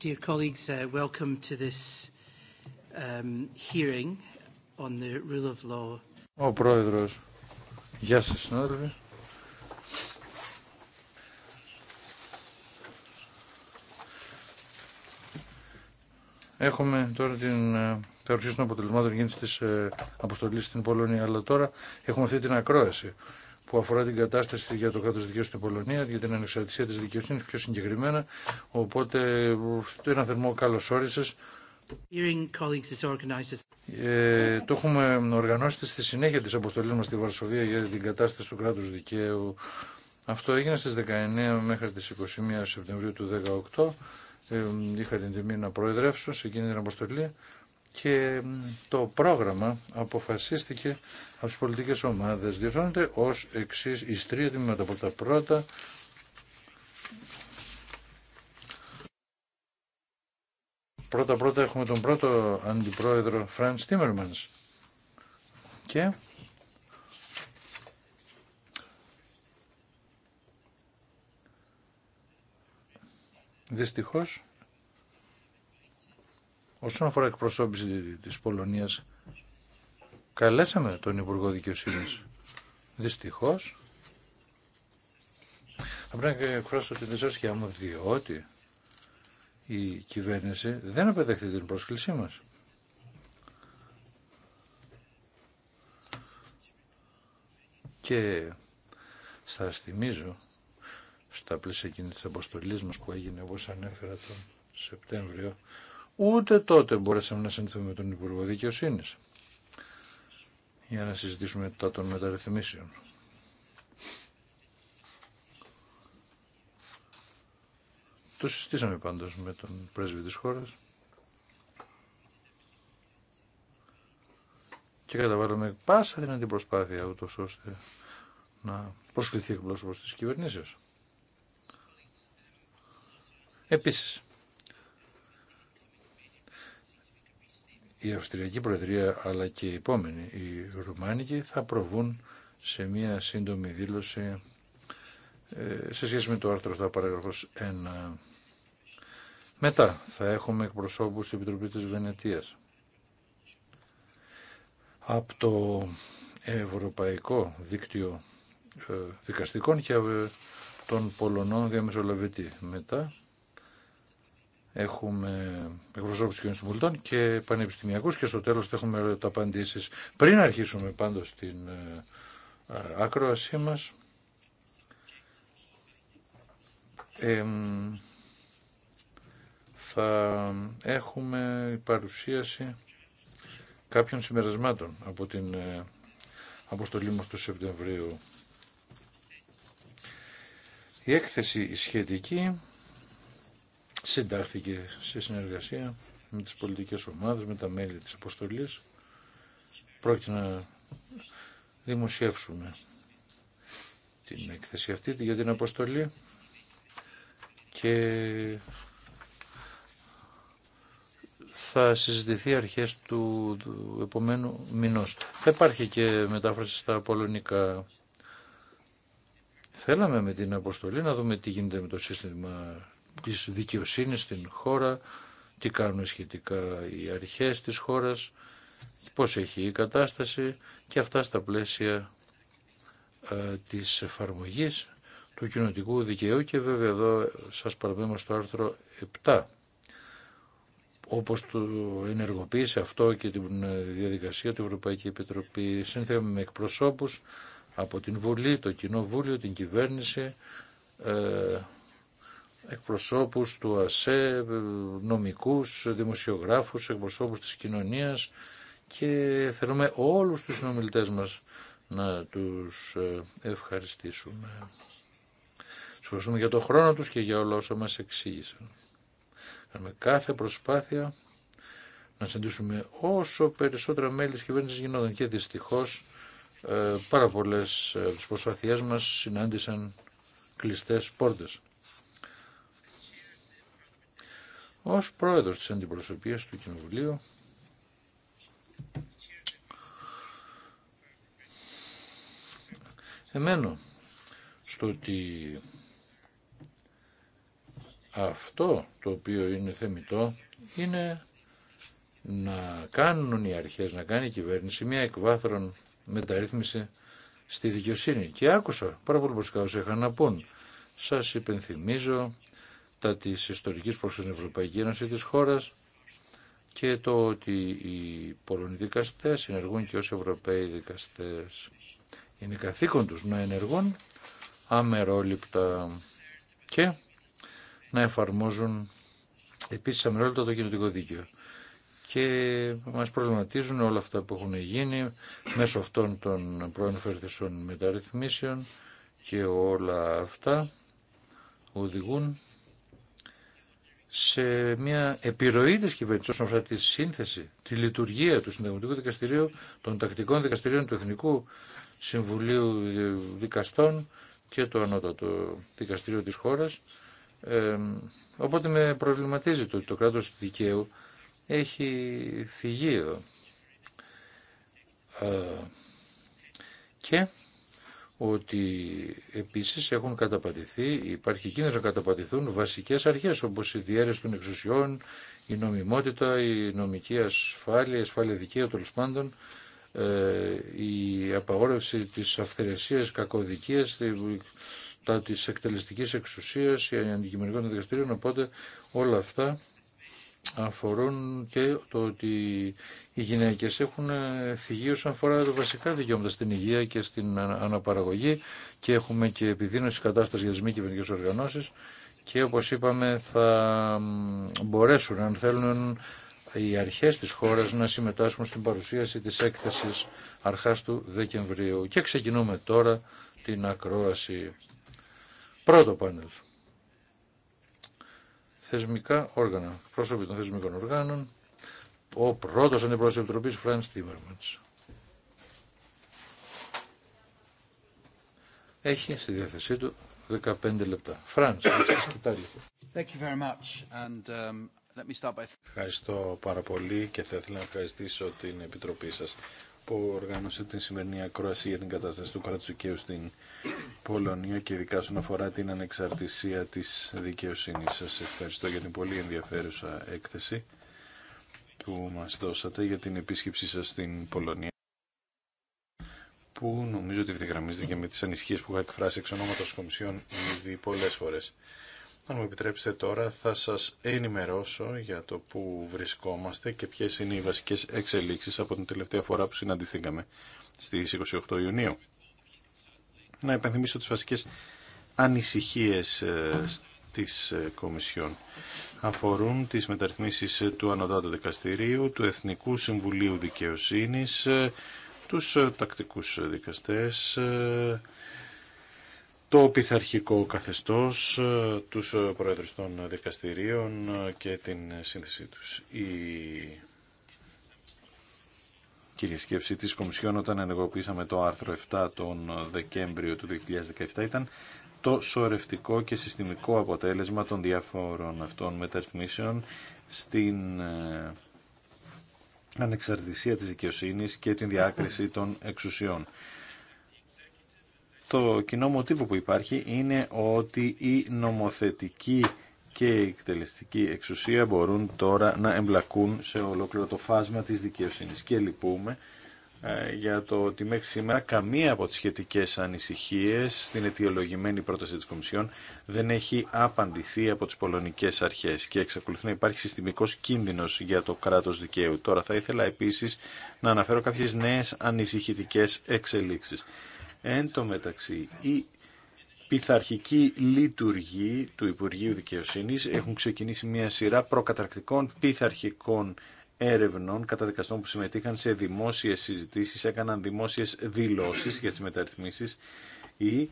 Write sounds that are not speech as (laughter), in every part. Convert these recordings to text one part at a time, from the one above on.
Dear colleagues, uh, welcome to this um, hearing on the rule of law. Ο Πρόεδρος, γεια σας συνάδελφοι. Έχουμε τώρα την ε, παρουσίαση των αποτελεσμάτων γίνεται της ε, αποστολής στην Πολωνία, αλλά τώρα έχουμε αυτή την ακρόαση που αφορά την κατάσταση για το κράτο δικαίου στην Πολωνία, για την ανεξαρτησία τη δικαιοσύνη πιο συγκεκριμένα. Οπότε, ένα θερμό καλώ όρισε. Ε, το έχουμε οργανώσει στη συνέχεια της αποστολής μας στη Βαρσοβία για την κατάσταση του κράτους δικαίου. Αυτό έγινε στις 19 μέχρι τις 21 Σεπτεμβρίου του 2018. Ε, είχα την τιμή να προεδρεύσω σε εκείνη την αποστολή και το πρόγραμμα αποφασίστηκε από τις πολιτικές ομάδες. Διορθώνεται ως εξής εις τρία τμήματα από τα πρώτα Πρώτα πρώτα έχουμε τον πρώτο αντιπρόεδρο Φραντς Τίμερμανς και δυστυχώς Όσον αφορά εκπροσώπηση της Πολωνίας, καλέσαμε τον Υπουργό Δικαιοσύνης. Δυστυχώς, θα πρέπει να εκφράσω την δυσόσχειά μου, διότι η κυβέρνηση δεν απεδέχθη την πρόσκλησή μας. Και σα θυμίζω, στα πλαίσια εκείνη της αποστολής μας που έγινε, όπω ανέφερα τον Σεπτέμβριο, Ούτε τότε μπορέσαμε να συνθούμε με τον Υπουργό Δικαιοσύνη για να συζητήσουμε τα των μεταρρυθμίσεων. Το συζητήσαμε πάντως με τον πρέσβη της χώρας και καταβάλαμε πάσα δυνατή προσπάθεια ούτως ώστε να προσκληθεί εκπρόσωπος της κυβερνήσεως. Επίσης, η Αυστριακή Προεδρία αλλά και οι επόμενοι, οι Ρουμάνικοι, θα προβούν σε μία σύντομη δήλωση ε, σε σχέση με το άρθρο 7 παράγραφος 1. Μετά θα έχουμε εκπροσώπους της Επιτροπής της Βενετίας. Από το Ευρωπαϊκό Δίκτυο ε, Δικαστικών και ε, τον Πολωνών Διαμεσολαβητή. Μετά έχουμε εκπροσώπου του μολύντων και πανεπιστημιακούς και στο τέλος θα έχουμε απαντήσει. Πριν αρχίσουμε πάντω την άκροασή ε, ε, μας, θα έχουμε παρουσίαση κάποιων συμπερασμάτων από την ε, αποστολή μας του Σεπτεμβρίου. Η έκθεση σχετική συντάχθηκε σε συνεργασία με τις πολιτικές ομάδες, με τα μέλη της αποστολής. Πρόκειται να δημοσιεύσουμε την έκθεση αυτή για την αποστολή και θα συζητηθεί αρχές του, επομένου μηνός. Θα υπάρχει και μετάφραση στα πολωνικά. Θέλαμε με την αποστολή να δούμε τι γίνεται με το σύστημα της δικαιοσύνης στην χώρα, τι κάνουν σχετικά οι αρχές της χώρας, πώς έχει η κατάσταση και αυτά στα πλαίσια ε, της εφαρμογής του κοινοτικού δικαίου και βέβαια εδώ σας παραμένω στο άρθρο 7 όπως το ενεργοποίησε αυτό και την ε, διαδικασία του Ευρωπαϊκή Επιτροπή σύνθεμα με εκπροσώπους από την Βουλή, το Κοινοβούλιο, την Κυβέρνηση, ε, εκπροσώπους του ΑΣΕ, νομικούς, δημοσιογράφους, εκπροσώπους της κοινωνίας και θέλουμε όλους τους συνομιλητές μας να τους ε, ευχαριστήσουμε. Σας ευχαριστούμε για το χρόνο τους και για όλα όσα μας εξήγησαν. Κάνουμε κάθε προσπάθεια να συντήσουμε όσο περισσότερα μέλη της κυβέρνησης γινόταν και δυστυχώς ε, πάρα πολλές από ε, τις προσπαθειές μας συνάντησαν κλειστές πόρτες. ως πρόεδρος της αντιπροσωπείας του Κοινοβουλίου εμένω στο ότι αυτό το οποίο είναι θεμητό είναι να κάνουν οι αρχές, να κάνει η κυβέρνηση μια εκβάθρον μεταρρύθμιση στη δικαιοσύνη. Και άκουσα πάρα πολύ είχαν να πούν. Σας υπενθυμίζω τα της ιστορικής προς Ευρωπαϊκή Ένωση της χώρας και το ότι οι Πολωνοί δικαστές ενεργούν και ως Ευρωπαίοι δικαστές. Είναι καθήκον τους να ενεργούν αμερόληπτα και να εφαρμόζουν επίσης αμερόληπτα το κοινωτικό δίκαιο. Και μας προβληματίζουν όλα αυτά που έχουν γίνει μέσω αυτών των προανφερθησών μεταρρυθμίσεων και όλα αυτά οδηγούν σε μια επιρροή τη κυβέρνηση όσον αφορά τη σύνθεση, τη λειτουργία του Συνταγματικού Δικαστηρίου, των τακτικών δικαστηρίων του Εθνικού Συμβουλίου Δικαστών και το Ανώτατο Δικαστήριο της χώρας. Ε, οπότε με προβληματίζει το ότι το κράτος δικαίου έχει φυγεί εδώ. και ότι επίσης έχουν καταπατηθεί, υπάρχει κίνδυνος να καταπατηθούν βασικές αρχές όπως η διαίρεση των εξουσιών, η νομιμότητα, η νομική ασφάλεια, η ασφάλεια δικαίου τέλο πάντων, ε, η απαγόρευση της αυθαιρεσίας, κακοδικίας, τα της εκτελεστικής εξουσίας, η αντικειμενικών δικαστηρίων, οπότε όλα αυτά αφορούν και το ότι οι γυναίκες έχουν φυγεί όσον αφορά βασικά δικαιώματα στην υγεία και στην αναπαραγωγή και έχουμε και επιδείνωση κατάσταση για τις μη οργανώσεις και όπως είπαμε θα μπορέσουν αν θέλουν οι αρχές της χώρας να συμμετάσχουν στην παρουσίαση της έκθεσης αρχάς του Δεκεμβρίου. Και ξεκινούμε τώρα την ακρόαση. Πρώτο πάνελ θεσμικά όργανα, πρόσωποι των θεσμικών οργάνων, ο πρώτος αντιπρόεδρος της Επιτροπής, Φρανς Τίμερμαντς. Έχει στη διάθεσή του 15 λεπτά. Φρανς, um, Ευχαριστώ πάρα πολύ και θα ήθελα να ευχαριστήσω την Επιτροπή σας που οργάνωσε την σημερινή ακρόαση για την κατάσταση του κράτους δικαίου στην Πολωνία και ειδικά όσον αφορά την ανεξαρτησία της δικαιοσύνης. Σας ευχαριστώ για την πολύ ενδιαφέρουσα έκθεση που μας δώσατε για την επίσκεψή σας στην Πολωνία που νομίζω ότι ευθυγραμμίζεται και με τις ανησυχίες που είχα εκφράσει εξ ονόματος Κομισιόν ήδη πολλές φορές. Αν μου επιτρέψετε τώρα θα σας ενημερώσω για το που βρισκόμαστε και ποιες είναι οι βασικές εξελίξεις από την τελευταία φορά που συναντηθήκαμε στις 28 Ιουνίου. Να επενθυμίσω τις βασικές ανησυχίες ε, της ε, Κομισιόν. Αφορούν τις μεταρρυθμίσεις του Ανωτάτου Δικαστηρίου, του Εθνικού Συμβουλίου Δικαιοσύνης, ε, τους τακτικούς δικαστές, το πειθαρχικό καθεστώς, ε, τους ε, πρόεδρους των δικαστηρίων ε, και την σύνθεσή τους. Η κυρία σκέψη της Κομισιόν όταν ενεργοποιήσαμε το άρθρο 7 τον Δεκέμβριο του 2017 ήταν το σορευτικό και συστημικό αποτέλεσμα των διάφορων αυτών μεταρρυθμίσεων στην ανεξαρτησία της δικαιοσύνη και την διάκριση των εξουσιών το κοινό μοτίβο που υπάρχει είναι ότι η νομοθετική και η εκτελεστική εξουσία μπορούν τώρα να εμπλακούν σε ολόκληρο το φάσμα της δικαιοσύνης. Και λυπούμε ε, για το ότι μέχρι σήμερα καμία από τις σχετικές ανησυχίες στην αιτιολογημένη πρόταση της Κομισιόν δεν έχει απαντηθεί από τις πολωνικές αρχές και εξακολουθεί να υπάρχει συστημικός κίνδυνος για το κράτος δικαίου. Τώρα θα ήθελα επίσης να αναφέρω κάποιες νέες ανησυχητικές εξελίξεις. Εν τω μεταξύ, η πειθαρχική λειτουργή του Υπουργείου Δικαιοσύνης έχουν ξεκινήσει μια σειρά προκαταρκτικών πειθαρχικών έρευνων καταδικαστών που συμμετείχαν σε δημόσιες συζητήσεις, έκαναν δημόσιες δηλώσεις για τις μεταρρυθμίσεις ή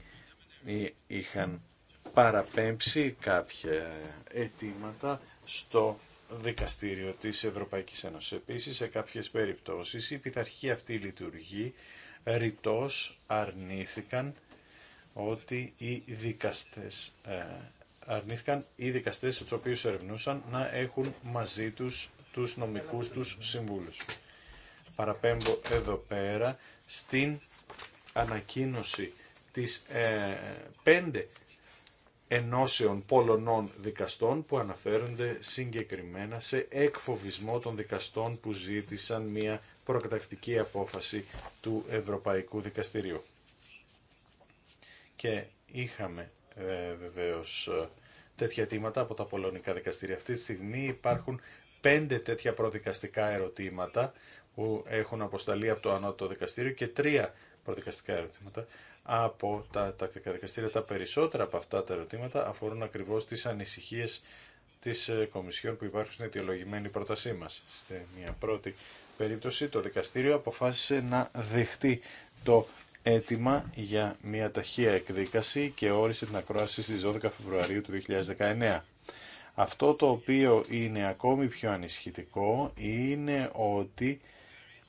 είχαν παραπέμψει κάποια αιτήματα στο δικαστήριο της Ευρωπαϊκής Ένωσης. Επίσης, σε κάποιες περιπτώσεις η πειθαρχική αυτή λειτουργεί ρητός αρνήθηκαν ότι οι δικαστές ε, αρνήθηκαν οι δικαστές τους οποίους ερευνούσαν να έχουν μαζί τους τους νομικούς τους συμβούλους. Παραπέμπω εδώ πέρα στην ανακοίνωση της ε, πέντε ενώσεων πολωνών δικαστών που αναφέρονται συγκεκριμένα σε εκφοβισμό των δικαστών που ζήτησαν μια προκατακτική απόφαση του Ευρωπαϊκού Δικαστηρίου. Και είχαμε ε, βεβαίως ε, τέτοια αιτήματα από τα πολωνικά δικαστήρια. Αυτή τη στιγμή υπάρχουν πέντε τέτοια προδικαστικά ερωτήματα που έχουν αποσταλεί από το ανώτο δικαστήριο και τρία προδικαστικά ερωτήματα από τα τακτικά δικαστήρια. Τα περισσότερα από αυτά τα ερωτήματα αφορούν ακριβώς τις ανησυχίες της ε, Κομισιόν που υπάρχουν στην αιτιολογημένη πρότασή μας. μια πρώτη περίπτωση το δικαστήριο αποφάσισε να δεχτεί το αίτημα για μια ταχεία εκδίκαση και όρισε την ακρόαση στις 12 Φεβρουαρίου του 2019. Αυτό το οποίο είναι ακόμη πιο ανισχυτικό είναι ότι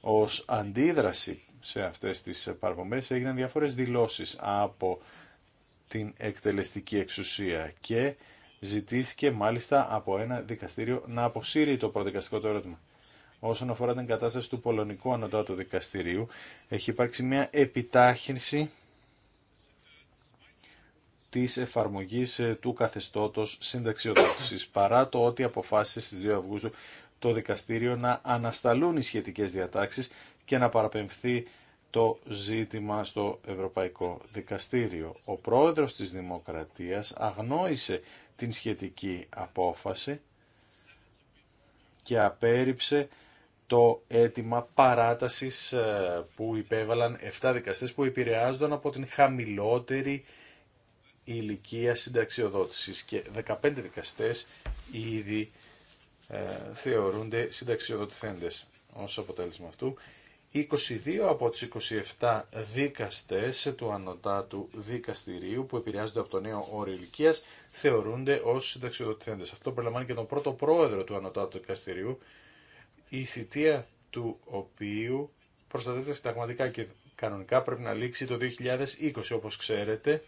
ως αντίδραση σε αυτές τις παραπομπές έγιναν διάφορες δηλώσεις από την εκτελεστική εξουσία και ζητήθηκε μάλιστα από ένα δικαστήριο να αποσύρει το προδικαστικό το ερώτημα. Όσον αφορά την κατάσταση του Πολωνικού Ανωτάτου Δικαστηρίου, έχει υπάρξει μια επιτάχυνση της εφαρμογής ε, του καθεστώτος συνταξιοδότησης, παρά το ότι αποφάσισε στις 2 Αυγούστου το δικαστήριο να ανασταλούν οι σχετικές διατάξεις και να παραπεμφθεί το ζήτημα στο Ευρωπαϊκό Δικαστήριο. Ο πρόεδρος της Δημοκρατίας αγνόησε την σχετική απόφαση και απέρριψε το αίτημα παράτασης ε, που υπέβαλαν 7 δικαστές που επηρεάζονταν από την χαμηλότερη ηλικία συνταξιοδότησης και 15 δικαστές ήδη ε, θεωρούνται συνταξιοδοτηθέντες. Ως αποτέλεσμα αυτού, 22 από τις 27 δίκαστες του ανωτάτου δικαστηρίου που επηρεάζονται από το νέο όριο ηλικία θεωρούνται ως συνταξιοδοτηθέντες. Αυτό περιλαμβάνει και τον πρώτο πρόεδρο του ανωτάτου δικαστηρίου, η θητεία του οποίου προστατεύεται συνταγματικά και κανονικά πρέπει να λήξει το 2020. Όπως ξέρετε,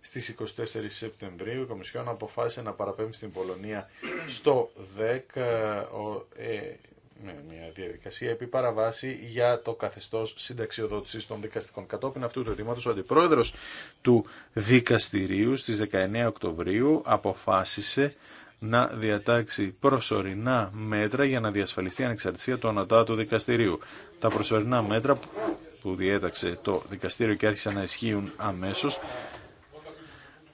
στις 24 Σεπτεμβρίου η Κομισιόν αποφάσισε να παραπέμψει την Πολωνία στο ΔΕΚ ε, ε, με μια διαδικασία επί παραβάση για το καθεστώς συνταξιοδότησης των δικαστικών. Κατόπιν αυτού του αιτήματος, ο αντιπρόεδρος του δικαστηρίου στις 19 Οκτωβρίου αποφάσισε να διατάξει προσωρινά μέτρα για να διασφαλιστεί η ανεξαρτησία του ανατάτου δικαστηρίου. Τα προσωρινά μέτρα που διέταξε το δικαστήριο και άρχισαν να ισχύουν αμέσως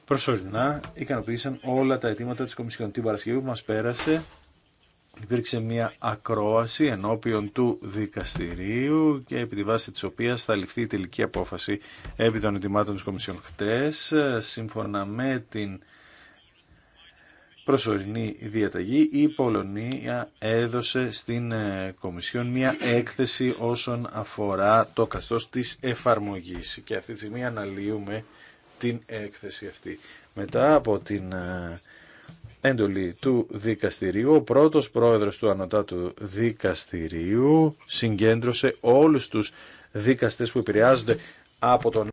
προσωρινά ικανοποίησαν όλα τα αιτήματα της Κομισιόν. Την Παρασκευή που μας πέρασε υπήρξε μια ακρόαση ενώπιον του δικαστηρίου και επί τη βάση της οποίας θα ληφθεί η τελική απόφαση επί των αιτημάτων της Κομισιόν. Χτες, σύμφωνα με την προσωρινή διαταγή, η Πολωνία έδωσε στην ε, Κομισιόν μια έκθεση όσον αφορά το καστός της εφαρμογής και αυτή τη στιγμή αναλύουμε την έκθεση αυτή. Μετά από την έντολη ε, του δικαστηρίου, ο πρώτος πρόεδρος του Ανωτάτου Δικαστηρίου συγκέντρωσε όλους τους δικαστές που επηρεάζονται από τον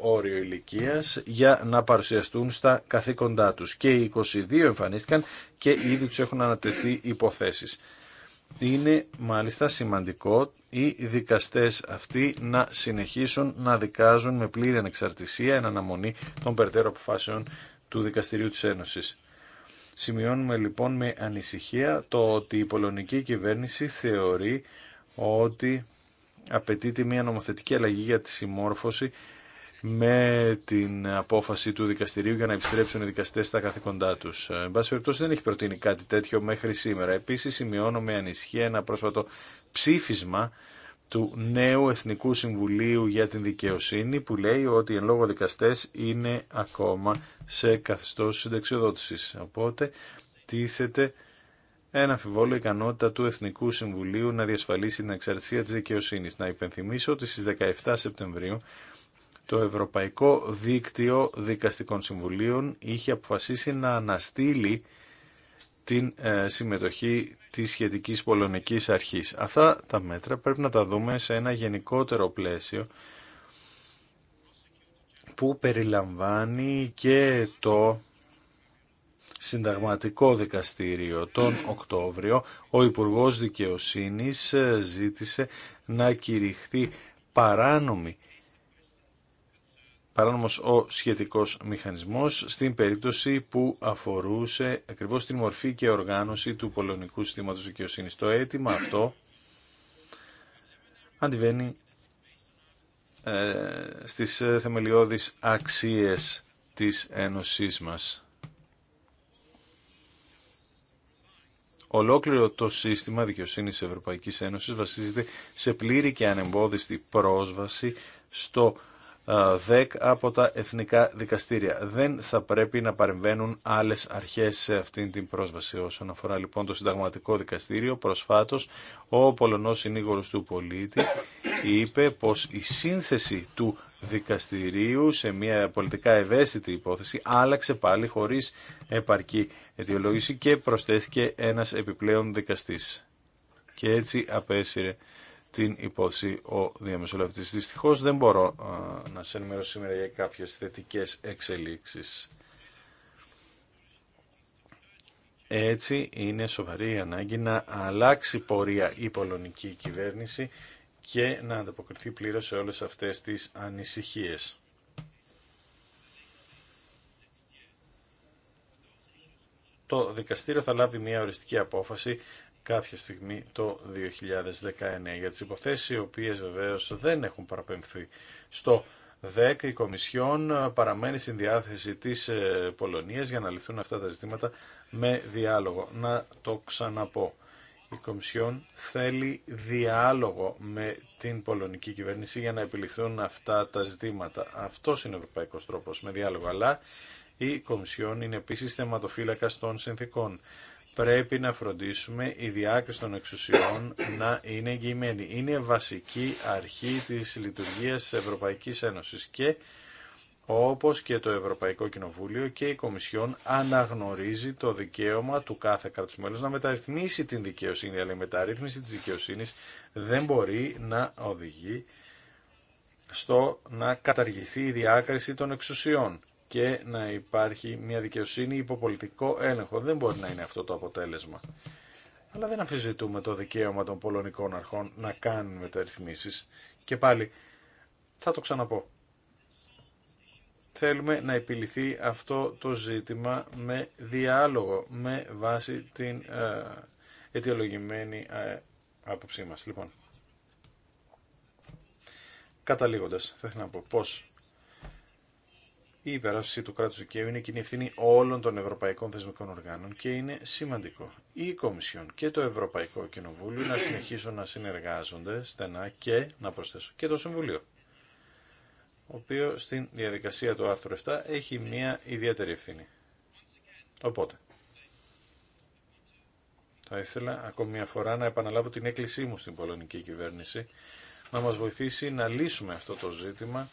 όριο ηλικία για να παρουσιαστούν στα καθήκοντά τους. Και οι 22 εμφανίστηκαν και ήδη του έχουν ανατεθεί υποθέσεις. Είναι μάλιστα σημαντικό οι δικαστές αυτοί να συνεχίσουν να δικάζουν με πλήρη ανεξαρτησία εν αναμονή των περαιτέρω αποφάσεων του Δικαστηρίου της Ένωσης. Σημειώνουμε λοιπόν με ανησυχία το ότι η πολωνική κυβέρνηση θεωρεί ότι απαιτείται μια νομοθετική αλλαγή για τη συμμόρφωση με την απόφαση του δικαστηρίου για να επιστρέψουν οι δικαστέ στα καθήκοντά του. Ε, εν πάση περιπτώσει, δεν έχει προτείνει κάτι τέτοιο μέχρι σήμερα. Επίση, σημειώνω με ανησυχία ένα πρόσφατο ψήφισμα του νέου Εθνικού Συμβουλίου για την Δικαιοσύνη που λέει ότι εν λόγω δικαστές είναι ακόμα σε καθεστώ συνταξιοδότηση. Οπότε τίθεται ένα αμφιβόλο ικανότητα του Εθνικού Συμβουλίου να διασφαλίσει την εξαρτησία τη δικαιοσύνη. Να υπενθυμίσω ότι στι 17 Σεπτεμβρίου το Ευρωπαϊκό Δίκτυο Δικαστικών Συμβουλίων είχε αποφασίσει να αναστείλει την ε, συμμετοχή της σχετικής πολωνικής αρχής. Αυτά τα μέτρα πρέπει να τα δούμε σε ένα γενικότερο πλαίσιο που περιλαμβάνει και το συνταγματικό δικαστήριο τον Οκτώβριο. Ο Υπουργός Δικαιοσύνης ε, ζήτησε να κηρυχθεί παράνομη παράνομος ο σχετικός μηχανισμός στην περίπτωση που αφορούσε ακριβώς την μορφή και οργάνωση του πολωνικού συστήματος δικαιοσύνη. Το αίτημα αυτό αντιβαίνει ε, στις ε, θεμελιώδεις αξίες της Ένωσής μας. Ολόκληρο το σύστημα δικαιοσύνης Ευρωπαϊκής Ένωσης βασίζεται σε πλήρη και ανεμπόδιστη πρόσβαση στο ΔΕΚ από τα εθνικά δικαστήρια. Δεν θα πρέπει να παρεμβαίνουν άλλες αρχές σε αυτήν την πρόσβαση. Όσον αφορά λοιπόν το συνταγματικό δικαστήριο, προσφάτως ο Πολωνός συνήγορος του πολίτη είπε πως η σύνθεση του δικαστηρίου σε μια πολιτικά ευαίσθητη υπόθεση άλλαξε πάλι χωρίς επαρκή αιτιολόγηση και προσθέθηκε ένας επιπλέον δικαστής. Και έτσι απέσυρε την υπόθεση ο διαμεσολαβητής. Δυστυχώ. δεν μπορώ να σε ενημερώσω σήμερα για κάποιες θετικές εξελίξεις. Έτσι είναι σοβαρή η ανάγκη να αλλάξει πορεία η πολωνική κυβέρνηση και να ανταποκριθεί πλήρως σε όλες αυτές τις ανησυχίες. Το δικαστήριο θα λάβει μια οριστική απόφαση κάποια στιγμή το 2019 για τις υποθέσεις οι οποίες βεβαίως δεν έχουν παραπέμφθει στο 10 η Κομισιόν παραμένει στην διάθεση της ε, Πολωνίας για να λυθούν αυτά τα ζητήματα με διάλογο. Να το ξαναπώ. Η Κομισιόν θέλει διάλογο με την πολωνική κυβέρνηση για να επιληθούν αυτά τα ζητήματα. Αυτό είναι ο ευρωπαϊκός τρόπος με διάλογο. Αλλά η Κομισιόν είναι επίσης θεματοφύλακα των συνθήκων πρέπει να φροντίσουμε η διάκριση των εξουσιών να είναι εγγυημένη. Είναι βασική αρχή της λειτουργίας της Ευρωπαϊκής Ένωσης και όπως και το Ευρωπαϊκό Κοινοβούλιο και η Κομισιόν αναγνωρίζει το δικαίωμα του κάθε κράτους μέλους να μεταρρυθμίσει την δικαιοσύνη, αλλά η μεταρρύθμιση της δικαιοσύνης δεν μπορεί να οδηγεί στο να καταργηθεί η διάκριση των εξουσιών και να υπάρχει μια δικαιοσύνη υπό πολιτικό έλεγχο. Δεν μπορεί να είναι αυτό το αποτέλεσμα. Αλλά δεν αμφισβητούμε το δικαίωμα των πολωνικών αρχών να κάνουν μεταρρυθμίσει. Και πάλι θα το ξαναπώ. Θέλουμε να επιληθεί αυτό το ζήτημα με διάλογο, με βάση την ε, αιτιολογημένη ε, άποψή μας. Λοιπόν, καταλήγοντας, θα ήθελα να πω πώς η υπεράσπιση του κράτου δικαίου είναι κοινή ευθύνη όλων των ευρωπαϊκών θεσμικών οργάνων και είναι σημαντικό η Κομισιόν και το Ευρωπαϊκό Κοινοβούλιο να συνεχίσουν να συνεργάζονται στενά και να προσθέσω και το Συμβουλίο ο οποίο στην διαδικασία του άρθρου 7 έχει μία ιδιαίτερη ευθύνη. Οπότε, θα ήθελα ακόμη μια φορά να επαναλάβω την έκκλησή μου στην πολωνική κυβέρνηση να μας βοηθήσει να λύσουμε αυτό το ζήτημα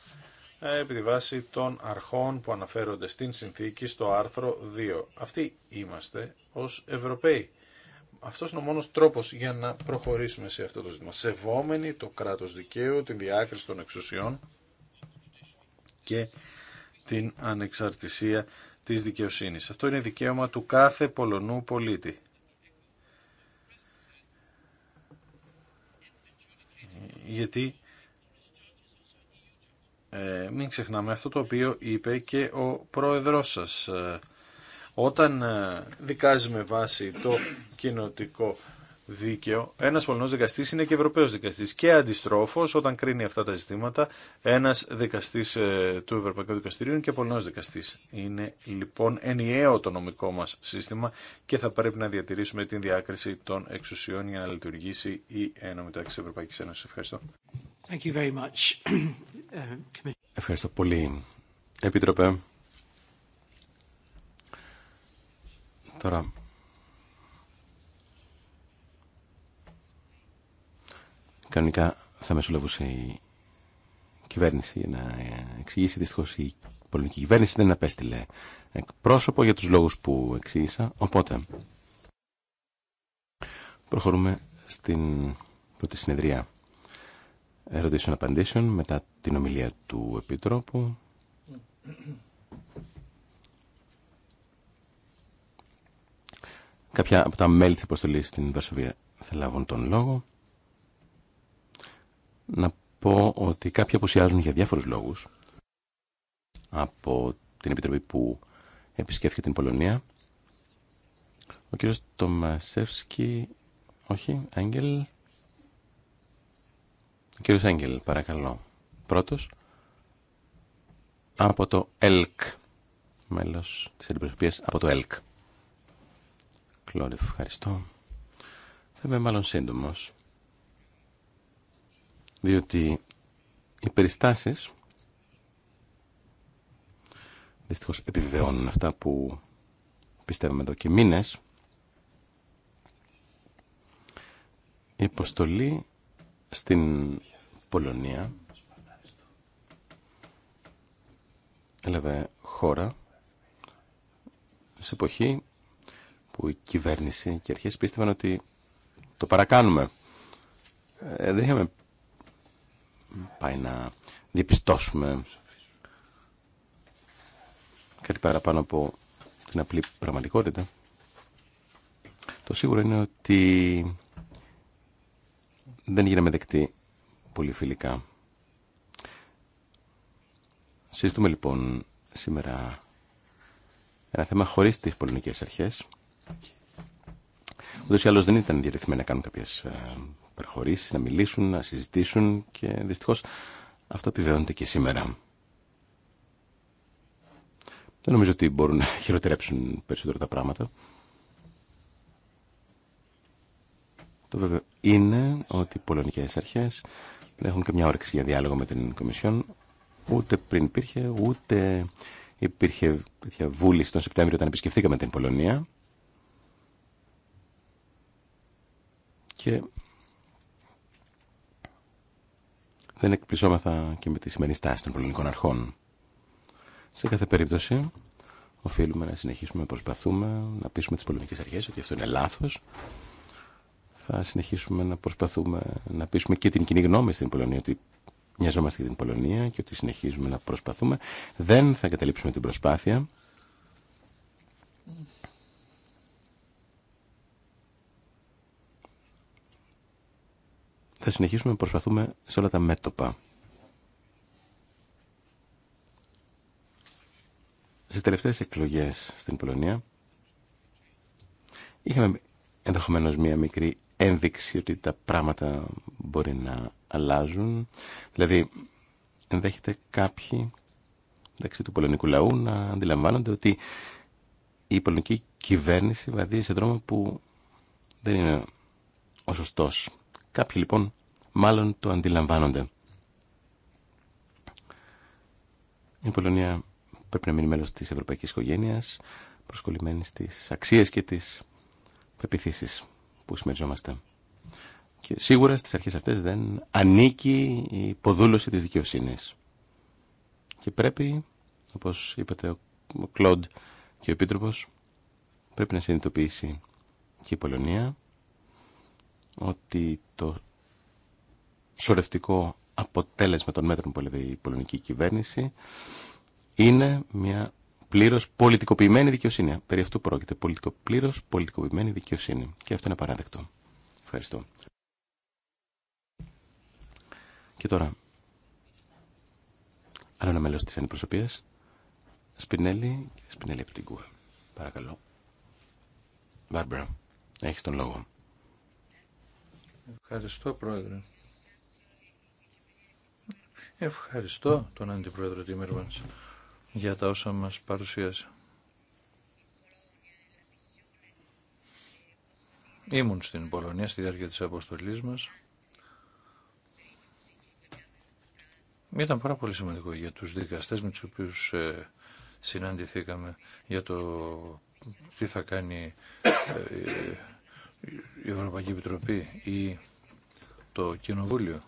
ε, επί τη βάση των αρχών που αναφέρονται στην συνθήκη στο άρθρο 2. Αυτοί είμαστε ως Ευρωπαίοι. Αυτός είναι ο μόνος τρόπος για να προχωρήσουμε σε αυτό το ζήτημα. Σεβόμενοι το κράτος δικαίου, την διάκριση των εξουσιών και την ανεξαρτησία της δικαιοσύνης. Αυτό είναι δικαίωμα του κάθε Πολωνού πολίτη. Γιατί ε, μην ξεχνάμε αυτό το οποίο είπε και ο πρόεδρός σας. Ε, όταν ε, δικάζει με βάση το κοινοτικό δίκαιο, ένας πολωνός δικαστής είναι και ευρωπαίος δικαστής και αντιστρόφως όταν κρίνει αυτά τα ζητήματα ένας δικαστής ε, του Ευρωπαϊκού Δικαστηρίου είναι και πολωνός δικαστής. Είναι λοιπόν ενιαίο το νομικό μας σύστημα και θα πρέπει να διατηρήσουμε την διάκριση των εξουσιών για να λειτουργήσει η ένωμη Ευχαριστώ. Thank you very much. Ευχαριστώ πολύ. Επίτροπε. Τώρα. Κανονικά θα μεσολαβούσε η κυβέρνηση να εξηγήσει. δυστυχώ η πολιτική κυβέρνηση δεν απέστειλε εκπρόσωπο για τους λόγους που εξήγησα. Οπότε, προχωρούμε στην πρώτη συνεδρία ερωτήσεων απαντήσεων μετά την ομιλία του Επιτρόπου. Κάποια από τα μέλη της υποστολής στην Βαρσοβία θα λάβουν τον λόγο. Να πω ότι κάποιοι αποσιάζουν για διάφορους λόγους από την Επιτροπή που επισκέφθηκε την Πολωνία. Ο κύριος Τομασεύσκη, όχι, Άγγελ, Κύριο Σέγγελ, παρακαλώ. Πρώτος, από το ΕΛΚ. Μέλος της αντιπροσωπείας από το ΕΛΚ. Κλώδη, ευχαριστώ. Θα είμαι μάλλον σύντομος. Διότι οι περιστάσεις δυστυχώς επιβεβαιώνουν αυτά που πιστεύουμε εδώ και μήνες. Η υποστολή... Στην Πολωνία έλαβε χώρα σε εποχή που η κυβέρνηση και οι αρχές πίστευαν ότι το παρακάνουμε. Ε, δεν είχαμε πάει να διαπιστώσουμε κάτι παραπάνω από την απλή πραγματικότητα. Το σίγουρο είναι ότι δεν γίναμε δεκτοί πολύ φιλικά. Συζητούμε λοιπόν σήμερα ένα θέμα χωρί τις πολιτικές αρχές. Ούτω ή άλλω δεν ήταν διαρρυθμένοι να κάνουν κάποιε προχωρήσει να μιλήσουν, να συζητήσουν και δυστυχώς αυτό επιβεβαιώνεται και σήμερα. Δεν νομίζω ότι μπορούν να χειροτερέψουν περισσότερο τα πράγματα. Το βέβαιο είναι ότι οι πολωνικές αρχές δεν έχουν καμιά όρεξη για διάλογο με την Κομισιόν, ούτε πριν υπήρχε, ούτε υπήρχε τέτοια βούληση τον Σεπτέμβριο όταν επισκεφθήκαμε την Πολωνία. Και δεν εκπλησόμεθα και με τη σημερινή στάση των πολωνικών αρχών. Σε κάθε περίπτωση, οφείλουμε να συνεχίσουμε να προσπαθούμε να πείσουμε τις πολωνικές αρχές ότι αυτό είναι λάθος θα συνεχίσουμε να προσπαθούμε να πείσουμε και την κοινή γνώμη στην Πολωνία ότι νοιαζόμαστε για την Πολωνία και ότι συνεχίζουμε να προσπαθούμε. Δεν θα καταλήψουμε την προσπάθεια. Θα συνεχίσουμε να προσπαθούμε σε όλα τα μέτωπα. Στις τελευταίες εκλογές στην Πολωνία είχαμε ενδεχομένω μία μικρή ένδειξη ότι τα πράγματα μπορεί να αλλάζουν. Δηλαδή, ενδέχεται κάποιοι εντάξει, του πολωνικού λαού να αντιλαμβάνονται ότι η πολωνική κυβέρνηση βαδίζει σε δρόμο που δεν είναι ο σωστός. Κάποιοι λοιπόν μάλλον το αντιλαμβάνονται. Η Πολωνία πρέπει να μείνει μέλος της ευρωπαϊκής οικογένειας, προσκολλημένη στις αξίες και τις πεπιθήσεις που συμμεριζόμαστε. Και σίγουρα στις αρχές αυτές δεν ανήκει η υποδούλωση της δικαιοσύνης. Και πρέπει, όπως είπατε ο Κλοντ και ο Επίτροπος, πρέπει να συνειδητοποιήσει και η Πολωνία ότι το σωρευτικό αποτέλεσμα των μέτρων που έλεγε η πολωνική κυβέρνηση είναι μια πλήρω πολιτικοποιημένη δικαιοσύνη. Περί αυτού πρόκειται. Πολιτικο, πλήρω πολιτικοποιημένη δικαιοσύνη. Και αυτό είναι απαράδεκτο. Ευχαριστώ. Και τώρα, άλλο ένα μέλο τη αντιπροσωπεία. Σπινέλη, και Σπινέλη από την Παρακαλώ. Μπάρμπρα, έχει τον λόγο. Ευχαριστώ, Πρόεδρε. Ευχαριστώ τον Αντιπρόεδρο Τίμερμανς για τα όσα μας παρουσίασε. Ήμουν στην Πολωνία στη διάρκεια της αποστολής μας. Ήταν πάρα πολύ σημαντικό για τους δικαστές με τους οποίους ε, συναντηθήκαμε για το τι θα κάνει ε, η Ευρωπαϊκή Επιτροπή ή το Κοινοβούλιο.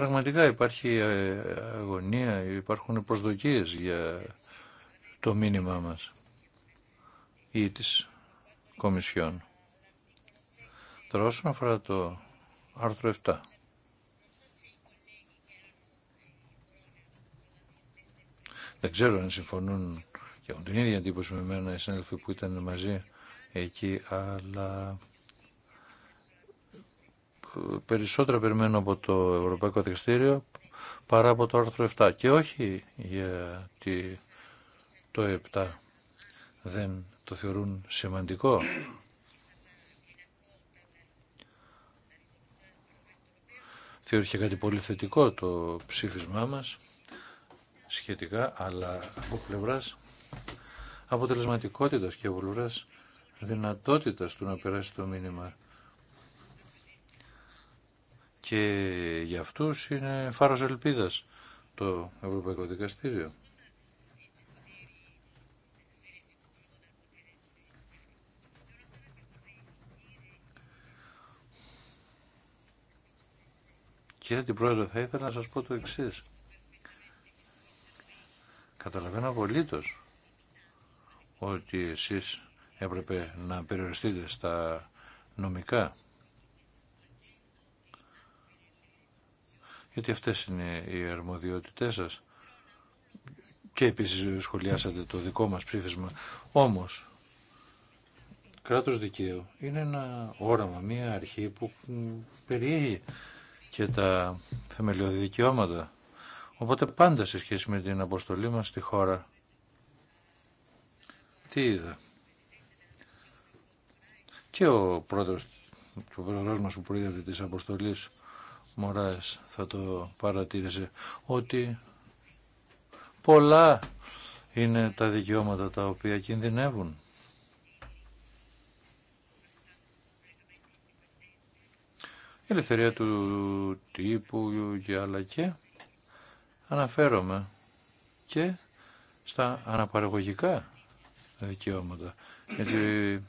Πραγματικά υπάρχει ε, αγωνία, υπάρχουν προσδοκίες για το μήνυμά μας ή της Κομισιόν. Τώρα όσον αφορά το άρθρο 7. Δεν ξέρω αν συμφωνούν και έχουν την ίδια εντύπωση με εμένα οι συνέλφοι που ήταν μαζί εκεί, αλλά περισσότερα περιμένω από το Ευρωπαϊκό Δικαστήριο παρά από το άρθρο 7 και όχι γιατί το 7 δεν το θεωρούν σημαντικό. θεωρείται κάτι πολύ θετικό το ψήφισμά μας σχετικά, αλλά από πλευράς αποτελεσματικότητας και από πλευράς δυνατότητας του να περάσει το μήνυμα και για αυτούς είναι φάρος ελπίδας το Ευρωπαϊκό Δικαστήριο. Κύριε την Πρόεδρε, θα ήθελα να σας πω το εξής. Καταλαβαίνω απολύτω ότι εσείς έπρεπε να περιοριστείτε στα νομικά γιατί αυτές είναι οι αρμοδιότητές σας και επίσης σχολιάσατε το δικό μας ψήφισμα. Όμως, κράτος δικαίου είναι ένα όραμα, μία αρχή που περιέχει και τα θεμελιώδη δικαιώματα. Οπότε πάντα σε σχέση με την αποστολή μας στη χώρα, τι είδα. Και ο πρόεδρος, ο πρόεδρος μας που προείδευε της αποστολής Μωράς θα το παρατήρησε ότι πολλά είναι τα δικαιώματα τα οποία κινδυνεύουν. Η ελευθερία του τύπου και άλλα και αναφέρομαι και στα αναπαραγωγικά δικαιώματα. Γιατί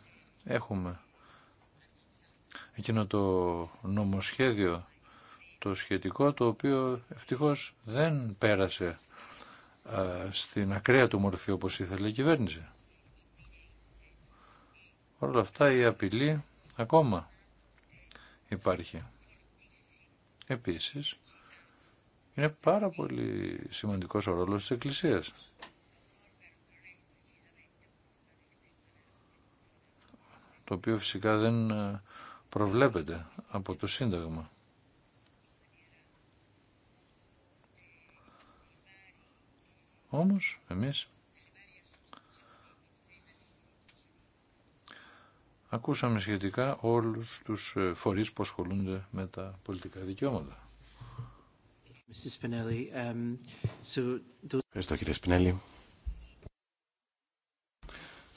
έχουμε εκείνο το νομοσχέδιο το σχετικό το οποίο ευτυχώς δεν πέρασε στην ακραία του μορφή όπως ήθελε η κυβέρνηση. Όλα αυτά η απειλή ακόμα υπάρχει. Επίσης, είναι πάρα πολύ σημαντικός ο ρόλος της Εκκλησίας. Το οποίο φυσικά δεν ε, προβλέπεται από το Σύνταγμα. Όμως εμείς ακούσαμε σχετικά όλους τους ε, φορείς που ασχολούνται με τα πολιτικά δικαιώματα. Um, Ευχαριστώ κύριε Σπινέλη.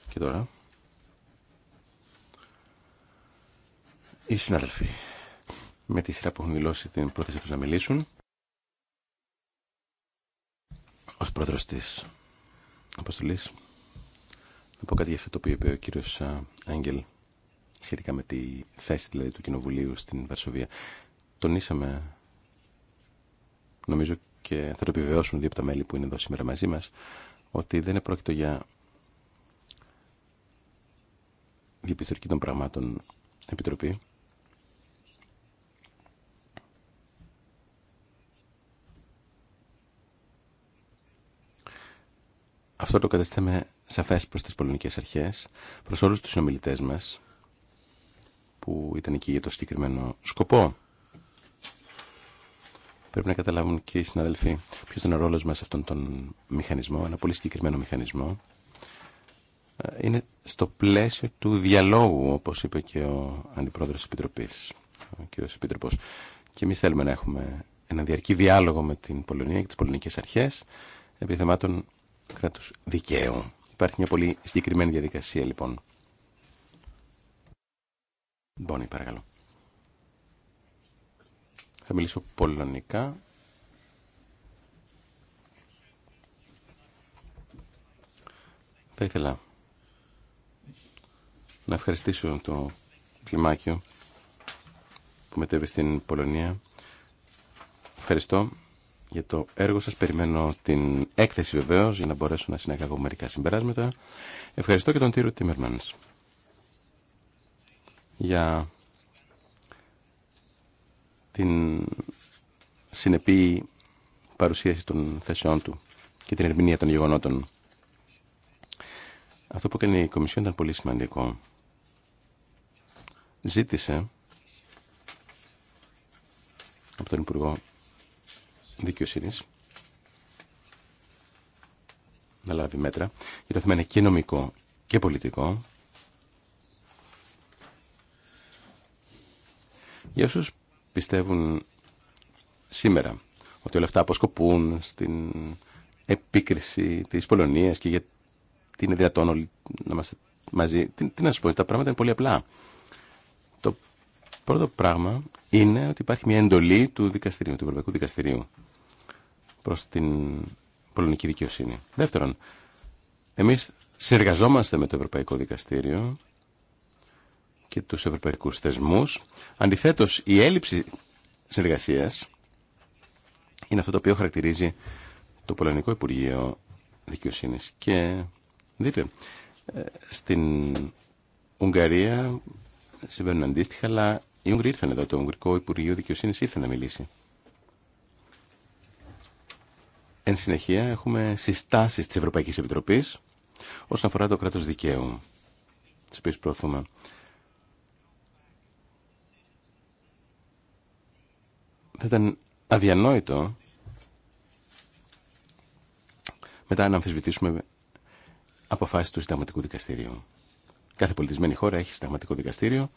Και τώρα οι συνάδελφοι με τη σειρά που έχουν δηλώσει την πρόθεση τους να μιλήσουν ως πρόεδρος της αποστολής να πω κάτι για αυτό το οποίο είπε ο κύριος Άγγελ σχετικά με τη θέση δηλαδή, του Κοινοβουλίου στην Βαρσοβία. Τονίσαμε, νομίζω και θα το επιβεβαιώσουν δύο από τα μέλη που είναι εδώ σήμερα μαζί μας, ότι δεν είναι πρόκειτο για διεπιστορική των πραγμάτων επιτροπή, Αυτό το καταστέμε σαφές προς τις πολωνικές αρχές, προς όλους τους συνομιλητές μας, που ήταν εκεί για το συγκεκριμένο σκοπό. Πρέπει να καταλάβουν και οι συναδελφοί ποιος ήταν ο ρόλος μας σε αυτόν τον μηχανισμό, ένα πολύ συγκεκριμένο μηχανισμό. Είναι στο πλαίσιο του διαλόγου, όπως είπε και ο Αντιπρόεδρος της Επιτροπής, ο κ. Επίτροπος. Και εμεί θέλουμε να έχουμε ένα διαρκή διάλογο με την Πολωνία και τις πολωνικές αρχές, επί θεμάτων κράτους δικαίου. Υπάρχει μια πολύ συγκεκριμένη διαδικασία λοιπόν. Μπόνι, παρακαλώ. Θα μιλήσω πολωνικά. Θα ήθελα να ευχαριστήσω το κλιμάκιο που μετέβη στην Πολωνία. Ευχαριστώ για το έργο σας. Περιμένω την έκθεση βεβαίως για να μπορέσω να συνεχάγω μερικά συμπεράσματα. Ευχαριστώ και τον Τύρο Τίμερμανς για την συνεπή παρουσίαση των θέσεών του και την ερμηνεία των γεγονότων. Αυτό που έκανε η Κομισιόν ήταν πολύ σημαντικό. Ζήτησε από τον Υπουργό Δικαιοσύνη, να λάβει μέτρα, γιατί το θέμα είναι και νομικό και πολιτικό. Για όσου πιστεύουν σήμερα ότι όλα αυτά αποσκοπούν στην επίκριση της Πολωνίας και γιατί είναι δυνατόν όλοι να είμαστε μαζί. Τι, τι να σου πω, τα πράγματα είναι πολύ απλά. Το πρώτο πράγμα είναι ότι υπάρχει μια εντολή του δικαστηρίου, του Ευρωπαϊκού Δικαστηρίου προς την πολωνική δικαιοσύνη. Δεύτερον, εμείς συνεργαζόμαστε με το Ευρωπαϊκό Δικαστήριο και τους ευρωπαϊκούς θεσμούς. Αντιθέτως, η έλλειψη συνεργασίας είναι αυτό το οποίο χαρακτηρίζει το Πολωνικό Υπουργείο Δικαιοσύνης. Και δείτε, ε, στην Ουγγαρία συμβαίνουν αντίστοιχα, αλλά οι Ούγγροι ήρθαν εδώ, το Ουγγρικό Υπουργείο Δικαιοσύνης ήρθε να μιλήσει. Εν συνεχεία έχουμε συστάσεις της Ευρωπαϊκής Επιτροπής όσον αφορά το κράτος δικαίου, τις οποίες προωθούμε. Θα ήταν αδιανόητο μετά να αμφισβητήσουμε αποφάσεις του συνταγματικού δικαστηρίου. Κάθε πολιτισμένη χώρα έχει συνταγματικό δικαστήριο.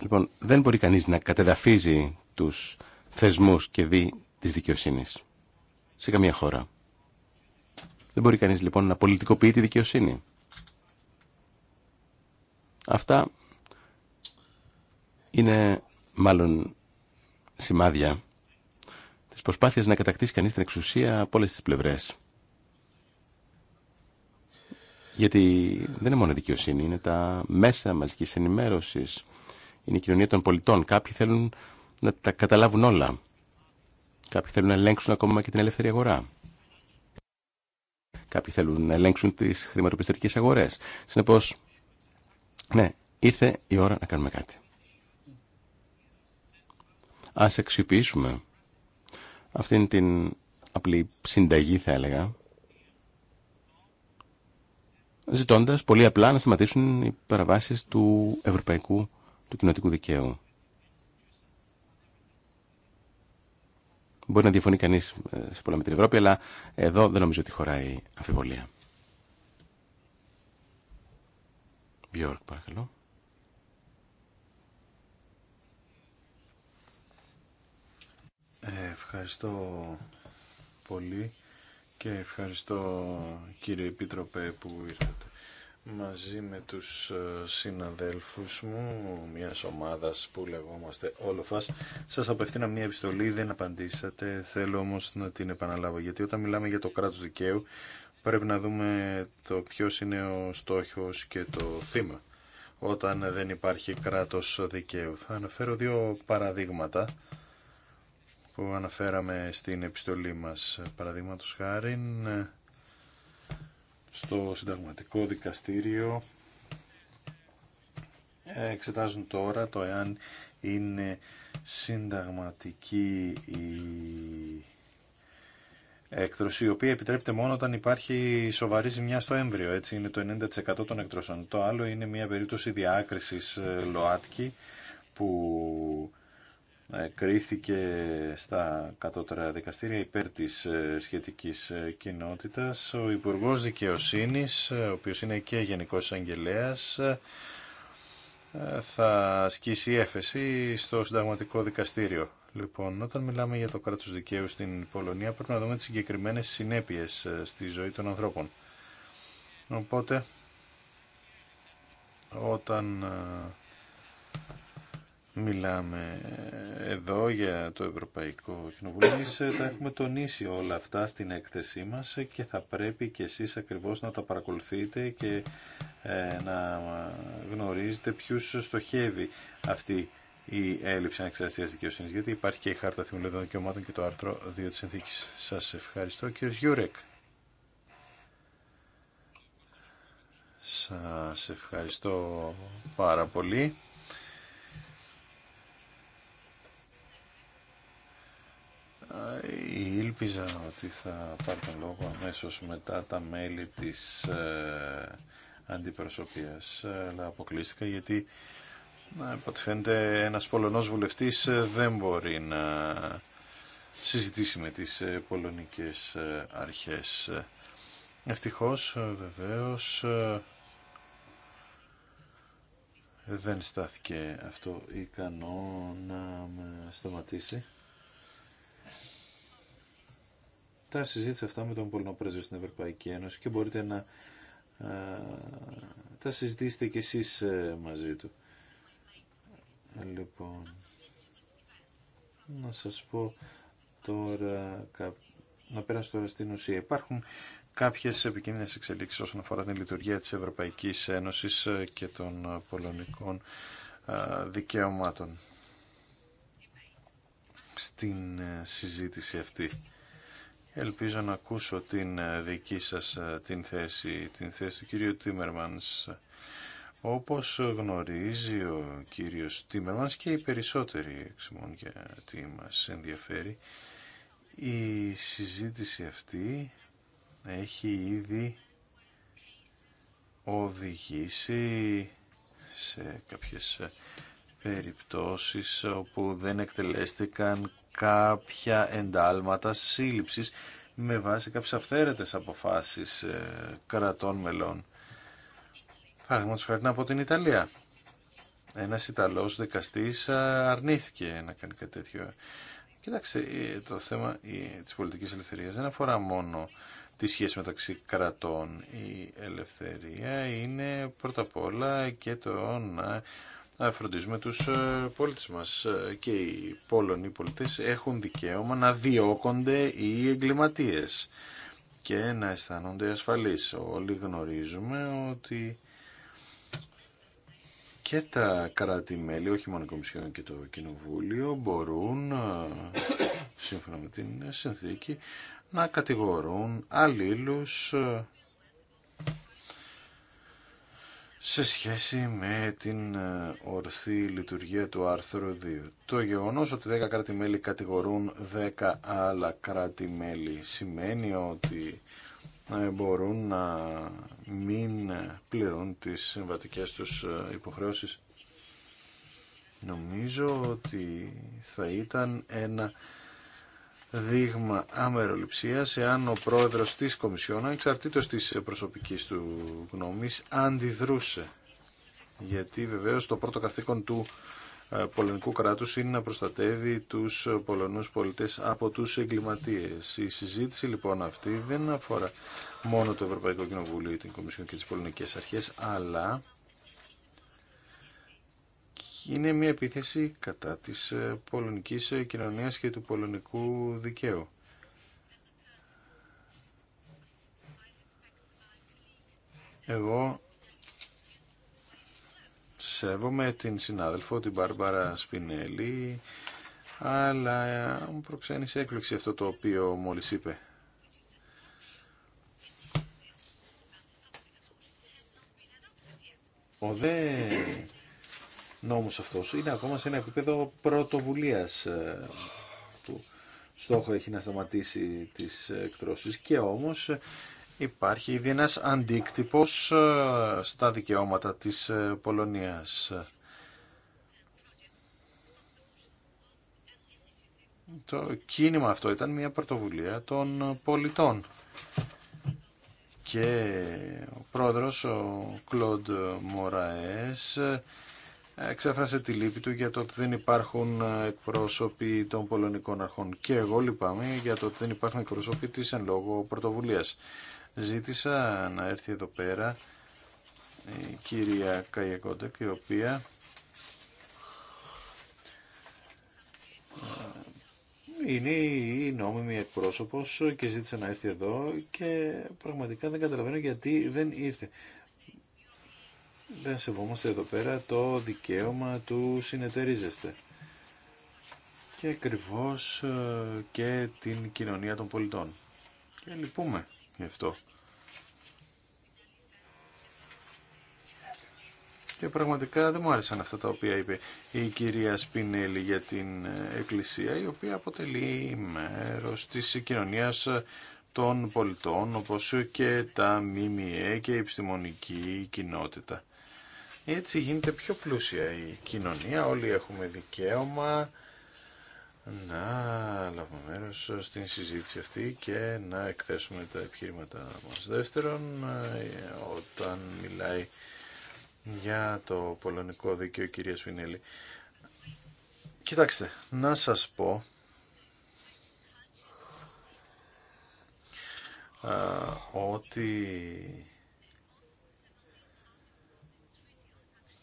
Λοιπόν, δεν μπορεί κανείς να κατεδαφίζει τους θεσμούς και δι της δικαιοσύνης σε καμία χώρα. Δεν μπορεί κανείς λοιπόν να πολιτικοποιεί τη δικαιοσύνη. Αυτά είναι μάλλον σημάδια της προσπάθειας να κατακτήσει κανείς την εξουσία από όλες τις πλευρές. Γιατί δεν είναι μόνο δικαιοσύνη, είναι τα μέσα μαζικής ενημέρωσης, είναι η κοινωνία των πολιτών. Κάποιοι θέλουν να τα καταλάβουν όλα. Κάποιοι θέλουν να ελέγξουν ακόμα και την ελεύθερη αγορά. Κάποιοι θέλουν να ελέγξουν τις χρηματοπιστωτικέ αγορές. Συνεπώ ναι, ήρθε η ώρα να κάνουμε κάτι. Α αξιοποιήσουμε αυτήν την απλή συνταγή, θα έλεγα, Ζητώντα πολύ απλά να σταματήσουν οι παραβάσεις του ευρωπαϊκού, του κοινοτικού δικαίου. Μπορεί να διαφωνεί κανεί ε, σε πολλά με την Ευρώπη, αλλά εδώ δεν νομίζω ότι χωράει αφιβολία. Βιόρκ παρακαλώ. Ε, ευχαριστώ πολύ και ευχαριστώ κύριε Επίτροπε που ήρθατε μαζί με τους ε, συναδέλφους μου μια ομάδα που λεγόμαστε Όλοφας σας απευθύνα μια επιστολή, δεν απαντήσατε θέλω όμως να την επαναλάβω γιατί όταν μιλάμε για το κράτος δικαίου πρέπει να δούμε το ποιος είναι ο στόχος και το θύμα όταν δεν υπάρχει κράτος δικαίου θα αναφέρω δύο παραδείγματα που αναφέραμε στην επιστολή μας παραδείγματος χάρη στο συνταγματικό δικαστήριο εξετάζουν τώρα το εάν είναι συνταγματική η έκτρωση, η οποία επιτρέπεται μόνο όταν υπάρχει σοβαρή ζημιά στο έμβριο. Έτσι είναι το 90% των εκτρώσεων. Το άλλο είναι μια περίπτωση διάκρισης ε, ΛΟΑΤΚΙ που ε, κρίθηκε στα κατώτερα δικαστήρια υπέρ της ε, σχετικής ε, κοινότητας. Ο Υπουργός Δικαιοσύνης, ο οποίος είναι και Γενικός Αγγελέας, θα ασκήσει έφεση στο συνταγματικό δικαστήριο. Λοιπόν, όταν μιλάμε για το κράτος δικαίου στην Πολωνία πρέπει να δούμε τις συγκεκριμένες συνέπειες στη ζωή των ανθρώπων. Οπότε, όταν μιλάμε εδώ για το Ευρωπαϊκό Κοινοβούλιο. Εμείς ε, τα έχουμε τονίσει όλα αυτά στην έκθεσή μας και θα πρέπει και εσείς ακριβώς να τα παρακολουθείτε και ε, να γνωρίζετε ποιους στοχεύει αυτή η έλλειψη ανεξαρτησία δικαιοσύνη. Γιατί υπάρχει και η Χάρτα Θεμελιωδών Δικαιωμάτων και το άρθρο 2 τη συνθήκη. Σα ευχαριστώ, κύριο Γιούρεκ. Σας ευχαριστώ πάρα πολύ. Ε, ήλπιζα ότι θα πάρει λόγο αμέσως μετά τα μέλη της ε, αντιπροσωπείας, αλλά αποκλείστηκα γιατί από φαίνεται ένας Πολωνός βουλευτής ε, δεν μπορεί να συζητήσει με τις πολωνικές αρχές. Ευτυχώς βεβαίως δεν στάθηκε αυτό ικανό να με σταματήσει. Τα συζήτησα αυτά με τον Πολωνό στην Ευρωπαϊκή Ένωση και μπορείτε να ε, τα συζητήσετε κι εσείς ε, μαζί του. Λοιπόν, να σας πω τώρα, να περάσω τώρα στην ουσία. Υπάρχουν κάποιες επικίνδυνες εξελίξεις όσον αφορά την λειτουργία της Ευρωπαϊκής Ένωσης ε, και των πολωνικών δικαιωμάτων στην συζήτηση αυτή. Ελπίζω να ακούσω την ε, δική σας ε, την θέση, την θέση του κύριου Τίμερμανς. Όπως γνωρίζει ο κύριος Τίμερμανς και οι περισσότεροι εξημών τι μας ενδιαφέρει, η συζήτηση αυτή έχει ήδη οδηγήσει σε κάποιες ε, περιπτώσεις όπου δεν εκτελέστηκαν κάποια εντάλματα σύλληψης με βάση κάποιες αυθαίρετες αποφάσεις ε, κρατών μελών. Παραδείγματος χάρη από την Ιταλία. Ένας Ιταλός δικαστής ε, αρνήθηκε να κάνει κάτι τέτοιο. Κοιτάξτε, ε, το θέμα της πολιτικής ελευθερίας δεν αφορά μόνο τη σχέση μεταξύ κρατών. Η ελευθερία είναι πρώτα απ' όλα και το να να φροντίζουμε τους ε, πολίτες μας. Ε, και οι οι πολίτες έχουν δικαίωμα να διώκονται οι εγκληματίες και να αισθάνονται ασφαλείς. Όλοι γνωρίζουμε ότι και τα κράτη-μέλη, όχι μόνο η Κομισιόν και το Κοινοβούλιο, μπορούν, ε, σύμφωνα με την συνθήκη, να κατηγορούν αλλήλους σε σχέση με την ε, ορθή λειτουργία του άρθρου 2. Το γεγονός ότι 10 κράτη-μέλη κατηγορούν 10 άλλα κράτη-μέλη σημαίνει ότι ε, μπορούν να μην πληρούν τις συμβατικές τους ε, υποχρεώσεις. Νομίζω ότι θα ήταν ένα δείγμα αμεροληψίας εάν ο πρόεδρος της Κομισιόν, εξαρτήτως της προσωπικής του γνώμης, αντιδρούσε. Γιατί βεβαίως το πρώτο καθήκον του ε, πολωνικού κράτους είναι να προστατεύει τους πολωνούς πολιτές από τους εγκληματίες. Η συζήτηση λοιπόν αυτή δεν αφορά μόνο το Ευρωπαϊκό Κοινοβούλιο, την Κομισιόν και τις πολωνικές αρχές, αλλά είναι μια επίθεση κατά της ε, πολωνικής ε, κοινωνίας και του πολωνικού δικαίου. Εγώ σέβομαι την συνάδελφο, την Μπάρμπαρα Σπινέλη, αλλά ε, μου προξένει σε έκπληξη αυτό το οποίο μόλις είπε. Ο νόμος αυτός είναι ακόμα σε ένα επίπεδο πρωτοβουλίας ε, που στόχο έχει να σταματήσει τις εκτρώσεις και όμως υπάρχει ήδη ένας αντίκτυπος ε, στα δικαιώματα της ε, Πολωνίας. Το κίνημα αυτό ήταν μια πρωτοβουλία των πολιτών. Και ο πρόεδρος, ο Κλοντ Μωραές, εξέφρασε τη λύπη του για το ότι δεν υπάρχουν εκπρόσωποι των πολωνικών αρχών. Και εγώ λυπάμαι για το ότι δεν υπάρχουν εκπρόσωποι της εν λόγω πρωτοβουλίας. Ζήτησα να έρθει εδώ πέρα η κυρία Καγιακόντεκ, η οποία ε, είναι η νόμιμη εκπρόσωπος και ζήτησε να έρθει εδώ και πραγματικά δεν καταλαβαίνω γιατί δεν ήρθε δεν σεβόμαστε εδώ πέρα το δικαίωμα του συνεταιρίζεστε και ακριβώ ε, και την κοινωνία των πολιτών. Και λυπούμε γι' αυτό. Και πραγματικά δεν μου άρεσαν αυτά τα οποία είπε η κυρία Σπινέλη για την ε, Εκκλησία, η οποία αποτελεί μέρος της κοινωνίας ε, των πολιτών, όπως και τα ΜΜΕ και η επιστημονική κοινότητα. Έτσι γίνεται πιο πλούσια η κοινωνία, όλοι έχουμε δικαίωμα να λάβουμε μέρος στην συζήτηση αυτή και να εκθέσουμε τα επιχείρηματα μας. Δεύτερον, όταν μιλάει για το πολωνικό δίκαιο, κυρία Σπινέλη. κοιτάξτε, να σας πω ότι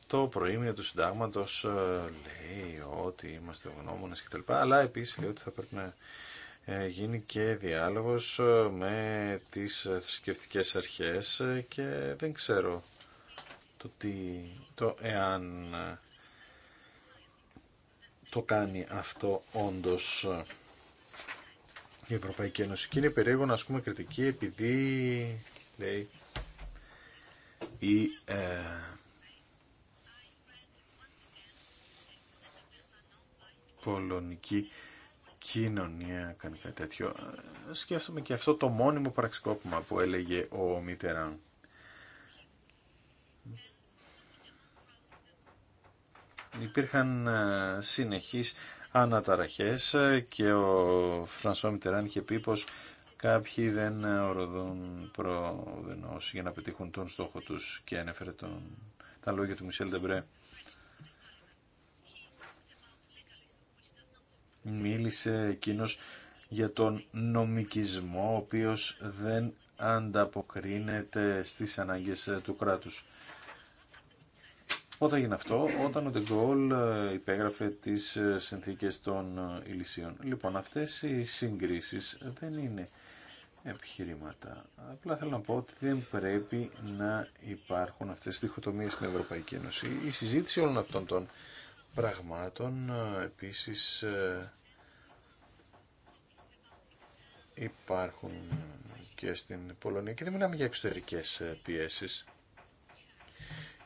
το προήμιο του συντάγματο ε, λέει ότι είμαστε γνώμονες κτλ. Αλλά επίση λέει ότι θα πρέπει να ε, γίνει και διάλογο ε, με τι θρησκευτικέ αρχέ και δεν ξέρω το, τι, το εάν το κάνει αυτό όντως η Ευρωπαϊκή Ένωση. Και είναι περίεργο να ασκούμε κριτική επειδή λέει η πολωνική κοινωνία κάνει κάτι τέτοιο. Ε, σκέφτομαι και αυτό το μόνιμο πραξικόπημα που έλεγε ο Μίτεραν. Υπήρχαν ε, συνεχείς αναταραχές ε, και ο Φρανσό Μιτεράν είχε πει πως κάποιοι δεν οροδούν προδενός για να πετύχουν τον στόχο τους και ανέφερε τον, τα λόγια του Μισελ Ντεμπρέ μίλησε εκείνος για τον νομικισμό ο οποίος δεν ανταποκρίνεται στις ανάγκες ε, του κράτους. Όταν έγινε αυτό, όταν ο Ντεγκόλ υπέγραφε τις ε, συνθήκες των ηλισίων. Ε, λοιπόν, αυτές οι συγκρίσεις δεν είναι επιχειρήματα. Απλά θέλω να πω ότι δεν πρέπει να υπάρχουν αυτές τις διχοτομίες στην Ευρωπαϊκή Ένωση. Η συζήτηση όλων αυτών των πραγμάτων επίσης υπάρχουν και στην Πολωνία και δεν μιλάμε για εξωτερικές ε, πιέσεις.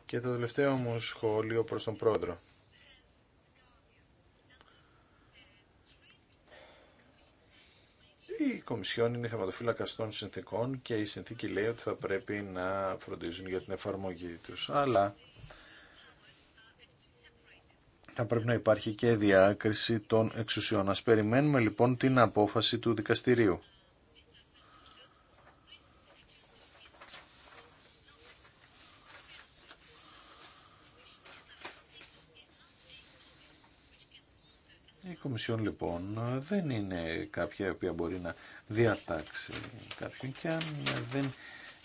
Και το τελευταίο μου σχόλιο προς τον πρόεδρο. Η Κομισιόν είναι θεματοφύλακα των συνθήκων και η συνθήκη λέει ότι θα πρέπει να φροντίζουν για την εφαρμογή τους. Αλλά θα πρέπει να υπάρχει και διάκριση των εξουσιών. Ας περιμένουμε λοιπόν την απόφαση του δικαστηρίου. Η Κομισιόν λοιπόν δεν είναι κάποια η οποία μπορεί να διατάξει κάποιον και αν δεν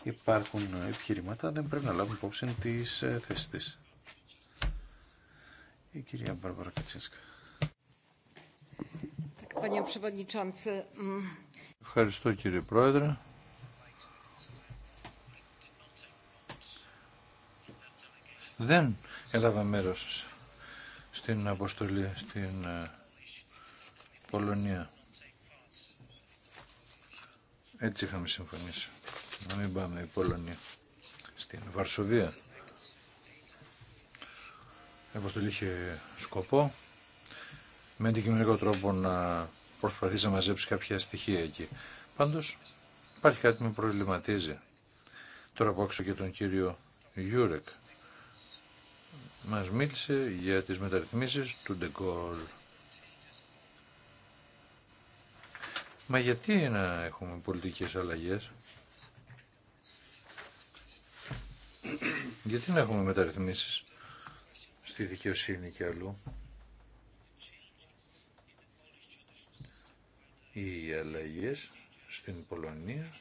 υπάρχουν επιχειρήματα δεν πρέπει να λάβουν υπόψη τις ε, θέσεις της. Η κυρία Μπαρβαρα Ευχαριστώ κύριε Πρόεδρε. Δεν έλαβα μέρος στην αποστολή στην ε, Πολωνία. Έτσι είχαμε συμφωνήσει. Να μην πάμε η Πολωνία στην Βαρσοβία. Η σκοπό με αντικειμενικό τρόπο να προσπαθήσει να μαζέψει κάποια στοιχεία εκεί. Πάντως υπάρχει κάτι που με προβληματίζει. Τώρα που άκουσα και τον κύριο Γιούρεκ μας μίλησε για τις μεταρρυθμίσεις του Ντεγκόλ. Μα γιατί να έχουμε πολιτικές αλλαγές. Γιατί να έχουμε μεταρρυθμίσεις στη δικαιοσύνη και αλλού. Οι αλλαγέ στην Πολωνία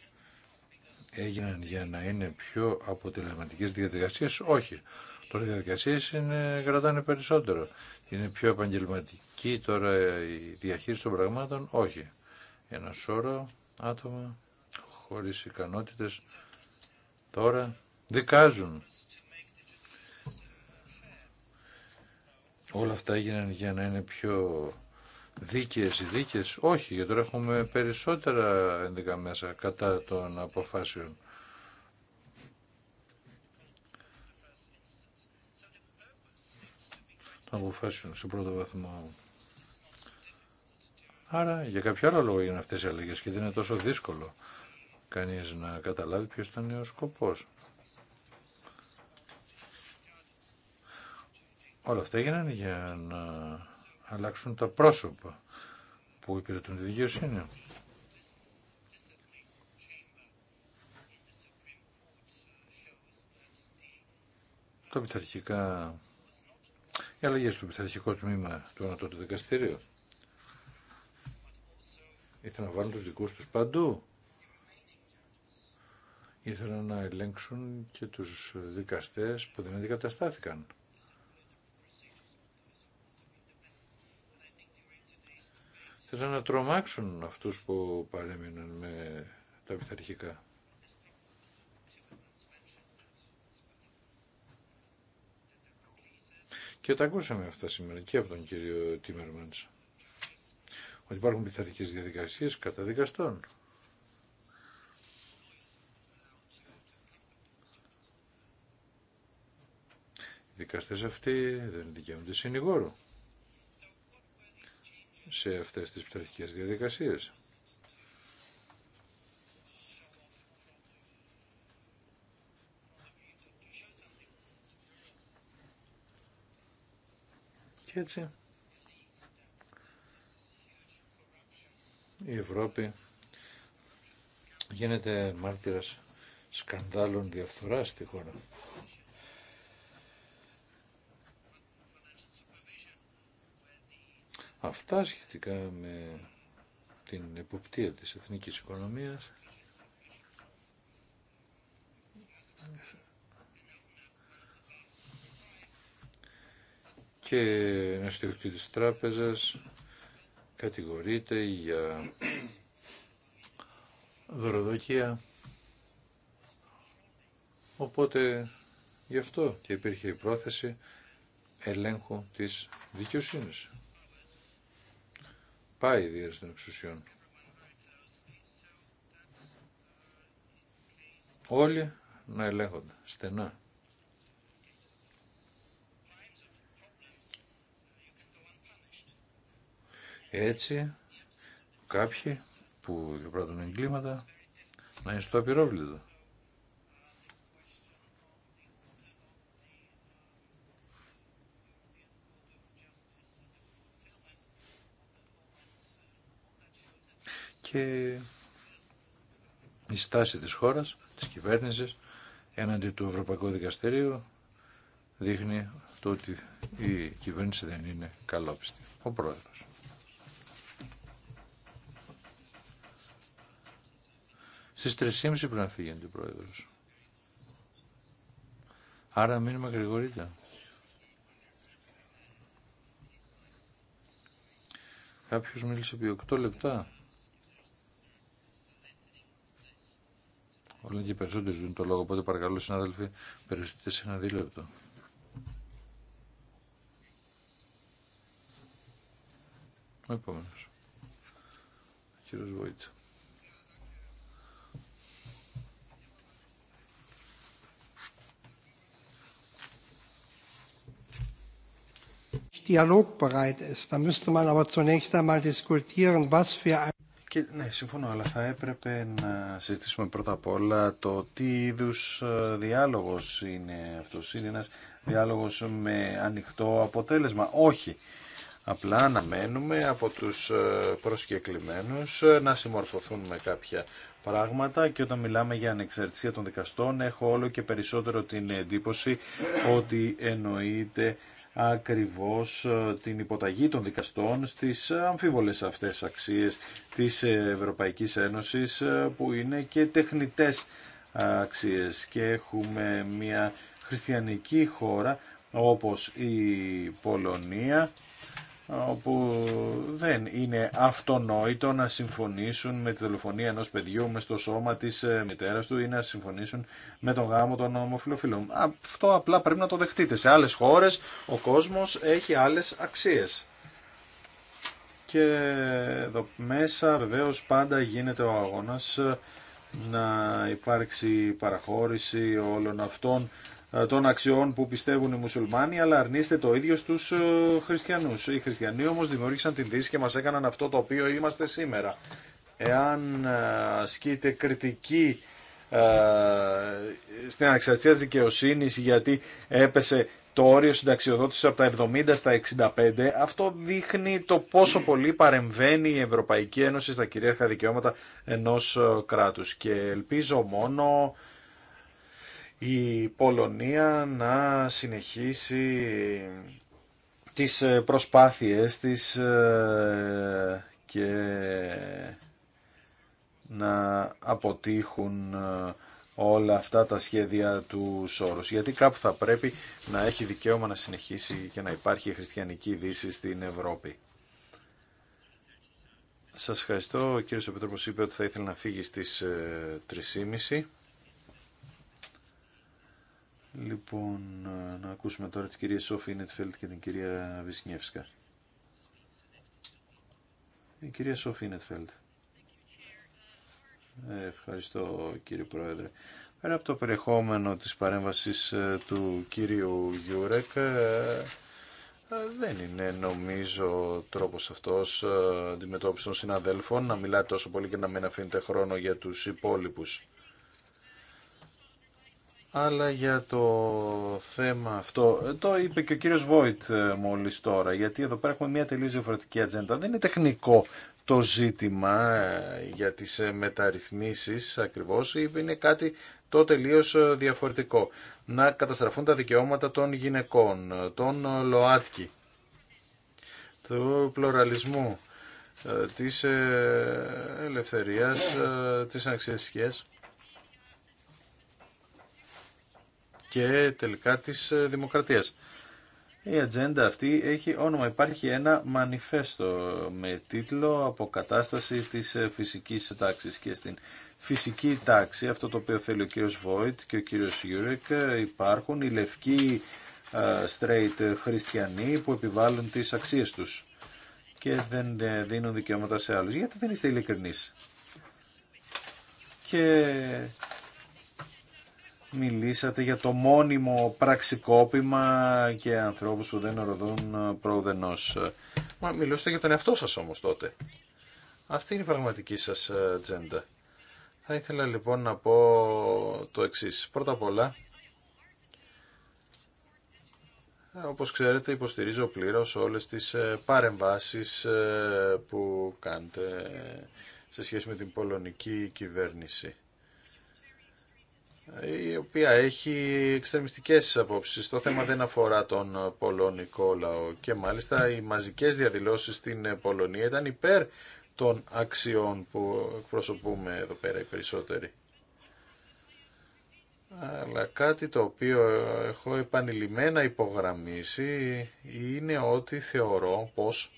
έγιναν για να είναι πιο αποτελεσματικές διαδικασίες. Όχι. Τώρα οι διαδικασίες είναι, κρατάνε περισσότερο. Είναι πιο επαγγελματική τώρα η διαχείριση των πραγμάτων. Όχι. Ένα σώρο άτομα χωρίς ικανότητες τώρα δικάζουν Όλα αυτά έγιναν για να είναι πιο δίκαιες οι δίκες. Όχι, γιατί τώρα έχουμε περισσότερα ενδικά μέσα κατά των αποφάσεων. Των αποφάσεων σε πρώτο βαθμό. Άρα για κάποιο άλλο λόγο είναι αυτές οι αλλαγές και δεν είναι τόσο δύσκολο κανείς να καταλάβει ποιος ήταν ο σκοπός. Όλα αυτά έγιναν για να αλλάξουν τα πρόσωπα που υπηρετούν τη δικαιοσύνη. Το πειθαρχικά... Οι αλλαγέ στο πειθαρχικό τμήμα του Ανατότου Δικαστηρίου ήθελαν να βάλουν τους δικούς τους παντού. Ήθελαν να ελέγξουν και τους δικαστές που δεν αντικαταστάθηκαν. θέλουν να τρομάξουν αυτούς που παρέμειναν με τα πειθαρχικά. Και τα ακούσαμε αυτά σήμερα και από τον κύριο Τίμερμαντς. Ότι υπάρχουν πειθαρχικές διαδικασίες κατά δικαστών. Οι δικαστές αυτοί δεν δικαιούνται συνηγόρου σε αυτές τις πειθαρχικές διαδικασίες. Και έτσι η Ευρώπη γίνεται μάρτυρας σκανδάλων διαφθοράς στη χώρα. Αυτά σχετικά με την εποπτεία της εθνικής οικονομίας. Και ένα στιγμή της τράπεζας κατηγορείται για δωροδοκία. Οπότε γι' αυτό και υπήρχε η πρόθεση ελέγχου της δικαιοσύνης. Πάει η διέρεση των εξουσιών. Όλοι να ελέγχονται στενά. Έτσι, κάποιοι που διαπράττουν εγκλήματα να είναι στο απειρόβλητο. και η στάση της χώρας, της κυβέρνησης, έναντι του Ευρωπαϊκού Δικαστηρίου, δείχνει το ότι η κυβέρνηση δεν είναι καλόπιστη. Ο πρόεδρος. Στις 3.30 πρέπει να φύγει ο πρόεδρος. Άρα μην με Κάποιος μίλησε επί 8 λεπτά. Όλο και περισσότεροι ζουν το λόγο, οπότε παρακαλώ συνάδελφοι, περιοριστείτε σε ένα δίλεπτο. Ο επόμενος. Ο κύριος Dialog bereit ist. Da müsste man aber zunächst einmal diskutieren, was für ein ναι, συμφωνώ, αλλά θα έπρεπε να συζητήσουμε πρώτα απ' όλα το τι είδου ε, διάλογος είναι αυτός. Είναι ένας διάλογος με ανοιχτό αποτέλεσμα. Όχι. Απλά αναμένουμε από τους ε, προσκεκλημένους ε, να συμμορφωθούν με κάποια πράγματα και όταν μιλάμε για ανεξαρτησία των δικαστών έχω όλο και περισσότερο την εντύπωση ότι εννοείται ακριβώς ε, την υποταγή των δικαστών στις αμφίβολες αυτές αξίες της Ευρωπαϊκής Ένωσης ε, που είναι και τεχνητές ε, αξίες και έχουμε μια χριστιανική χώρα όπως η Πολωνία όπου δεν είναι αυτονόητο να συμφωνήσουν με τη δολοφονία ενός παιδιού με στο σώμα της ε, μητέρας του ή να συμφωνήσουν με τον γάμο των ομοφιλοφιλών. Αυτό απλά πρέπει να το δεχτείτε. Σε άλλες χώρες ο κόσμος έχει άλλες αξίες. Και εδώ μέσα βεβαίως πάντα γίνεται ο αγώνας ε, να υπάρξει παραχώρηση όλων αυτών ε, των αξιών που πιστεύουν οι μουσουλμάνοι, αλλά αρνείστε το ίδιο στου ε, χριστιανού. Οι χριστιανοί όμω δημιούργησαν την Δύση και μας έκαναν αυτό το οποίο είμαστε σήμερα. Εάν ε, ασκείται κριτική στην ανεξαρτησία τη δικαιοσύνη, γιατί έπεσε το όριο συνταξιοδότηση από τα 70 στα 65, αυτό δείχνει το πόσο πολύ παρεμβαίνει η Ευρωπαϊκή Ένωση στα κυρίαρχα δικαιώματα ενό κράτου. Και ελπίζω μόνο η Πολωνία να συνεχίσει τις ε, προσπάθειες της ε, και να αποτύχουν ε, όλα αυτά τα σχέδια του Σόρους. Γιατί κάπου θα πρέπει να έχει δικαίωμα να συνεχίσει και να υπάρχει η χριστιανική δύση στην Ευρώπη. Σας ευχαριστώ. Ο κύριος Επιτρόπος είπε ότι θα ήθελε να φύγει στις 3.30. Λοιπόν, να ακούσουμε τώρα τις κυρία Σόφη Ινετφέλτ και την κυρία Βυσνιεύσκα. Η κυρία Σόφη Νετφέλτ. Ε, ευχαριστώ κύριε Πρόεδρε. Πέρα από το περιεχόμενο της παρέμβασης ε, του κύριου Γιούρεκ, ε, δεν είναι νομίζω τρόπος αυτός αντιμετώπιση των συναδέλφων να μιλάτε τόσο πολύ και να μην αφήνετε χρόνο για τους υπόλοιπους αλλά για το θέμα αυτό, το είπε και ο κύριος Βόιτ ε, μόλις τώρα, γιατί εδώ πέρα έχουμε μια τελείως διαφορετική ατζέντα. Δεν είναι τεχνικό το ζήτημα ε, για τις ε, μεταρρυθμίσεις ακριβώς, είναι κάτι το τελείως διαφορετικό. Να καταστραφούν τα δικαιώματα των γυναικών, των ΛΟΑΤΚΙ, του πλωραλισμού, της ελευθερίας, της και τελικά της ε, δημοκρατίας. Η ατζέντα αυτή έχει όνομα. Υπάρχει ένα μανιφέστο με τίτλο «Αποκατάσταση της ε, φυσικής τάξης» και στην φυσική τάξη, αυτό το οποίο θέλει ο κύριος Βόιτ και ο κύριος Γιούρεκ, ε, υπάρχουν οι λευκοί straight χριστιανοί που επιβάλλουν τις αξίες τους και δεν δίνουν δικαιώματα σε άλλους. Γιατί δεν είστε ειλικρινείς. Και μιλήσατε για το μόνιμο πραξικόπημα και ανθρώπους που δεν οροδούν προουδενός. Μα μιλούσατε για τον εαυτό σας όμως τότε. Αυτή είναι η πραγματική σας ε, ατζέντα. Θα ήθελα λοιπόν να πω το εξής. Πρώτα απ' όλα, όπως ξέρετε υποστηρίζω πλήρως όλες τις ε, παρεμβάσεις ε, που κάνετε σε σχέση με την πολωνική κυβέρνηση η οποία έχει εξτρεμιστικές απόψεις. Το θέμα δεν αφορά τον πολωνικό λαό και μάλιστα οι μαζικές διαδηλώσεις στην Πολωνία ήταν υπέρ των αξιών που εκπροσωπούμε εδώ πέρα οι περισσότεροι. Αλλά κάτι το οποίο έχω επανειλημμένα υπογραμμίσει είναι ότι θεωρώ πως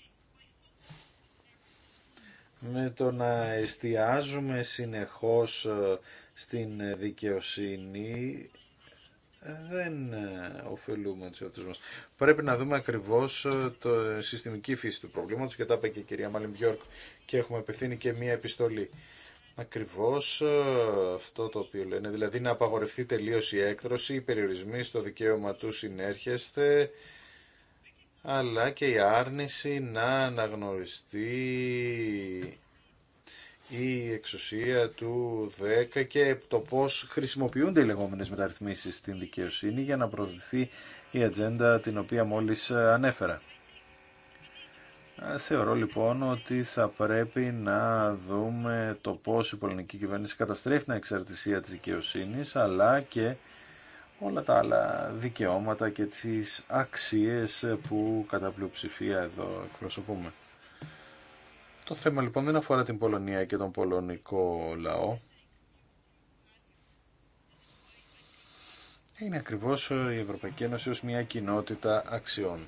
με το να εστιάζουμε συνεχώς στην ε, δικαιοσύνη ε, δεν ε, ωφελούμε τους εαυτούς μας. Πρέπει να δούμε ακριβώς το συστημική φύση του προβλήματος και τα είπε και η κυρία Μαλιμπιόρκ και έχουμε απευθύνει και μία επιστολή. Ακριβώς αυτό το οποίο λένε, δηλαδή να απαγορευτεί τελείως η έκτρωση, οι περιορισμοί στο δικαίωμα του συνέρχεστε, αλλά και η άρνηση να αναγνωριστεί η εξουσία του 10 και το πώς χρησιμοποιούνται οι λεγόμενες μεταρρυθμίσεις στην δικαιοσύνη για να προωθηθεί η ατζέντα την οποία μόλις ανέφερα. Θεωρώ λοιπόν ότι θα πρέπει να δούμε το πώς η πολιτική κυβέρνηση καταστρέφει την εξαρτησία της δικαιοσύνη, αλλά και όλα τα άλλα δικαιώματα και τις αξίες που κατά πλειοψηφία εδώ εκπροσωπούμε. Το θέμα λοιπόν δεν αφορά την Πολωνία και τον πολωνικό λαό. Είναι ακριβώς ε, η Ευρωπαϊκή Ένωση ως μια κοινότητα αξιών.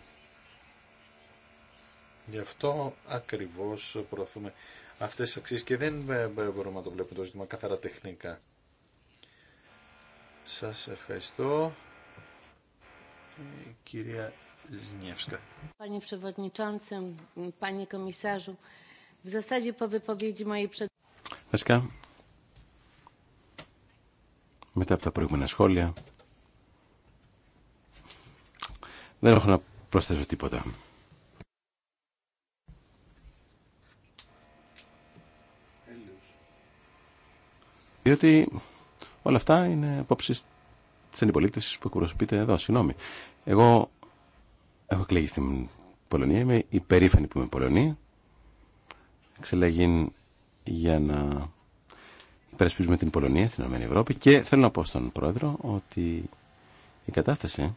Γι' αυτό ακριβώς προωθούμε αυτές τις αξίες και δεν ε, ε, μπορούμε να το βλέπουμε το ζήτημα καθαρά τεχνικά. Σας ευχαριστώ. Κυρία Ζνιεύσκα. Πάνε Panie Komisarzu, W μετά από τα προηγούμενα σχόλια, δεν έχω να προσθέσω τίποτα. Διότι όλα αυτά είναι απόψει τη αντιπολίτευση που εκπροσωπείται εδώ. Συγγνώμη. Εγώ έχω εκλεγεί στην Πολωνία, είμαι υπερήφανη που είμαι Πολωνία εξελέγει για να υπερασπίζουμε την Πολωνία στην Ηνωμένη Ευρώπη και θέλω να πω στον Πρόεδρο ότι η κατάσταση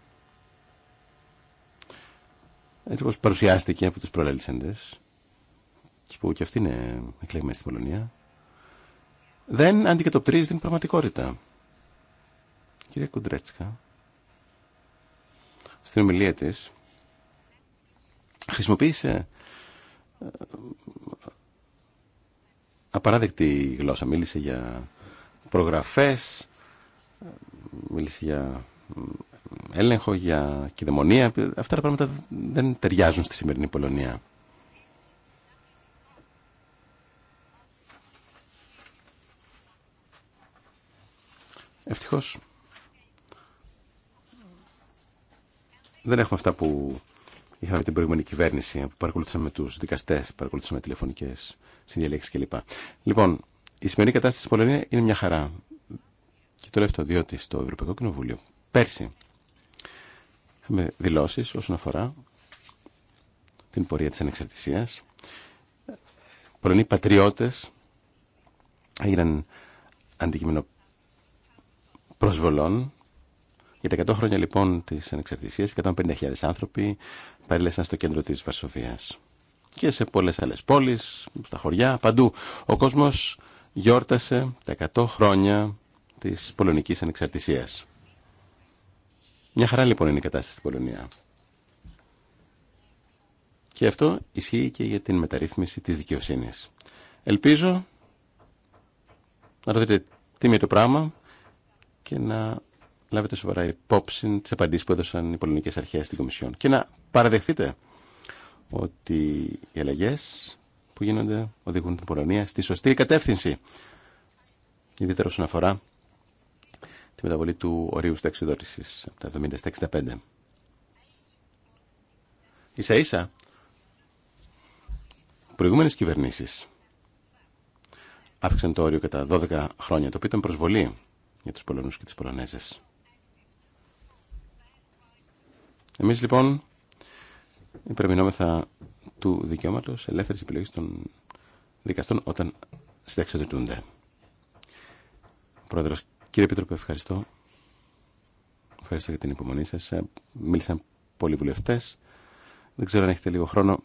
έτσι όπως παρουσιάστηκε από τους προλαλήσαντες και που και αυτοί είναι εκλεγμένοι στην Πολωνία δεν αντικατοπτρίζει την πραγματικότητα. Κυρία Κουντρέτσκα, στην ομιλία της χρησιμοποίησε ε, απαράδεκτη γλώσσα. Μίλησε για προγραφές, μίλησε για έλεγχο, για κυδαιμονία. Αυτά τα πράγματα δεν ταιριάζουν στη σημερινή Πολωνία. Ευτυχώς δεν έχουμε αυτά που Είχαμε την προηγούμενη κυβέρνηση που παρακολουθήσαμε του δικαστέ, παρακολουθήσαμε τηλεφωνικέ συνδιαλέξει κλπ. Λοιπόν, η σημερινή κατάσταση στην Πολωνία είναι μια χαρά. Και το λέω αυτό διότι στο Ευρωπαϊκό Κοινοβούλιο πέρσι είχαμε δηλώσει όσον αφορά την πορεία τη ανεξαρτησία. Πολωνοί πατριώτε έγιναν αντικείμενο προσβολών για τα 100 χρόνια λοιπόν τη ανεξαρτησία, 150.000 άνθρωποι παρέλεσαν στο κέντρο τη Βαρσοβία. Και σε πολλέ άλλε πόλει, στα χωριά, παντού. Ο κόσμο γιόρτασε τα 100 χρόνια τη πολωνική ανεξαρτησία. Μια χαρά λοιπόν είναι η κατάσταση στην Πολωνία. Και αυτό ισχύει και για την μεταρρύθμιση τη δικαιοσύνης. Ελπίζω να δείτε τι με το πράγμα και να λάβετε σοβαρά υπόψη τι απαντήσει που έδωσαν οι πολωνικέ αρχέ στην Κομισιόν και να παραδεχτείτε ότι οι αλλαγέ που γίνονται οδηγούν την Πολωνία στη σωστή κατεύθυνση. Ιδιαίτερα όσον αφορά τη μεταβολή του ορίου συνταξιδότηση από τα 70 στα 65. Ίσα ίσα, προηγούμενε κυβερνήσει αύξησαν το όριο κατά 12 χρόνια, το οποίο ήταν προσβολή για τους Πολωνούς και τις Πολωνέζες. Εμείς λοιπόν υπερμηνόμεθα του δικαιώματος ελεύθερης επιλογής των δικαστών όταν συνταξιοδοτούνται. Πρόεδρος, κύριε Επίτροπε, ευχαριστώ. Ευχαριστώ για την υπομονή σας. Ε, μίλησαν πολλοί βουλευτές. Δεν ξέρω αν έχετε λίγο χρόνο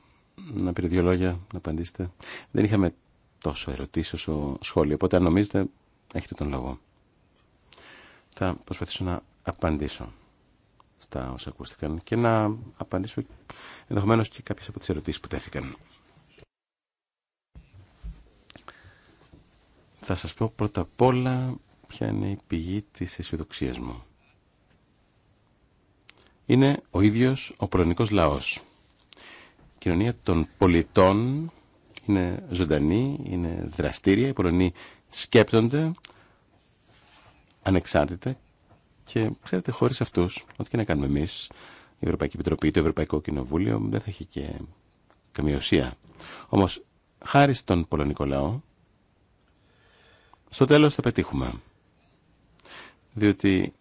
να πείτε δύο λόγια, να απαντήσετε. Δεν είχαμε τόσο ερωτήσει όσο σχόλιο, οπότε αν νομίζετε έχετε τον λόγο. Θα προσπαθήσω να απαντήσω στα όσα ακούστηκαν και να απαντήσω ενδεχομένω και κάποιε από τις ερωτήσεις που τέθηκαν. Θα σας πω πρώτα απ' όλα ποια είναι η πηγή της αισιοδοξία μου. Είναι ο ίδιος ο πολωνικός λαός. Η κοινωνία των πολιτών είναι ζωντανή, είναι δραστήρια. Οι Πολωνοί σκέπτονται ανεξάρτητα και ξέρετε, χωρί αυτού, ό,τι και να κάνουμε εμεί, η Ευρωπαϊκή Επιτροπή, το Ευρωπαϊκό Κοινοβούλιο, δεν θα έχει και καμία ουσία. Όμω, χάρη στον πολωνικό λαό, στο τέλο θα πετύχουμε. Διότι,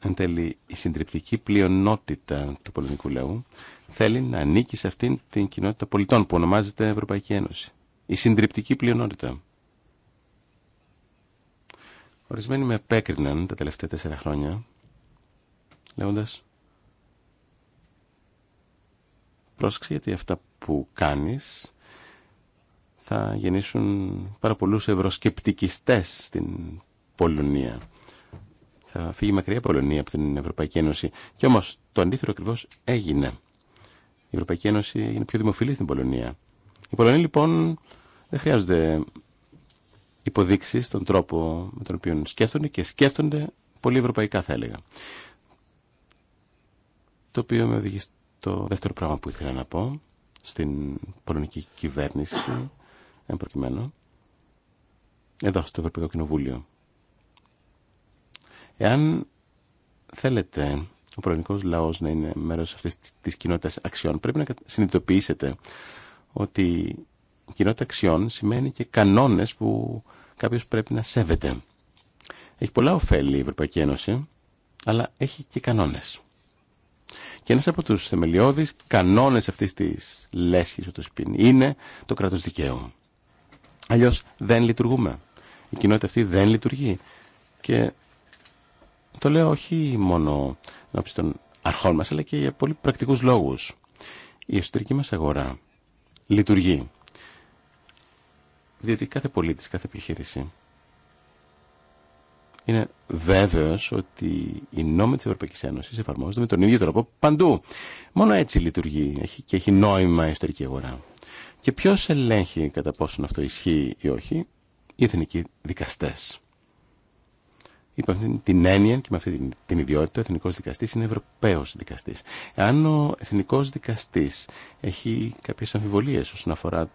εν τέλει, η συντριπτική πλειονότητα του πολωνικού λαού θέλει να ανήκει σε αυτήν την κοινότητα πολιτών που ονομάζεται Ευρωπαϊκή Ένωση. Η συντριπτική πλειονότητα. Ορισμένοι με επέκριναν τα τελευταία τέσσερα χρόνια, λέγοντας «Πρόσεξε γιατί αυτά που κάνεις θα γεννήσουν πάρα πολλούς ευρωσκεπτικιστές στην Πολωνία. Θα φύγει μακριά η Πολωνία από την Ευρωπαϊκή Ένωση». Και όμως το αντίθετο ακριβώ έγινε. Η Ευρωπαϊκή Ένωση είναι πιο δημοφιλή στην Πολωνία. Οι Πολωνοί λοιπόν δεν χρειάζονται υποδείξει τον τρόπο με τον οποίο σκέφτονται και σκέφτονται πολύ ευρωπαϊκά θα έλεγα. Το οποίο με οδηγεί στο δεύτερο πράγμα που ήθελα να πω στην πολωνική κυβέρνηση εν προκειμένου εδώ στο Ευρωπαϊκό Κοινοβούλιο. Εάν θέλετε ο πολωνικό λαός να είναι μέρος αυτής της κοινότητα αξιών πρέπει να συνειδητοποιήσετε ότι κοινότητα αξιών σημαίνει και κανόνες που κάποιο πρέπει να σέβεται. Έχει πολλά ωφέλη η Ευρωπαϊκή Ένωση, αλλά έχει και κανόνες. Και ένα από τους θεμελιώδεις κανόνες αυτής της λέσχης του πει, είναι το κράτος δικαίου. Αλλιώς δεν λειτουργούμε. Η κοινότητα αυτή δεν λειτουργεί. Και το λέω όχι μόνο ενώπιση των αρχών μα, αλλά και για πολύ πρακτικούς λόγου. Η εσωτερική μα αγορά λειτουργεί. Διότι κάθε πολίτης, κάθε επιχείρηση είναι βέβαιο ότι οι νόμοι τη Ευρωπαϊκή Ένωση εφαρμόζονται με τον ίδιο τρόπο παντού. Μόνο έτσι λειτουργεί έχει, και έχει νόημα η ιστορική αγορά. Και ποιο ελέγχει κατά πόσον αυτό ισχύει ή όχι, οι εθνικοί δικαστέ. Υπάρχει την έννοια και με αυτή την ιδιότητα ο εθνικό δικαστή είναι ευρωπαϊο δικαστή. Εάν ο εθνικό δικαστή έχει κάποιε αμφιβολίε όσον αφορά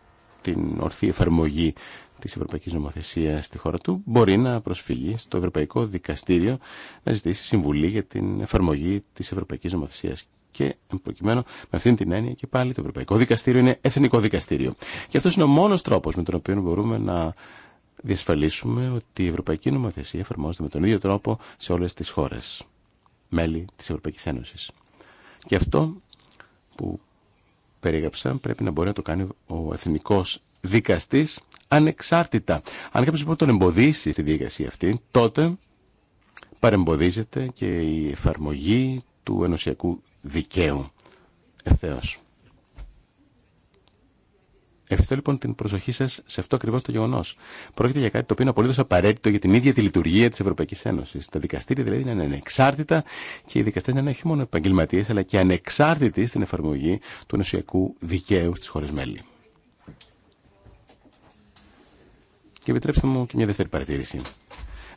την ορθή εφαρμογή της Ευρωπαϊκής Νομοθεσίας στη χώρα του, μπορεί να προσφύγει στο Ευρωπαϊκό Δικαστήριο να ζητήσει συμβουλή για την εφαρμογή της Ευρωπαϊκής Νομοθεσίας. Και προκειμένου με αυτήν την έννοια και πάλι το Ευρωπαϊκό Δικαστήριο είναι εθνικό δικαστήριο. Και αυτός είναι ο μόνος τρόπος με τον οποίο μπορούμε να διασφαλίσουμε ότι η Ευρωπαϊκή Νομοθεσία εφαρμόζεται με τον ίδιο τρόπο σε όλες τις χώρες, μέλη της Ευρωπαϊκής Ένωσης. Και αυτό που περιέγραψα πρέπει να μπορεί να το κάνει ο εθνικό δικαστή ανεξάρτητα. Αν κάποιος λοιπόν τον εμποδίσει στη διαδικασία αυτή, τότε παρεμποδίζεται και η εφαρμογή του ενωσιακού δικαίου. Ευθέως. Ευχαριστώ λοιπόν την προσοχή σα σε αυτό ακριβώ το γεγονό. Πρόκειται για κάτι το οποίο είναι απολύτω απαραίτητο για την ίδια τη λειτουργία τη Ευρωπαϊκή Ένωση. Τα δικαστήρια δηλαδή είναι ανεξάρτητα και οι δικαστέ είναι όχι μόνο επαγγελματίε αλλά και ανεξάρτητοι στην εφαρμογή του νοσιακού δικαίου στι χώρε μέλη. Και επιτρέψτε μου και μια δεύτερη παρατήρηση.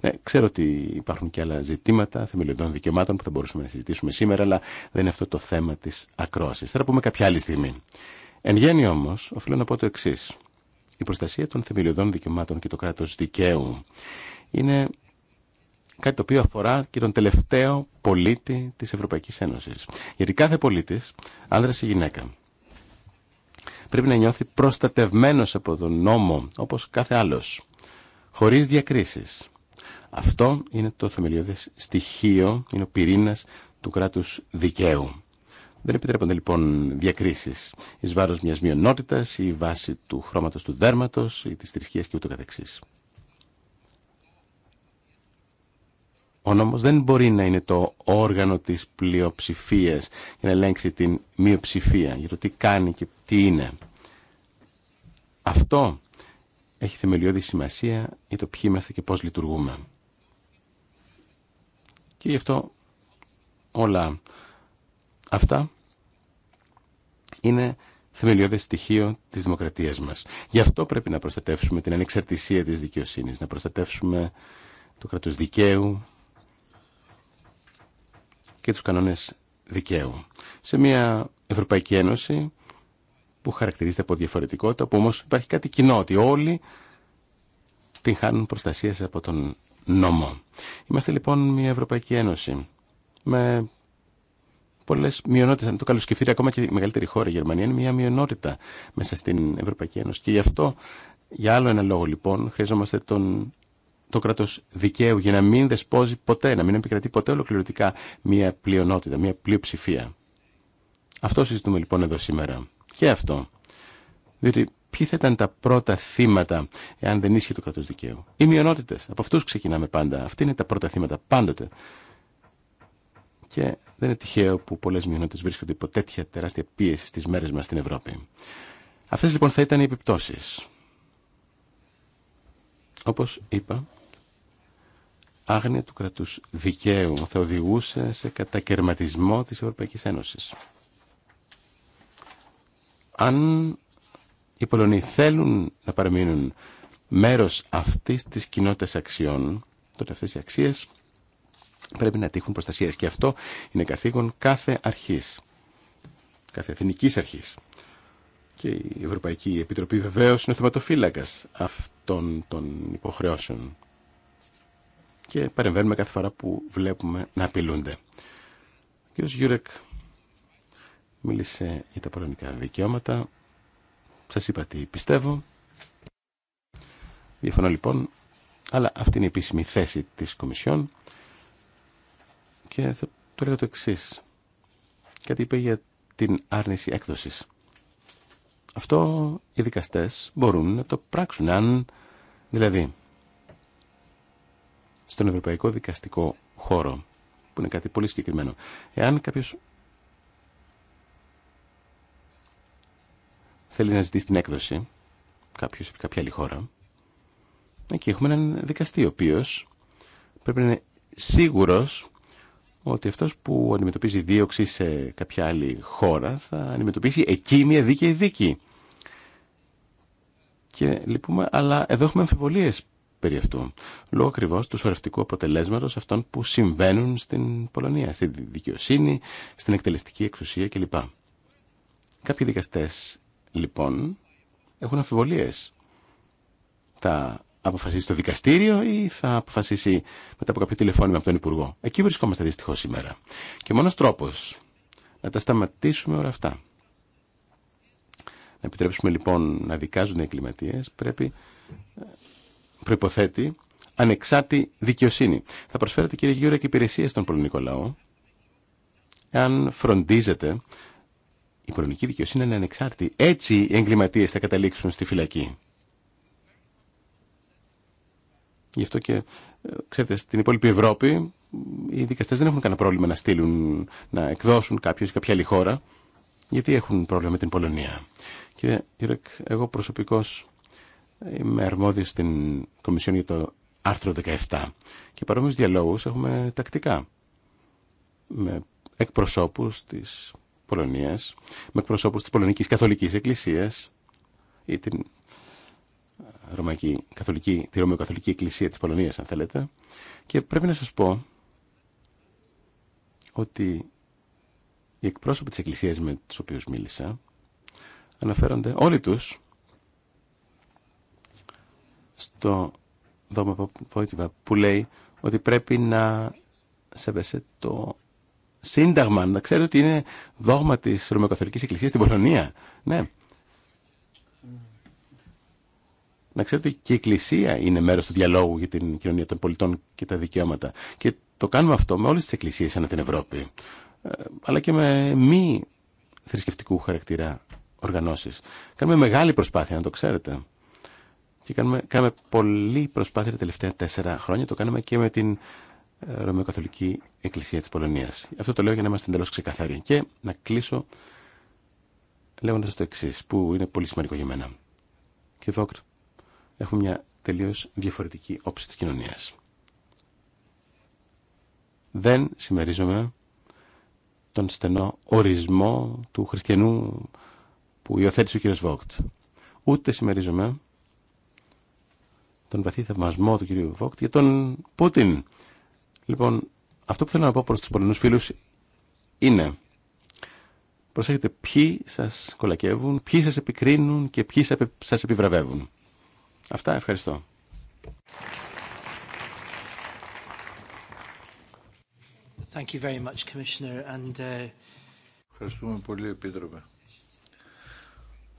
Ναι, ξέρω ότι υπάρχουν και άλλα ζητήματα θεμελιωδών δικαιωμάτων που θα μπορούσαμε να συζητήσουμε σήμερα, αλλά δεν είναι αυτό το θέμα τη ακρόαση. Θα πούμε κάποια άλλη στιγμή. Εν γένει όμω, οφείλω να πω το εξή. Η προστασία των θεμελιωδών δικαιωμάτων και το κράτο δικαίου είναι κάτι το οποίο αφορά και τον τελευταίο πολίτη τη Ευρωπαϊκή Ένωση. Γιατί κάθε πολίτη, άνδρα ή γυναίκα, πρέπει να νιώθει προστατευμένο από τον νόμο, όπω κάθε άλλο, χωρί διακρίσει. Αυτό είναι το θεμελιώδες στοιχείο, είναι ο πυρήνας του κράτους δικαίου. Δεν επιτρέπονται λοιπόν διακρίσει ει βάρο μια μειονότητα ή βάση του χρώματο του δέρματο ή τη θρησκεία κ.ο.κ. Ο νόμο δεν μπορεί να είναι το όργανο της πλειοψηφία για να ελέγξει την μειοψηφία για το τι κάνει και τι είναι. Αυτό έχει θεμελιώδη σημασία για το ποιοι είμαστε και πώς λειτουργούμε. Και γι' αυτό όλα αυτά είναι θεμελιώδες στοιχείο της δημοκρατίας μας. Γι' αυτό πρέπει να προστατεύσουμε την ανεξαρτησία της δικαιοσύνης, να προστατεύσουμε το κράτος δικαίου και τους κανόνες δικαίου. Σε μια Ευρωπαϊκή Ένωση που χαρακτηρίζεται από διαφορετικότητα, που όμως υπάρχει κάτι κοινό, ότι όλοι την χάνουν προστασία από τον νόμο. Είμαστε λοιπόν μια Ευρωπαϊκή Ένωση με πολλέ μειονότητε. Αν το καλοσκεφτείτε, ακόμα και η μεγαλύτερη χώρα, η Γερμανία, είναι μια μειονότητα μέσα στην Ευρωπαϊκή Ένωση. Και γι' αυτό, για άλλο ένα λόγο λοιπόν, χρειαζόμαστε τον, το κράτο δικαίου για να μην δεσπόζει ποτέ, να μην επικρατεί ποτέ ολοκληρωτικά μια πλειονότητα, μια πλειοψηφία. Αυτό συζητούμε λοιπόν εδώ σήμερα. Και αυτό. Διότι ποιοι θα ήταν τα πρώτα θύματα εάν δεν ίσχυε το κράτο δικαίου. Οι μειονότητε. Από αυτού ξεκινάμε πάντα. Αυτοί είναι τα πρώτα θύματα πάντοτε. Και δεν είναι τυχαίο που πολλέ μειονότητε βρίσκονται υπό τέτοια τεράστια πίεση στι μέρες μας στην Ευρώπη. Αυτές λοιπόν θα ήταν οι επιπτώσει. Όπω είπα, άγνοια του κρατούς δικαίου θα οδηγούσε σε κατακαιρματισμό της Ευρωπαϊκής Ένωση. Αν οι Πολωνοί θέλουν να παραμείνουν μέρος αυτής της κοινότητας αξιών, τότε αυτές οι αξίες πρέπει να τύχουν προστασίες Και αυτό είναι καθήκον κάθε αρχής, κάθε εθνικής αρχής. Και η Ευρωπαϊκή Επιτροπή βεβαίως είναι ο θεματοφύλακας αυτών των υποχρεώσεων. Και παρεμβαίνουμε κάθε φορά που βλέπουμε να απειλούνται. Ο κ. Γιούρεκ μίλησε για τα πολωνικά δικαιώματα. Σας είπα τι πιστεύω. Διαφωνώ λοιπόν, αλλά αυτή είναι η επίσημη θέση της Κομισιόν και θα του λέω το εξή. Κάτι είπε για την άρνηση έκδοση. Αυτό οι δικαστές μπορούν να το πράξουν, αν δηλαδή στον Ευρωπαϊκό Δικαστικό Χώρο, που είναι κάτι πολύ συγκεκριμένο, εάν κάποιο θέλει να ζητήσει την έκδοση, κάποιο από κάποια άλλη χώρα, εκεί έχουμε έναν δικαστή, ο οποίος πρέπει να είναι σίγουρος ότι αυτό που αντιμετωπίζει δίωξη σε κάποια άλλη χώρα θα αντιμετωπίσει εκεί μια δίκαιη δίκη. Και λυπούμε, αλλά εδώ έχουμε αμφιβολίες περί αυτού. Λόγω ακριβώ του σορευτικού αποτελέσματο αυτών που συμβαίνουν στην Πολωνία, στη δικαιοσύνη, στην εκτελεστική εξουσία κλπ. Κάποιοι δικαστέ, λοιπόν, έχουν αμφιβολίε. Τα αποφασίσει το δικαστήριο ή θα αποφασίσει μετά από κάποιο τηλεφώνημα από τον Υπουργό. Εκεί βρισκόμαστε δυστυχώ σήμερα. Και μόνο τρόπο να τα σταματήσουμε όλα αυτά. Να επιτρέψουμε λοιπόν να δικάζουν οι εγκληματίε πρέπει ε, προποθέτει ανεξάρτητη δικαιοσύνη. Θα προσφέρετε κύριε Γιούρα και υπηρεσίε στον πολωνικό λαό αν φροντίζετε η πολωνική δικαιοσύνη να είναι ανεξάρτητη. Έτσι οι εγκληματίε θα καταλήξουν στη φυλακή. Γι' αυτό και, ε, ξέρετε, στην υπόλοιπη Ευρώπη οι δικαστέ δεν έχουν κανένα πρόβλημα να στείλουν, να εκδώσουν κάποιο ή κάποια άλλη χώρα, γιατί έχουν πρόβλημα με την Πολωνία. Κύριε Ιρεκ, εγώ προσωπικώ είμαι αρμόδιο στην Κομισιόν για το άρθρο 17 και παρόμοιου διαλόγου έχουμε τακτικά με εκπροσώπους της Πολωνίας, με εκπροσώπου τη Πολωνική Καθολική Εκκλησία. ή την Ρωμαϊκή, καθολική, τη Ρωμαιοκαθολική Εκκλησία της Πολωνίας, αν θέλετε. Και πρέπει να σας πω ότι οι εκπρόσωποι της Εκκλησίας με τους οποίους μίλησα αναφέρονται όλοι τους στο δόγμα που λέει ότι πρέπει να σέβεσαι το Σύνταγμα, να ξέρετε ότι είναι δόγμα της Ρωμαιοκαθολική Εκκλησίας στην Πολωνία. Ναι. να ξέρετε και η Εκκλησία είναι μέρος του διαλόγου για την κοινωνία των πολιτών και τα δικαιώματα. Και το κάνουμε αυτό με όλες τις εκκλησίες ανά την Ευρώπη, ε, αλλά και με μη θρησκευτικού χαρακτήρα οργανώσεις. Κάνουμε μεγάλη προσπάθεια, να το ξέρετε. Και κάνουμε, κάνουμε πολλή προσπάθεια τα τελευταία τέσσερα χρόνια. Το κάνουμε και με την ε, Ρωμαιοκαθολική Εκκλησία της Πολωνίας. Αυτό το λέω για να είμαστε εντελώ ξεκαθαροί. Και να κλείσω λέγοντα το εξή, που είναι πολύ σημαντικό για μένα έχουμε μια τελείως διαφορετική όψη της κοινωνίας. Δεν συμμερίζομαι τον στενό ορισμό του χριστιανού που υιοθέτησε ο κ. Βόκτ. Ούτε συμμερίζομαι τον βαθύ θαυμασμό του κύριου Βόκτ για τον Πούτιν. Λοιπόν, αυτό που θέλω να πω προς τους πολλούς φίλους είναι προσέχετε ποιοι σας κολακεύουν, ποιοι σας επικρίνουν και ποιοι σας επιβραβεύουν. Αυτά ευχαριστώ. Thank you uh, Ευχαριστούμε πολύ, Επίτροπε.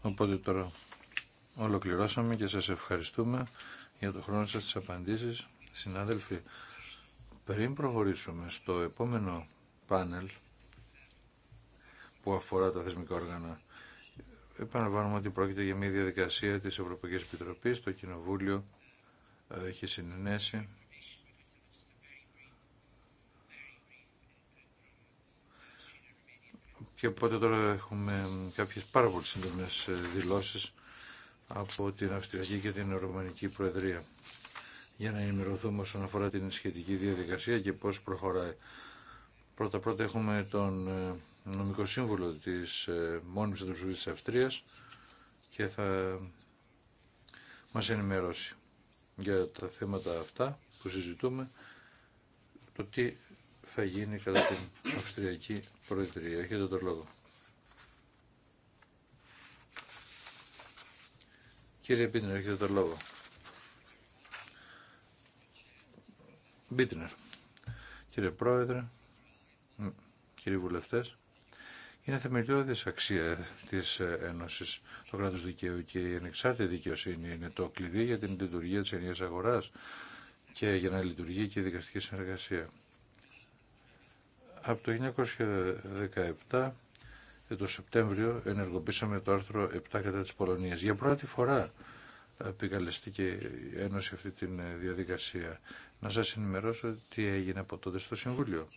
Οπότε τώρα ολοκληρώσαμε και σας ευχαριστούμε για το χρόνο σας, τις απαντήσεις. Συνάδελφοι, πριν προχωρήσουμε στο επόμενο πάνελ που αφορά τα θεσμικά όργανα Επαναλαμβάνουμε ότι πρόκειται για μια διαδικασία της Ευρωπαϊκής Επιτροπής. Το Κοινοβούλιο ε, έχει συνενέσει. Και οπότε τώρα έχουμε κάποιες πάρα πολύ σύντομες ε, δηλώσεις από την Αυστριακή και την Ρωμανική Προεδρία για να ενημερωθούμε όσον αφορά την σχετική διαδικασία και πώς προχωράει. Πρώτα-πρώτα έχουμε τον ε, νομικό σύμβουλο της ε, μόνιμης αντιπροσωπής της Αυστρίας και θα μας ενημερώσει για τα θέματα αυτά που συζητούμε, το τι θα γίνει κατά την Αυστριακή Προεδρία. Έχετε τον λόγο. Κύριε Πίτνερ, έχετε τον λόγο. Μπίτνερ. Κύριε Πρόεδρε, κύριοι βουλευτές, είναι θεμελιώδη αξία τη Ένωση Το κράτος δικαίου και η ανεξάρτητη δικαιοσύνη είναι το κλειδί για την λειτουργία της ενιαία αγοράς και για να λειτουργεί και η δικαστική συνεργασία. Από το 1917 το Σεπτέμβριο ενεργοποίησαμε το άρθρο 7 κατά της Πολωνίας. Για πρώτη φορά επικαλεστήκε η Ένωση αυτή τη διαδικασία. Να σας ενημερώσω τι έγινε από τότε στο Συμβούλιο.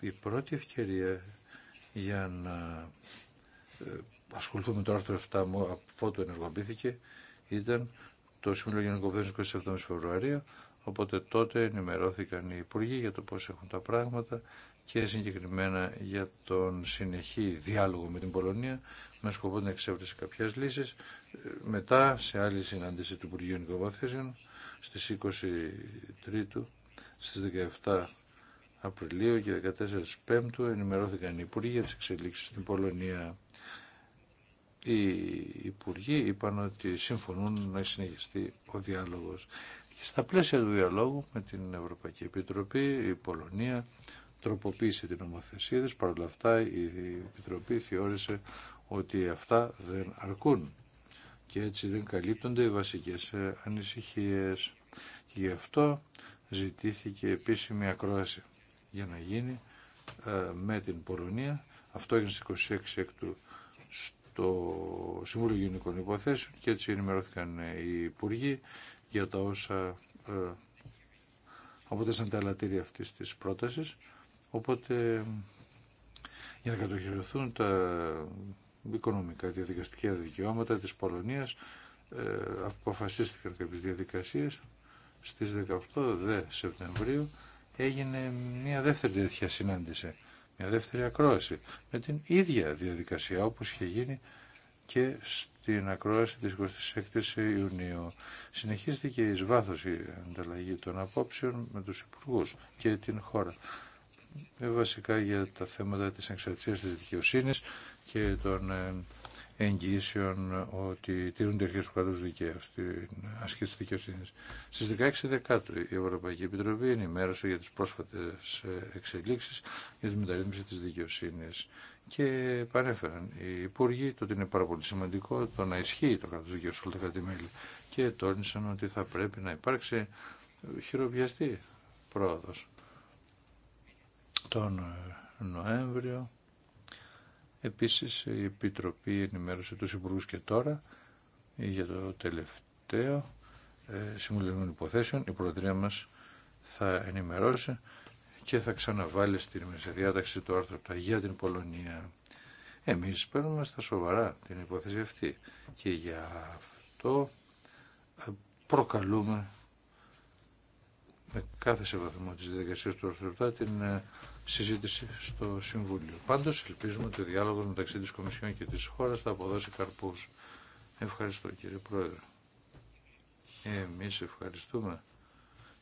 Η πρώτη ευκαιρία για να ε, ασχοληθούμε με το άρθρο 7 αφού το ενεργοποιήθηκε ήταν το Συμβούλιο Γενικοπαίδων 27 Φεβρουαρίου οπότε τότε ενημερώθηκαν οι Υπουργοί για το πώς έχουν τα πράγματα και συγκεκριμένα για τον συνεχή διάλογο με την Πολωνία με σκοπό την εξέβρεση κάποιες λύσεις. Ε, μετά, σε άλλη συνάντηση του Υπουργείου Νοικοπαθήσεων, στις 23 στις 17 Απριλίου και 14 Πέμπτου ενημερώθηκαν οι Υπουργοί για τις εξελίξεις στην Πολωνία. Οι Υπουργοί είπαν ότι συμφωνούν να συνεχιστεί ο διάλογος. Και στα πλαίσια του διαλόγου με την Ευρωπαϊκή Επιτροπή η Πολωνία τροποποίησε την ομοθεσία της. Παρ' όλα αυτά η Επιτροπή θεώρησε ότι αυτά δεν αρκούν και έτσι δεν καλύπτονται οι βασικές ανησυχίες. γι' αυτό ζητήθηκε επίσημη ακρόαση για να γίνει ε, με την Πολωνία. Αυτό έγινε στις 26 έκτου στο Συμβούλιο Γενικών Υποθέσεων και έτσι ενημερώθηκαν οι Υπουργοί για τα όσα ε, αποτέσαν τα ελαττήρια αυτής της πρότασης. Οπότε για να κατοχυρωθούν τα οικονομικά διαδικαστικά δικαιώματα της Πολωνίας ε, αποφασίστηκαν κάποιες διαδικασίες στις 18 δε Σεπτεμβρίου έγινε μια δεύτερη τέτοια συνάντηση, μια δεύτερη ακρόαση με την ίδια διαδικασία όπως είχε γίνει και στην ακρόαση της 26ης Ιουνίου. Συνεχίστηκε και εις βάθος η ανταλλαγή των απόψεων με τους υπουργούς και την χώρα. Ε, βασικά για τα θέματα της εξαρτησίας της δικαιοσύνης και των ε, εγγυήσεων ότι τηρούνται αρχές του κρατού δικαίου στην ασκή τη δικαιοσύνη. Στι 16 Δεκάτου η Ευρωπαϊκή Επιτροπή ενημέρωσε για τι πρόσφατε εξελίξει για τη μεταρρύθμιση τη δικαιοσύνη. και παρέφεραν οι Υπουργοί το ότι είναι πάρα πολύ σημαντικό το να ισχύει το κράτο δικαίου σε όλα τα κράτη-μέλη και τόνισαν ότι θα πρέπει να υπάρξει χειροπιαστή πρόοδο Τον Νοέμβριο Επίσης η Επιτροπή ενημέρωσε τους Υπουργούς και τώρα για το τελευταίο ε, συμβουλευτικών υποθέσεων. Η Προεδρία μας θα ενημερώσει και θα ξαναβάλει στην διάταξη το άρθρο για την Πολωνία. Εμείς παίρνουμε στα σοβαρά την υπόθεση αυτή και για αυτό ε, προκαλούμε με κάθε σεβαθμό της διαδικασίας του άρθρου την ε, συζήτηση στο Συμβούλιο. Πάντως ελπίζουμε ότι ο διάλογος μεταξύ της Κομισιόν και της χώρας θα αποδώσει καρπούς. Ευχαριστώ κύριε Πρόεδρε. Εμείς ευχαριστούμε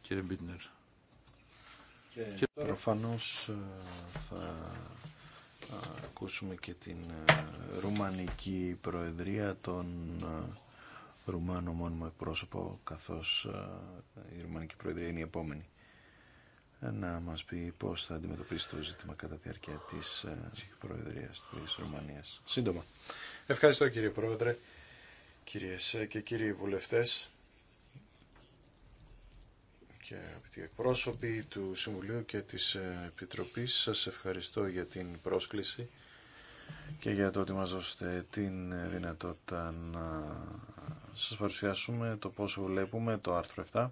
κύριε Μπίτνερ. Και, ε, θα ε, ακούσουμε και την ε, Ρουμανική Προεδρία των Ρουμάνο μόνιμο εκπρόσωπο καθώς η Ρουμανική Προεδρία είναι η επόμενη να μας πει πώς θα αντιμετωπίσει το ζήτημα κατά τη διάρκεια της ε, Προεδρίας της Ρουμανίας. Σύντομα. Ευχαριστώ κύριε Πρόεδρε, κυρίες ε, και κύριοι βουλευτές και αγαπητοί εκπρόσωποι του Συμβουλίου και της ε, Επιτροπής. Σας ευχαριστώ για την πρόσκληση και για το ότι μας δώσετε την δυνατότητα να σας παρουσιάσουμε το πόσο βλέπουμε το άρθρο 7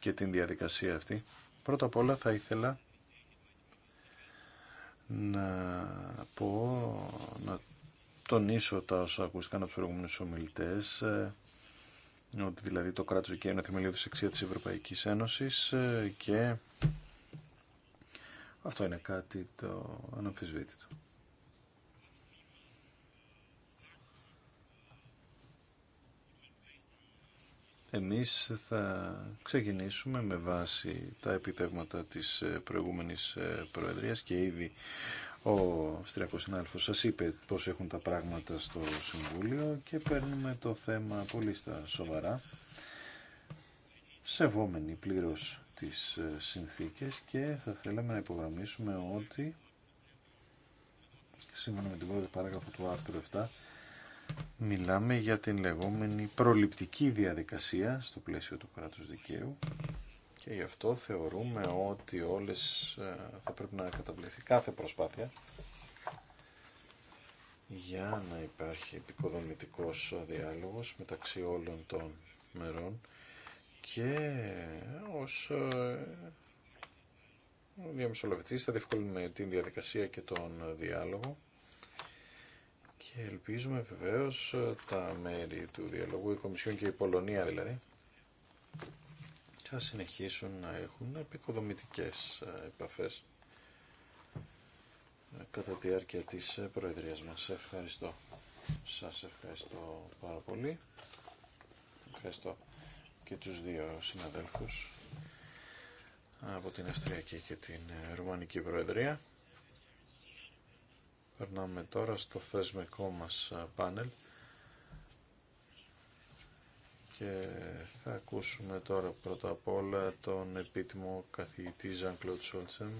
και την διαδικασία αυτή Πρώτα απ' όλα θα ήθελα να πω, να τονίσω τα όσα ακούστηκαν από τους προηγούμενους ομιλητές, ε, ότι δηλαδή το κράτος δικαίου είναι θεμελιώδης αξία της Ευρωπαϊκής Ένωσης ε, και αυτό είναι κάτι το αναμφισβήτητο. Εμείς θα ξεκινήσουμε με βάση τα επιτεύγματα της ε, προηγούμενης ε, Προεδρίας και ήδη ο Αυστριακός συνάδελφος σας είπε πώς έχουν τα πράγματα στο Συμβούλιο και παίρνουμε το θέμα πολύ στα σοβαρά, σεβόμενοι πλήρως τις ε, συνθήκες και θα θέλαμε να υπογραμμίσουμε ότι σύμφωνα με την πρώτη παράγραφο του άρθρου 7 μιλάμε για την λεγόμενη προληπτική διαδικασία στο πλαίσιο του κράτους δικαίου και γι' αυτό θεωρούμε ότι όλες ε, θα πρέπει να καταβληθεί κάθε προσπάθεια για να υπάρχει επικοδομητικός διάλογος μεταξύ όλων των μερών και ως ε, διαμεσολαβητής θα διευκολύνουμε την διαδικασία και τον διάλογο και ελπίζουμε βεβαίω ε, τα μέρη του διαλόγου, η Κομισιόν και η Πολωνία δηλαδή, θα συνεχίσουν να έχουν επικοδομητικές ε, επαφές ε, κατά τη διάρκεια της Προεδρίας μας. Ευχαριστώ. Σας ευχαριστώ πάρα πολύ. Ευχαριστώ και τους δύο συναδέλφους από την Αυστριακή και την Ρουμανική Προεδρία. Περνάμε τώρα στο θεσμικό μας ε, πάνελ και θα ακούσουμε τώρα πρώτα απ' όλα τον επίτιμο Ζαν Κλωτ Σόλτσεν,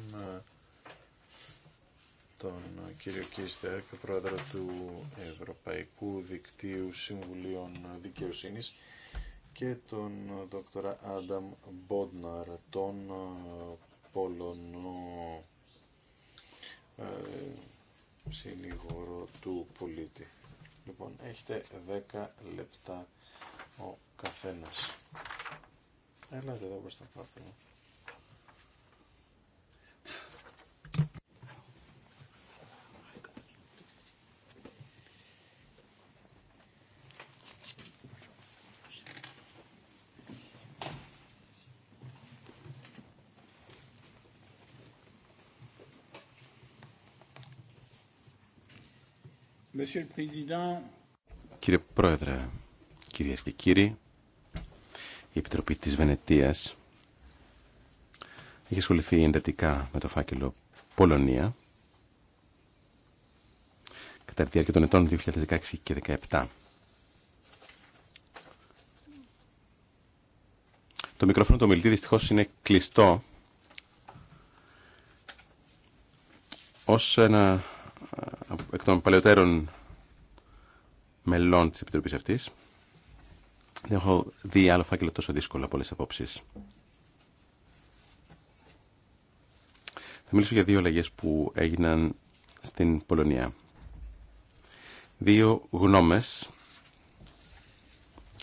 τον κύριο Κίστερ και πρόεδρο του Ευρωπαϊκού Δικτύου Συμβουλίων Δικαιοσύνης και τον ε, δόκτωρα Άνταμ Μπόντναρ, τον ε, Πολωνό συνηγόρο του πολίτη. Λοιπόν, έχετε 10 λεπτά ο καθένας. Έλατε εδώ μπροστά, πολύ. Κύριε Πρόεδρε, κυρίες και κύριοι, η Επιτροπή της Βενετίας έχει ασχοληθεί εντατικά με το φάκελο Πολωνία κατά τη διάρκεια των ετών 2016 και 2017. Το μικρόφωνο του ομιλητή δυστυχώς είναι κλειστό ως ένα εκ των παλαιότερων μελών της Επιτροπής αυτής. Δεν έχω δει άλλο φάκελο τόσο δύσκολο από όλες τις απόψεις. Θα μιλήσω για δύο αλλαγέ που έγιναν στην Πολωνία. Δύο γνώμες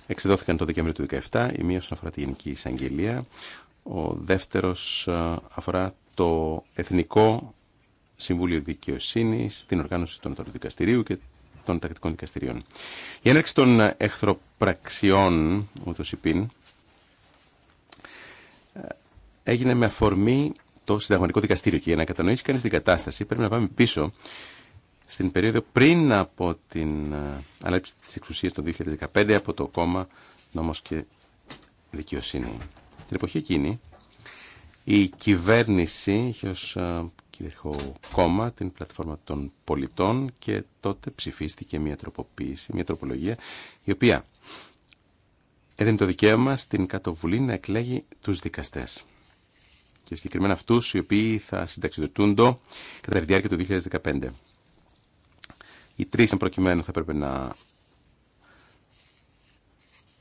εξεδόθηκαν το Δεκέμβριο του 2017. Η μία αφορά τη Γενική Εισαγγελία. Ο δεύτερος ε, αφορά το Εθνικό Συμβούλιο Δικαιοσύνη, την οργάνωση του Ανατολικού Δικαστηρίου και των τακτικών δικαστηρίων. Η έναρξη των εχθροπραξιών, ούτως υπήν, ε, έγινε με αφορμή το συνταγματικό δικαστήριο και για να κατανοήσει κανείς την κατάσταση πρέπει να πάμε πίσω στην περίοδο πριν από την ε, ανάληψη της εξουσίας το 2015 από το κόμμα Νόμος και Δικαιοσύνη. Την εποχή εκείνη η κυβέρνηση είχε ε, κυριαρχό κόμμα, την πλατφόρμα των πολιτών και τότε ψηφίστηκε μια τροποποίηση, μια τροπολογία η οποία έδινε το δικαίωμα στην κατοβουλή να εκλέγει τους δικαστές και συγκεκριμένα αυτούς οι οποίοι θα το κατά τη διάρκεια του 2015. Οι τρεις εν προκειμένου θα έπρεπε να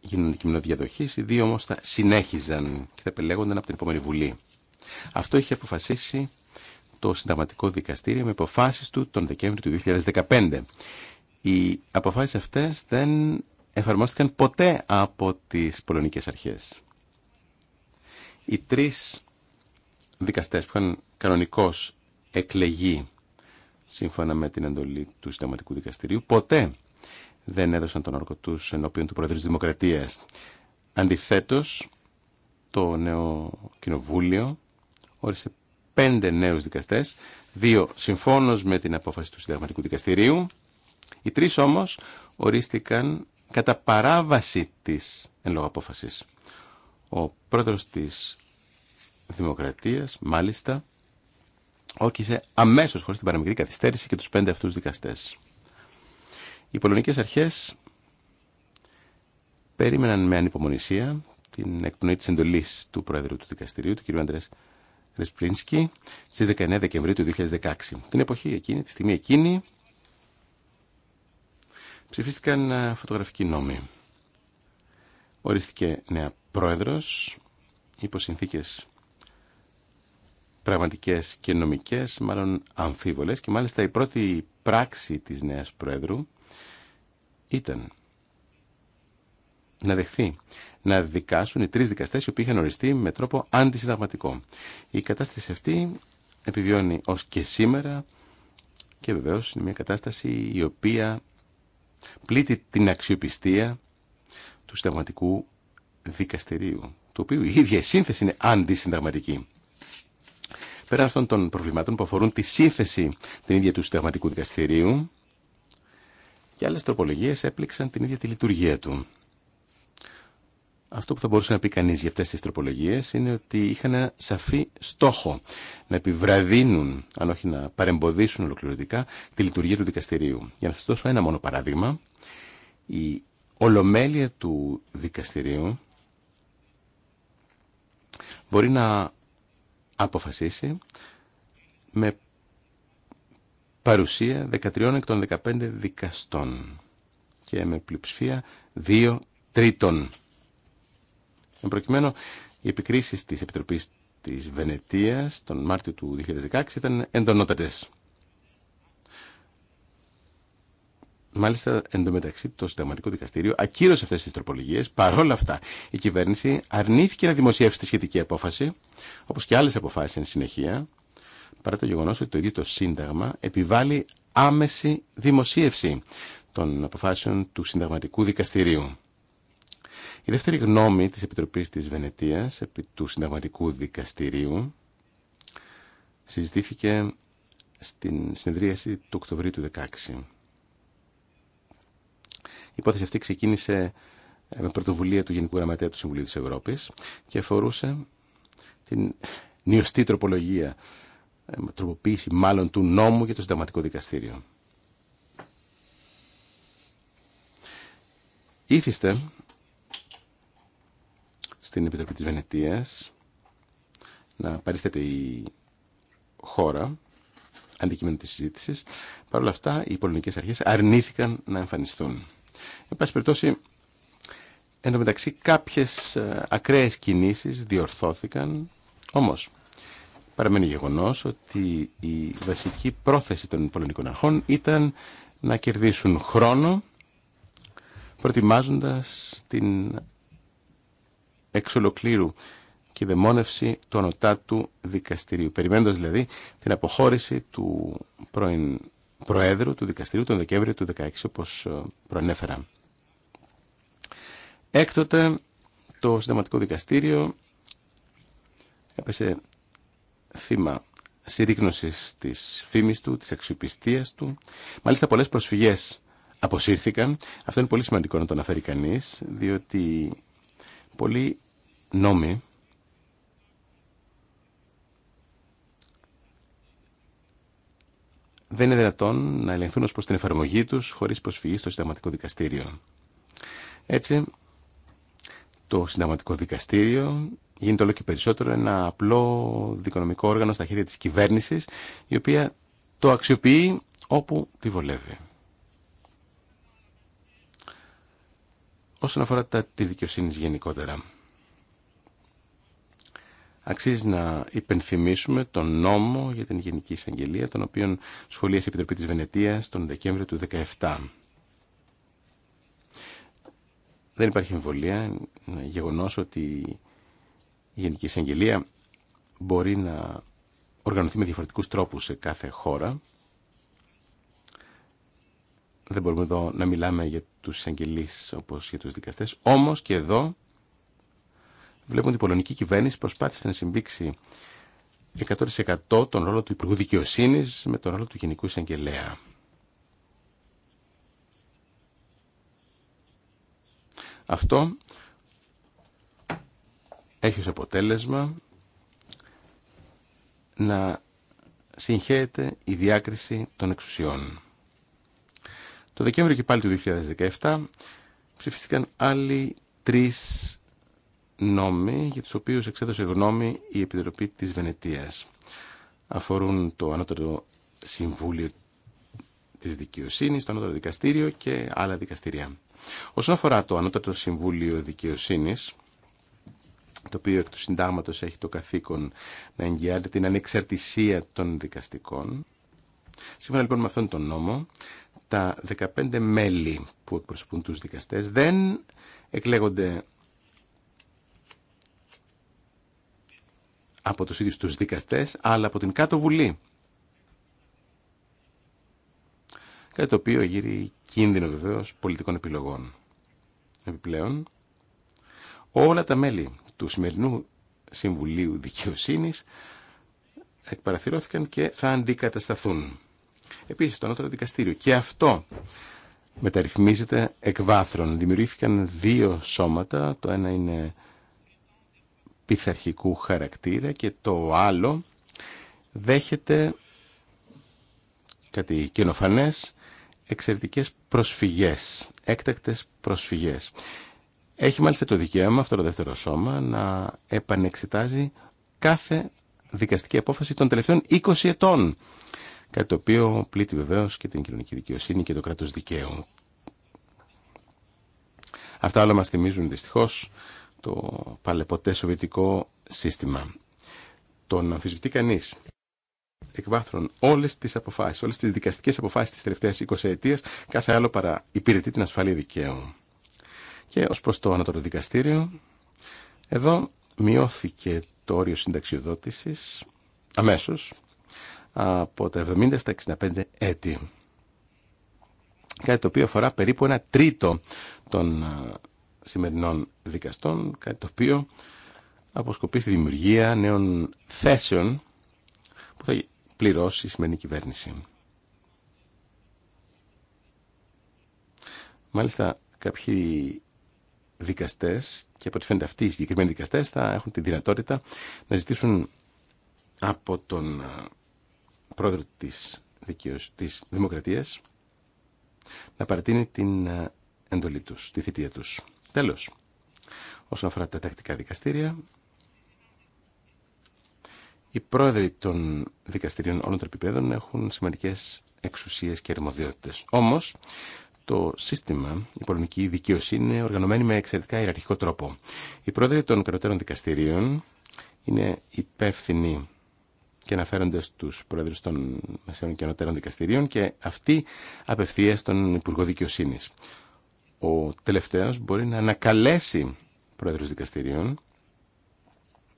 γίνουν αντικείμενο διαδοχή, οι δύο όμω θα συνέχιζαν και θα επελέγονταν από την επόμενη Βουλή. Αυτό είχε αποφασίσει το Συνταγματικό Δικαστήριο με αποφάσεις του τον Δεκέμβριο του 2015. Οι αποφάσεις αυτές δεν εφαρμόστηκαν ποτέ από τις πολωνικές αρχές. Οι τρεις δικαστές που είχαν κανονικώς εκλεγεί σύμφωνα με την εντολή του Συνταγματικού Δικαστηρίου ποτέ δεν έδωσαν τον όρκο τους ενώπιον του Πρόεδρου της Δημοκρατίας. Αντιθέτως, το νέο κοινοβούλιο όρισε πέντε νέους δικαστές, δύο συμφώνως με την απόφαση του Συνταγματικού Δικαστηρίου, οι τρεις όμως ορίστηκαν κατά παράβαση της εν λόγω απόφασης. Ο πρόεδρος της Δημοκρατίας, μάλιστα, όκησε αμέσως χωρίς την παραμικρή καθυστέρηση και τους πέντε αυτούς δικαστές. Οι πολωνικές αρχές περίμεναν με ανυπομονησία την εκπνοή της εντολής του Πρόεδρου του Δικαστηρίου, του κ. Αντρές Στι στις 19 Δεκεμβρίου του 2016. Την εποχή εκείνη, τη στιγμή εκείνη, ψηφίστηκαν ε, φωτογραφικοί νόμοι. Ορίστηκε νέα πρόεδρος υπό συνθήκες πραγματικές και νομικές, μάλλον αμφίβολες και μάλιστα η πρώτη πράξη της νέας πρόεδρου ήταν να δεχθεί να δικάσουν οι τρεις δικαστές οι οποίοι είχαν οριστεί με τρόπο αντισυνταγματικό. Η κατάσταση αυτή επιβιώνει ως και σήμερα και βεβαίως είναι μια κατάσταση η οποία πλήττει την αξιοπιστία του συνταγματικού δικαστηρίου, του οποίου η ίδια η σύνθεση είναι αντισυνταγματική. Πέραν αυτών των προβλημάτων που αφορούν τη σύνθεση την ίδια του συνταγματικού δικαστηρίου, και άλλε τροπολογίε έπληξαν την ίδια τη λειτουργία του. Αυτό που θα μπορούσε να πει κανεί για αυτέ τι τροπολογίε είναι ότι είχαν ένα σαφή στόχο να επιβραδύνουν, αν όχι να παρεμποδίσουν ολοκληρωτικά, τη λειτουργία του δικαστηρίου. Για να σα δώσω ένα μόνο παράδειγμα, η ολομέλεια του δικαστηρίου μπορεί να αποφασίσει με παρουσία 13 εκ των 15 δικαστών και με πλειοψηφία 2 τρίτων Εν προκειμένου, οι επικρίσεις της Επιτροπής της Βενετίας τον Μάρτιο του 2016 ήταν εντονότατε. Μάλιστα, εντωμεταξύ, το Συνταγματικό Δικαστήριο ακύρωσε αυτέ τι τροπολογίε. Παρόλα αυτά, η κυβέρνηση αρνήθηκε να δημοσιεύσει τη σχετική απόφαση, όπω και άλλε αποφάσει εν συνεχεία, παρά το γεγονό ότι το ίδιο το Σύνταγμα επιβάλλει άμεση δημοσίευση των αποφάσεων του Συνταγματικού Δικαστηρίου. Η δεύτερη γνώμη της Επιτροπής της Βενετίας επί του Συνταγματικού Δικαστηρίου συζητήθηκε στην συνεδρίαση του Οκτωβρίου του 2016. Η υπόθεση αυτή ξεκίνησε ε, με πρωτοβουλία του Γενικού Γραμματέα του Συμβουλίου της Ευρώπης και αφορούσε την νιωστή τροπολογία, ε, τροποποίηση μάλλον του νόμου για το Συνταγματικό Δικαστήριο. Ήθιστε στην Επιτροπή της Βενετίας να παρίσταται η χώρα αντικείμενο της συζήτησης. Παρ' όλα αυτά οι πολωνικές αρχές αρνήθηκαν να εμφανιστούν. Εν πάση περιπτώσει, εν τω μεταξύ κάποιες ε, ακραίες κινήσεις διορθώθηκαν, όμως παραμένει γεγονός ότι η βασική πρόθεση των πολωνικών αρχών ήταν να κερδίσουν χρόνο προτιμάζοντας την εξ ολοκλήρου και δαιμόνευση του ανωτάτου δικαστηρίου. Περιμένοντας δηλαδή την αποχώρηση του πρώην Προέδρου του δικαστηρίου τον Δεκέμβριο του 2016 όπως ε, προανέφερα. Έκτοτε το συνταγματικό δικαστήριο έπεσε θύμα συρρήκνωσης της φήμης του, της αξιοπιστία του. Μάλιστα πολλές προσφυγές αποσύρθηκαν. Αυτό είναι πολύ σημαντικό να το αναφέρει κανείς, διότι Πολλοί νόμοι δεν είναι δυνατόν να ελεγχθούν ως προς την εφαρμογή τους χωρίς προσφυγή στο συνταγματικό δικαστήριο. Έτσι, το συνταγματικό δικαστήριο γίνεται όλο και περισσότερο ένα απλό δικονομικό όργανο στα χέρια της κυβέρνησης, η οποία το αξιοποιεί όπου τη βολεύει. Όσον αφορά τα της δικαιοσύνης γενικότερα, αξίζει να υπενθυμίσουμε τον νόμο για την Γενική Εισαγγελία, τον οποίο σχολίασε η Επιτροπή της Βενετίας τον Δεκέμβριο του 2017. Δεν υπάρχει εμβολία, γεγονός ότι η Γενική Εισαγγελία μπορεί να οργανωθεί με διαφορετικούς τρόπους σε κάθε χώρα δεν μπορούμε εδώ να μιλάμε για τους εισαγγελείς όπως για τους δικαστές. Όμως και εδώ βλέπουμε ότι η πολωνική κυβέρνηση προσπάθησε να συμπήξει 100% τον ρόλο του Υπουργού Δικαιοσύνη με τον ρόλο του Γενικού Εισαγγελέα. Αυτό έχει ως αποτέλεσμα να συγχαίεται η διάκριση των εξουσιών. Το Δεκέμβριο και πάλι του 2017 ψηφίστηκαν άλλοι τρεις νόμοι για τους οποίους εξέδωσε γνώμη η Επιτροπή της Βενετίας. Αφορούν το Ανώτερο Συμβούλιο της Δικαιοσύνης, το Ανώτερο Δικαστήριο και άλλα δικαστήρια. Όσον αφορά το Ανώτερο Συμβούλιο Δικαιοσύνης, το οποίο εκ του συντάγματος έχει το καθήκον να εγγυάται την ανεξαρτησία των δικαστικών. Σύμφωνα λοιπόν με αυτόν τον νόμο, τα 15 μέλη που εκπροσωπούν τους δικαστές δεν εκλέγονται από τους ίδιους τους δικαστές, αλλά από την κάτω βουλή. Κάτι το οποίο γύρει κίνδυνο βεβαίως πολιτικών επιλογών. Επιπλέον, όλα τα μέλη του σημερινού Συμβουλίου Δικαιοσύνης εκπαραθυρώθηκαν και θα αντικατασταθούν. Επίσης, το ανώτερο δικαστήριο. Και αυτό μεταρρυθμίζεται εκ βάθρων. Δημιουργήθηκαν δύο σώματα. Το ένα είναι πειθαρχικού χαρακτήρα και το άλλο δέχεται κάτι καινοφανέ, εξαιρετικές προσφυγές, έκτακτες προσφυγές. Έχει μάλιστα το δικαίωμα αυτό το δεύτερο σώμα να επανεξετάζει κάθε δικαστική απόφαση των τελευταίων 20 ετών. Κάτι το οποίο πλήττει βεβαίω και την κοινωνική δικαιοσύνη και το κράτο δικαίου. Αυτά όλα μα θυμίζουν δυστυχώ το παλαιποτέ σοβιετικό σύστημα. Τον αμφισβητεί κανεί εκ βάθρων όλε τι αποφάσει, όλε τι δικαστικέ αποφάσει τη τελευταία 20 ετία, κάθε άλλο παρά υπηρετεί την ασφαλή δικαίου. Και ω προ το Ανατολικό Δικαστήριο, εδώ μειώθηκε το όριο συνταξιοδότηση αμέσω από τα 70 στα 65 έτη. Κάτι το οποίο αφορά περίπου ένα τρίτο των ε, σημερινών δικαστών, κάτι το οποίο αποσκοπεί στη δημιουργία νέων θέσεων που θα πληρώσει η σημερινή κυβέρνηση. Μάλιστα κάποιοι δικαστές και από ό,τι φαίνεται αυτοί οι συγκεκριμένοι δικαστές θα έχουν τη δυνατότητα να ζητήσουν από τον ε, πρόεδρο της, της Δημοκρατίας να παρατείνει την ε, εντολή τους, τη θητεία τους. Τέλος, όσον αφορά τα τακτικά δικαστήρια, οι πρόεδροι των δικαστηρίων όλων των επιπέδων έχουν σημαντικές εξουσίες και αρμοδιότητες. Όμως, το σύστημα, η πολωνική δικαιοσύνη είναι οργανωμένη με εξαιρετικά ιεραρχικό τρόπο. Οι πρόεδροι των κρατέρων δικαστηρίων είναι υπεύθυνοι και αναφέρονται στους πρόεδρους των μεσαίων και ανωτέρων δικαστηρίων και αυτοί απευθεία στον Υπουργό Δικαιοσύνη. Ο τελευταίος μπορεί να ανακαλέσει πρόεδρους δικαστηρίων,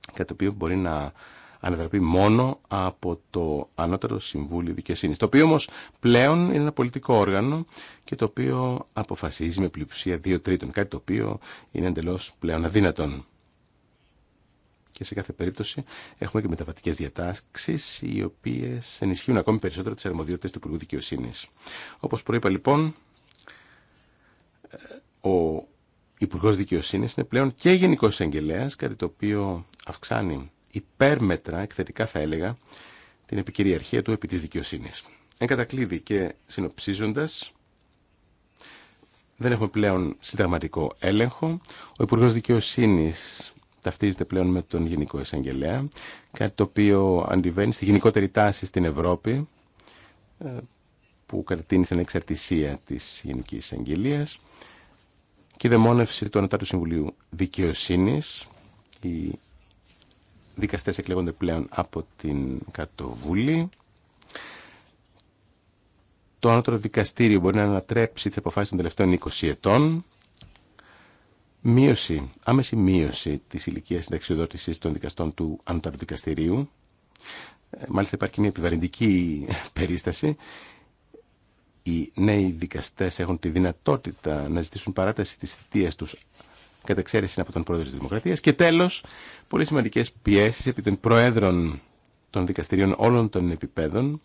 κατά το οποίο μπορεί να ανατραπεί μόνο από το Ανώτερο Συμβούλιο Δικαιοσύνης, το οποίο όμως πλέον είναι ένα πολιτικό όργανο και το οποίο αποφασίζει με πλειοψηφία δύο τρίτων, κάτι το οποίο είναι εντελώς πλέον αδύνατον. Και σε κάθε περίπτωση έχουμε και μεταβατικέ διατάξει, οι οποίε ενισχύουν ακόμη περισσότερο τι αρμοδιότητε του Υπουργού Δικαιοσύνη. Όπω προείπα λοιπόν, ε, ο Υπουργό Δικαιοσύνη είναι πλέον και Γενικό Εγγελέα, κάτι το οποίο αυξάνει υπέρμετρα, εκθετικά θα έλεγα, την επικυριαρχία του επί τη δικαιοσύνη. Εν κατακλείδη και συνοψίζοντα, δεν έχουμε πλέον συνταγματικό έλεγχο. Ο Υπουργό Δικαιοσύνη ταυτίζεται πλέον με τον Γενικό Εισαγγελέα, κάτι το οποίο αντιβαίνει στη γενικότερη τάση στην Ευρώπη, ε, που κατατείνει στην εξαρτησία της Γενικής Εισαγγελίας και η δαιμόνευση του Ανωτάτου Συμβουλίου Δικαιοσύνης. Οι δικαστές εκλέγονται πλέον από την Κατοβούλη. Το Ανώτερο Δικαστήριο μπορεί να ανατρέψει τις αποφάσεις των τελευταίων 20 ετών μείωση, άμεση μείωση της ηλικία συνταξιοδότησης των δικαστών του Ανώτατου Δικαστηρίου. Ε, μάλιστα υπάρχει μια επιβαρυντική (laughs) περίσταση. Οι νέοι δικαστές έχουν τη δυνατότητα να ζητήσουν παράταση της θητείας τους κατά εξαίρεση από τον Πρόεδρο της Δημοκρατίας. Και τέλος, πολύ σημαντικές πιέσεις επί των Προέδρων των δικαστηρίων όλων των επιπέδων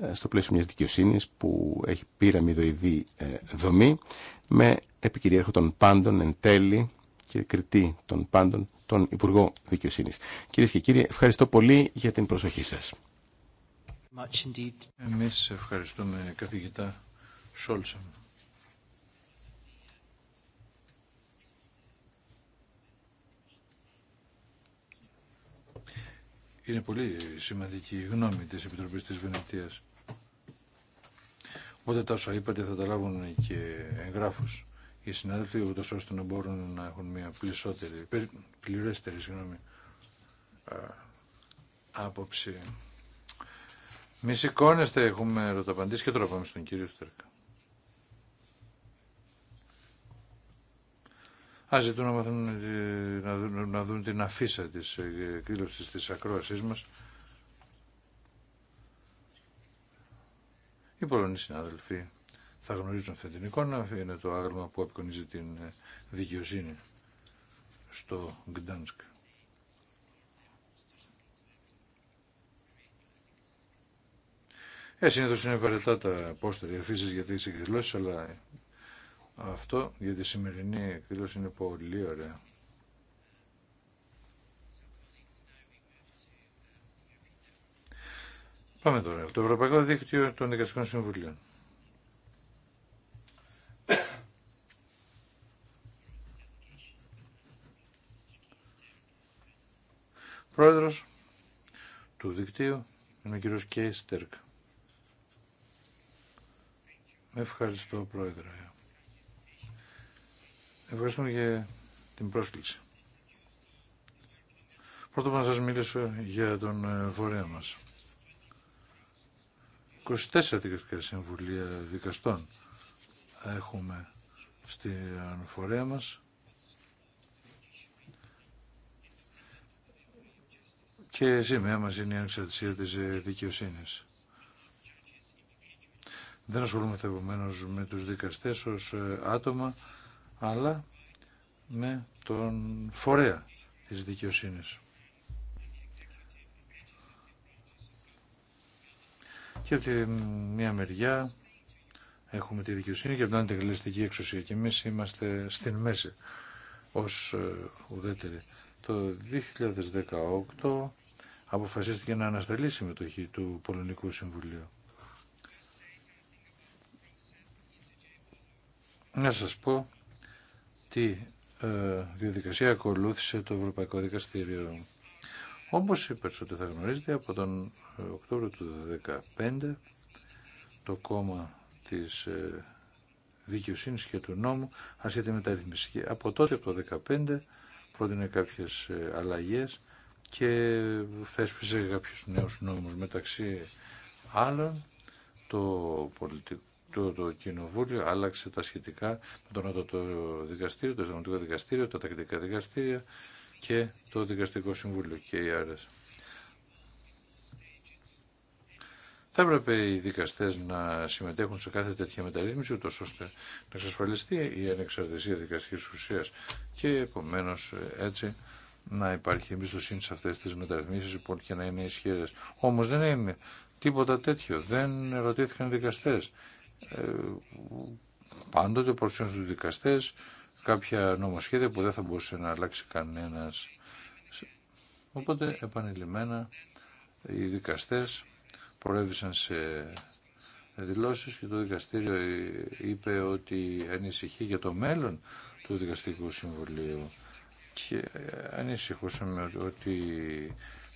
ε, στο πλαίσιο μιας δικαιοσύνης που έχει πυραμιδοειδή ε, δομή με επικυρίαρχο των πάντων εν τέλει και κριτή των πάντων τον Υπουργό Δικαιοσύνης. Κυρίε και κύριοι, ευχαριστώ πολύ για την προσοχή σας. Εμείς ευχαριστούμε καθηγητά Σόλσαμ. Είναι πολύ σημαντική η γνώμη της Επιτροπής της Βενετίας. Οπότε τα όσα είπατε θα τα λάβουν και εγγράφους οι συνάδελφοι, ούτως ώστε να μπορούν να έχουν μια πλησότερη, πληρέστερη, συγγνώμη, άποψη. Μη σηκώνεστε, έχουμε ρωταπαντήσει και τώρα πάμε στον κύριο Στέρκα. Α ζητούν να, μαθούν, να, δουν, την αφίσα τη ε, εκδήλωση τη ακρόασή μα. Οι Πολωνοί συνάδελφοι θα γνωρίζουν αυτή την εικόνα. Είναι το άγαλμα που απεικονίζει την ε, δικαιοσύνη στο Γκντάνσκ. Ε, συνήθως είναι βαρετά τα πόστερ, οι αφήσεις για τις εκδηλώσεις, αλλά αυτό για τη σημερινή εκδήλωση είναι πολύ ωραία. Πάμε τώρα. Το Ευρωπαϊκό Δίκτυο των Δικαστικών Συμβουλίων. Πρόεδρος του δικτύου είναι ο κύριος Κέι Στέρκ. Ευχαριστώ, Πρόεδρε. Ευχαριστούμε για την πρόσκληση. Πρώτα να σας μιλήσω για τον ε, φορέα μας. 24 δικαστικά συμβουλία δικαστών έχουμε στην φορέα μας. Και σήμερα μας είναι η ανεξαρτησία της ε, δικαιοσύνης. Δεν ασχολούμαι επομένω με τους δικαστές ως ε, άτομα, αλλά με τον φορέα της δικαιοσύνης. Και από τη μία μεριά έχουμε τη δικαιοσύνη και από την άλλη καλλιεστική εξουσία και εμείς είμαστε στην μέση ως ε, ουδέτεροι. Το 2018 αποφασίστηκε να ανασταλεί η συμμετοχή του Πολωνικού Συμβουλίου. Να σας πω τι ε, διαδικασία ακολούθησε το Ευρωπαϊκό Δικαστήριο. Όπως οι περισσότεροι θα γνωρίζετε, από τον ε, Οκτώβριο του 2015 το κόμμα της ε, δικαιοσύνης και του νόμου με τα ρυθμιστική. Από τότε, από το 2015, πρότεινε κάποιες αλλαγές και θέσπισε κάποιους νέους νόμους μεταξύ άλλων το πολιτικό το, το κοινοβούλιο άλλαξε τα σχετικά με το, το δικαστήριο, το Ισλαμικό Δικαστήριο, τα τακτικά δικαστήρια και το Δικαστικό Συμβούλιο και οι άρες. Θα έπρεπε οι δικαστέ να συμμετέχουν σε κάθε τέτοια μεταρρύθμιση, ούτω ώστε να εξασφαλιστεί η ανεξαρτησία δικαστική ουσία και επομένω έτσι να υπάρχει εμπιστοσύνη σε αυτέ τι μεταρρυθμίσει λοιπόν, και να είναι ισχυρές Όμω δεν είναι τίποτα τέτοιο. Δεν ρωτήθηκαν δικαστέ πάντοτε προσφέρουν τους δικαστές κάποια νομοσχέδια που δεν θα μπορούσε να αλλάξει κανένας. Οπότε επανειλημμένα οι δικαστές προέβησαν σε δηλώσεις και το δικαστήριο είπε ότι ανησυχεί για το μέλλον του Δικαστικού Συμβουλίου και ανησυχούσαμε ότι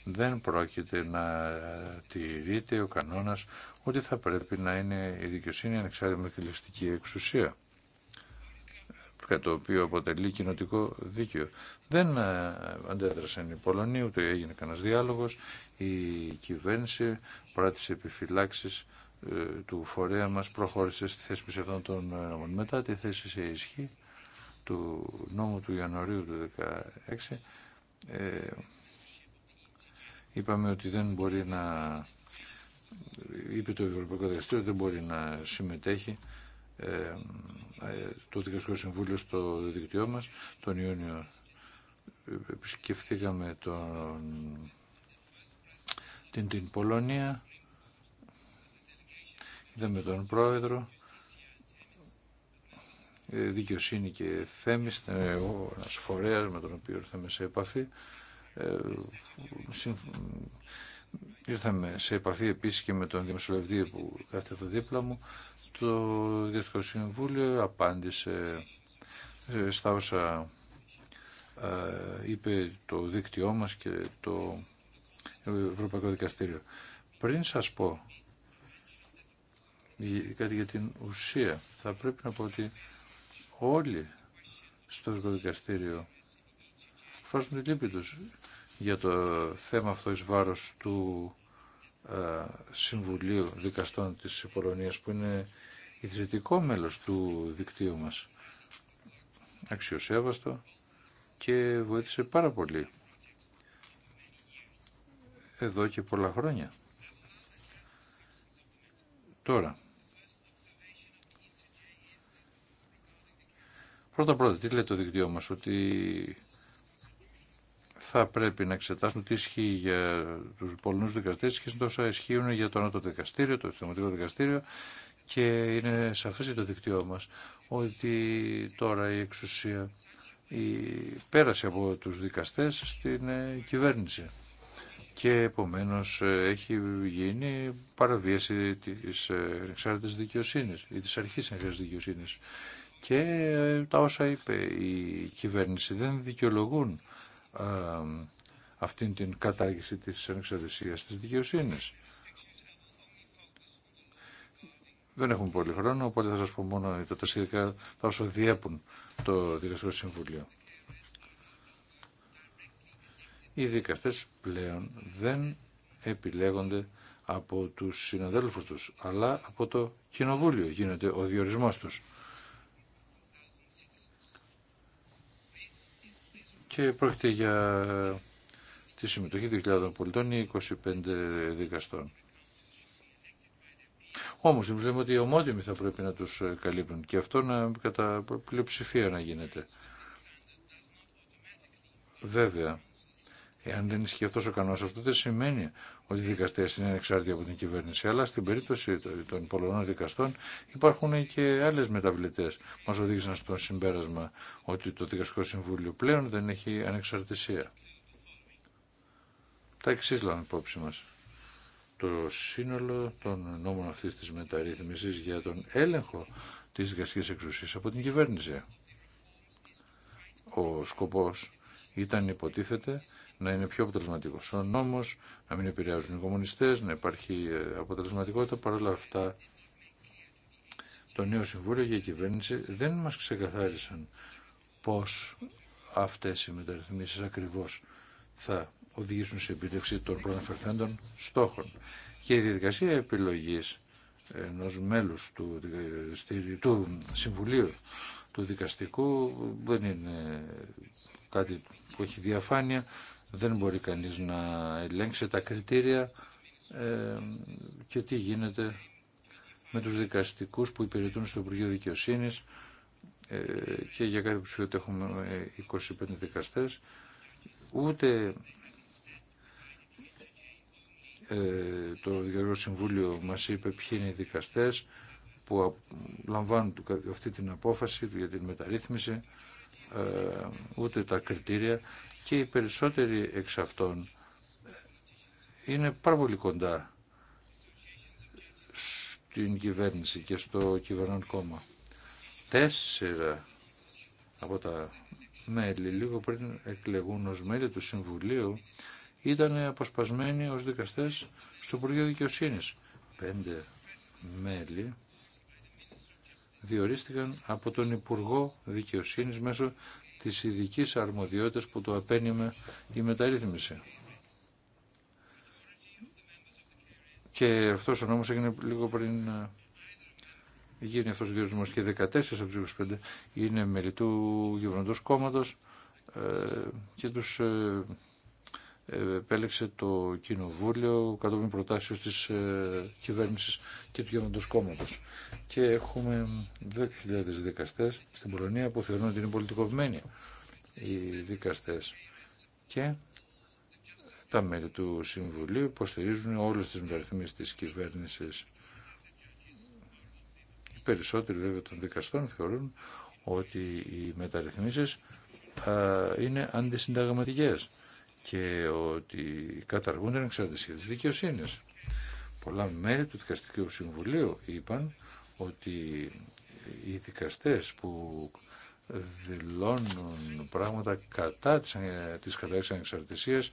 δεν πρόκειται να τηρείται ο κανόνας ότι θα πρέπει να είναι η δικαιοσύνη ανεξάρτητη με εξουσία κατά το οποίο αποτελεί κοινοτικό δίκαιο. Δεν ε, αντέδρασαν οι Πολωνοί, ούτε έγινε κανένας διάλογος. Η κυβέρνηση πράτησε επιφυλάξεις ε, του φορέα μας προχώρησε στη θέση αυτών των νόμων. Μετά τη θέση σε ισχύ του νόμου του Ιανουαρίου του 2016 είπαμε ότι δεν μπορεί να είπε το Ευρωπαϊκό Δικαστήριο δεν μπορεί να συμμετέχει ε, ε, το Δικαστικό Συμβούλιο στο δικτυό μας τον Ιούνιο ε, επισκεφθήκαμε τον, την, την Πολωνία είδαμε τον Πρόεδρο δικαιοσύνη και θέμη, ένα φορέας με τον οποίο ήρθαμε σε επαφή ε, ήρθαμε σε επαφή επίσης και με τον Δημοσιολευτή που κάθεται δίπλα μου. Το Διευθυντικό Συμβούλιο απάντησε ε, στα όσα ε, είπε το δίκτυό μας και το Ευρωπαϊκό Δικαστήριο. Πριν σας πω κάτι για την ουσία, θα πρέπει να πω ότι όλοι στο Ευρωπαϊκό Δικαστήριο φάσουν τη λύπη τους για το θέμα αυτό εις βάρος του ε, Συμβουλίου Δικαστών της Πολωνίας που είναι ιδρυτικό μέλος του δικτύου μας αξιοσέβαστο και βοήθησε πάρα πολύ εδώ και πολλά χρόνια. Τώρα, πρώτα πρώτα, τι λέει το δικτύο μας, ότι θα πρέπει να εξετάσουν τι ισχύει για τους πολλού δικαστές και τόσα ισχύουν για το Ανώτο Δικαστήριο, το ευθυματικό Δικαστήριο και είναι σαφέ για το δικτυό μα ότι τώρα η εξουσία η, πέρασε από τους δικαστές στην ε, κυβέρνηση και επομένως ε, έχει γίνει παραβίαση τη ε, εξάρτητης δικαιοσύνης ή της αρχής ανεξάρτητη δικαιοσύνης και τα όσα είπε η κυβέρνηση δεν δικαιολογούν αυτήν την κατάργηση της ανεξαρτησίας της δικαιοσύνης. Δεν έχουμε πολύ χρόνο, οπότε θα σας πω μόνο τα σχετικά τα όσο διέπουν το Δικαστικό Συμβουλίο. Οι δικαστές πλέον δεν επιλέγονται από τους συναδέλφους τους, αλλά από το Κοινοβούλιο γίνεται ο διορισμός τους. και πρόκειται για τη συμμετοχή 2.000 πολιτών ή 25 δικαστών. Όμω εμεί λέμε ότι οι ομότιμοι θα πρέπει να του καλύπτουν και αυτό να κατά πλειοψηφία να γίνεται. Βέβαια, Εάν δεν ισχύει αυτό ο κανόνα, αυτό δεν σημαίνει ότι οι δικαστέ είναι ανεξάρτητοι από την κυβέρνηση. Αλλά στην περίπτωση των Πολωνών δικαστών υπάρχουν και άλλε μεταβλητέ. Μα οδήγησαν στο συμπέρασμα ότι το Δικαστικό Συμβούλιο πλέον δεν έχει ανεξαρτησία. Τα εξή λάμπη υπόψη μα. Το σύνολο των νόμων αυτή τη μεταρρύθμιση για τον έλεγχο τη δικαστική εξουσία από την κυβέρνηση. Ο σκοπό ήταν υποτίθεται να είναι πιο αποτελεσματικό ο νόμο, να μην επηρεάζουν οι κομμουνιστέ, να υπάρχει ε, αποτελεσματικότητα. Παρ' όλα αυτά, το νέο Συμβούλιο και η κυβέρνηση δεν μα ξεκαθάρισαν πώ αυτέ οι μεταρρυθμίσει ακριβώ θα οδηγήσουν σε επίτευξη των προαναφερθέντων στόχων. Και η διαδικασία επιλογής ενό μέλου του, του Συμβουλίου του δικαστικού δεν είναι κάτι που έχει διαφάνεια, δεν μπορεί κανείς να ελέγξει τα κριτήρια ε, και τι γίνεται με τους δικαστικούς που υπηρετούν στο Υπουργείο Δικαιοσύνης ε, και για κάθε ότι έχουμε 25 ε, δικαστές ούτε ε, το Διαρκό Συμβούλιο μας είπε ποιοι είναι οι δικαστές που λαμβάνουν αυτή την απόφαση για την μεταρρύθμιση ούτε τα κριτήρια και οι περισσότεροι εξ αυτών είναι πάρα πολύ κοντά στην κυβέρνηση και στο κυβερνόν κόμμα. Τέσσερα από τα μέλη λίγο πριν εκλεγούν ως μέλη του Συμβουλίου ήταν αποσπασμένοι ως δικαστές στο Υπουργείο Δικαιοσύνη. Πέντε μέλη διορίστηκαν από τον Υπουργό Δικαιοσύνης μέσω της ειδική αρμοδιότητας που το απένιμε η μεταρρύθμιση. Και αυτός ο νόμος έγινε λίγο πριν ε, γίνει αυτός ο διορισμός και 14 από τους 25 είναι μέλη του Γευροντός Κόμματος ε, και τους ε, επέλεξε το Κοινοβούλιο κατόπιν προτάσεως της ε, κυβέρνησης και του κοινωνικού Κόμματος. Και έχουμε 10.000 δικαστές στην Πολωνία που θεωρούν ότι είναι πολιτικοποιημένοι οι δικαστές. Και τα μέλη του Συμβουλίου υποστηρίζουν όλες τις μεταρρυθμίσεις της κυβέρνησης. Οι περισσότεροι βέβαια των δικαστών θεωρούν ότι οι μεταρρυθμίσεις ε, είναι αντισυνταγματικές και ότι καταργούν την εξαρτησία της δικαιοσύνης. Πολλά μέρη του Δικαστικού Συμβουλίου είπαν ότι οι δικαστές που δηλώνουν πράγματα κατά της κατάρρευσης ανεξαρτησίας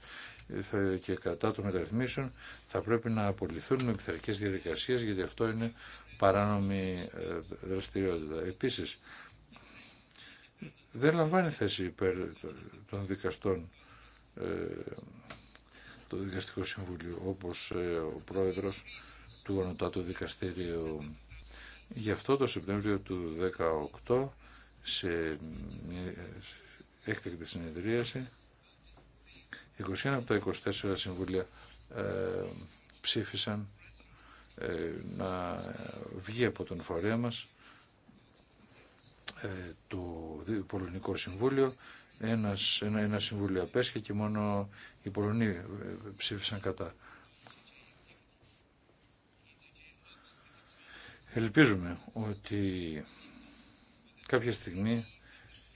και κατά των μεταρρυθμίσεων θα πρέπει να απολυθούν με επιθαρικές διαδικασίες γιατί αυτό είναι παράνομη ε, δραστηριότητα. Επίσης, δεν λαμβάνει θέση υπέρ των δικαστών ε, το Δικαστικό Συμβούλιο όπως ε, ο πρόεδρος του Ανωτάτου Δικαστηρίου. Γι' αυτό το Σεπτέμβριο του 2018 σε έκτακτη συνεδρίαση 21 από τα 24 συμβούλια ε, ψήφισαν ε, να βγει από τον φορέα μας το Πολωνικό Συμβούλιο ένας, ένα, ένα συμβούλιο απέσχε και μόνο οι Πολωνοί ε, ψήφισαν κατά. Ελπίζουμε ότι κάποια στιγμή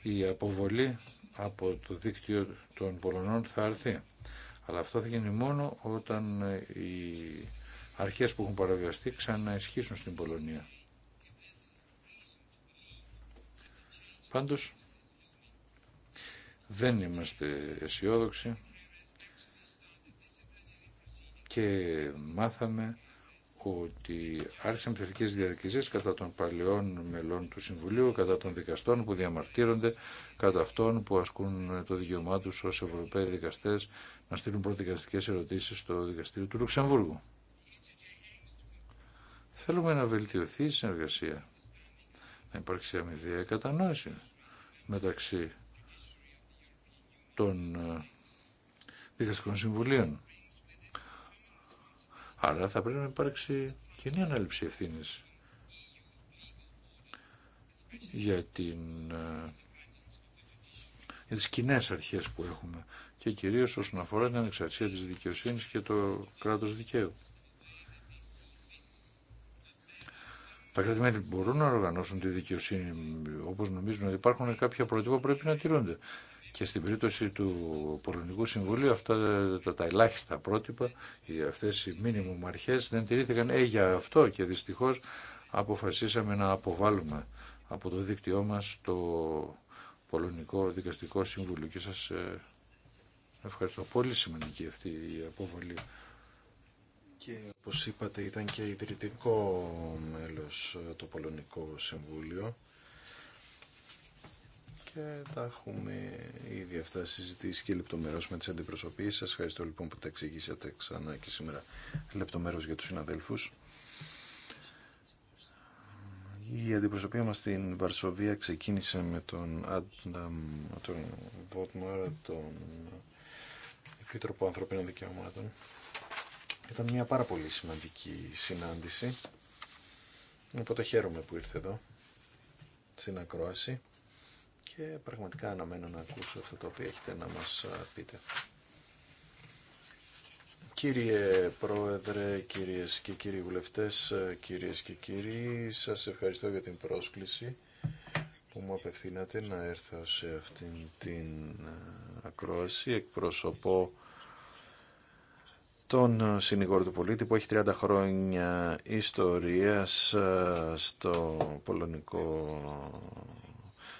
η αποβολή από το δίκτυο των Πολωνών θα έρθει. Αλλά αυτό θα γίνει μόνο όταν οι αρχές που έχουν παραβιαστεί ξαναισχύσουν στην Πολωνία. Πάντως, δεν είμαστε αισιόδοξοι και μάθαμε ότι άρχισαν πληθυντικές διαδικασίες κατά των παλαιών μελών του Συμβουλίου, κατά των δικαστών που διαμαρτύρονται, κατά αυτών που ασκούν το δικαιωμά του ως Ευρωπαίοι δικαστές να στείλουν προδικαστικές ερωτήσεις στο δικαστήριο του Λουξεμβούργου. Θέλουμε να βελτιωθεί η συνεργασία, να υπάρξει αμοιβή κατανόηση μεταξύ των ε, δικαστικών συμβουλίων. Άρα θα πρέπει να υπάρξει κοινή ανάληψη ευθύνη για, την, ε, τις κοινέ αρχές που έχουμε και κυρίως όσον αφορά την ανεξαρτησία της δικαιοσύνης και το κράτος δικαίου. Τα κρατημένοι μπορούν να οργανώσουν τη δικαιοσύνη όπως νομίζουν ότι υπάρχουν κάποια πρότυπα που πρέπει να τηρούνται και στην περίπτωση του Πολωνικού Συμβουλίου αυτά τα, τα ελάχιστα πρότυπα, αυτές οι μήνυμου αρχές δεν τηρήθηκαν ε, για αυτό και δυστυχώς αποφασίσαμε να αποβάλουμε από το δίκτυό μας το Πολωνικό Δικαστικό Συμβούλιο και σας ε, ευχαριστώ. Πολύ σημαντική αυτή η αποβολή. Και όπως είπατε ήταν και ιδρυτικό μέλος το Πολωνικό Συμβούλιο και τα έχουμε ήδη αυτά συζητήσει και λεπτομερώ με τι αντιπροσωπείε σα. ευχαριστώ λοιπόν που τα εξηγήσατε ξανά και σήμερα λεπτομέρω για του συναδέλφου. Η αντιπροσωπεία μας στην Βαρσοβία ξεκίνησε με τον Άνταμ τον Βότμαρ, τον Επίτροπο Ανθρωπίνων Δικαιωμάτων. Ήταν μια πάρα πολύ σημαντική συνάντηση. Οπότε χαίρομαι που ήρθε εδώ στην Ακρόαση και πραγματικά αναμένω να ακούσω αυτό το οποίο έχετε να μας πείτε. Κύριε Πρόεδρε, κυρίες και κύριοι βουλευτές, κυρίες και κύριοι, σας ευχαριστώ για την πρόσκληση που μου απευθύνατε να έρθω σε αυτήν την ακρόαση. Εκπροσωπώ τον συνηγόρο του πολίτη που έχει 30 χρόνια ιστορίας στο πολωνικό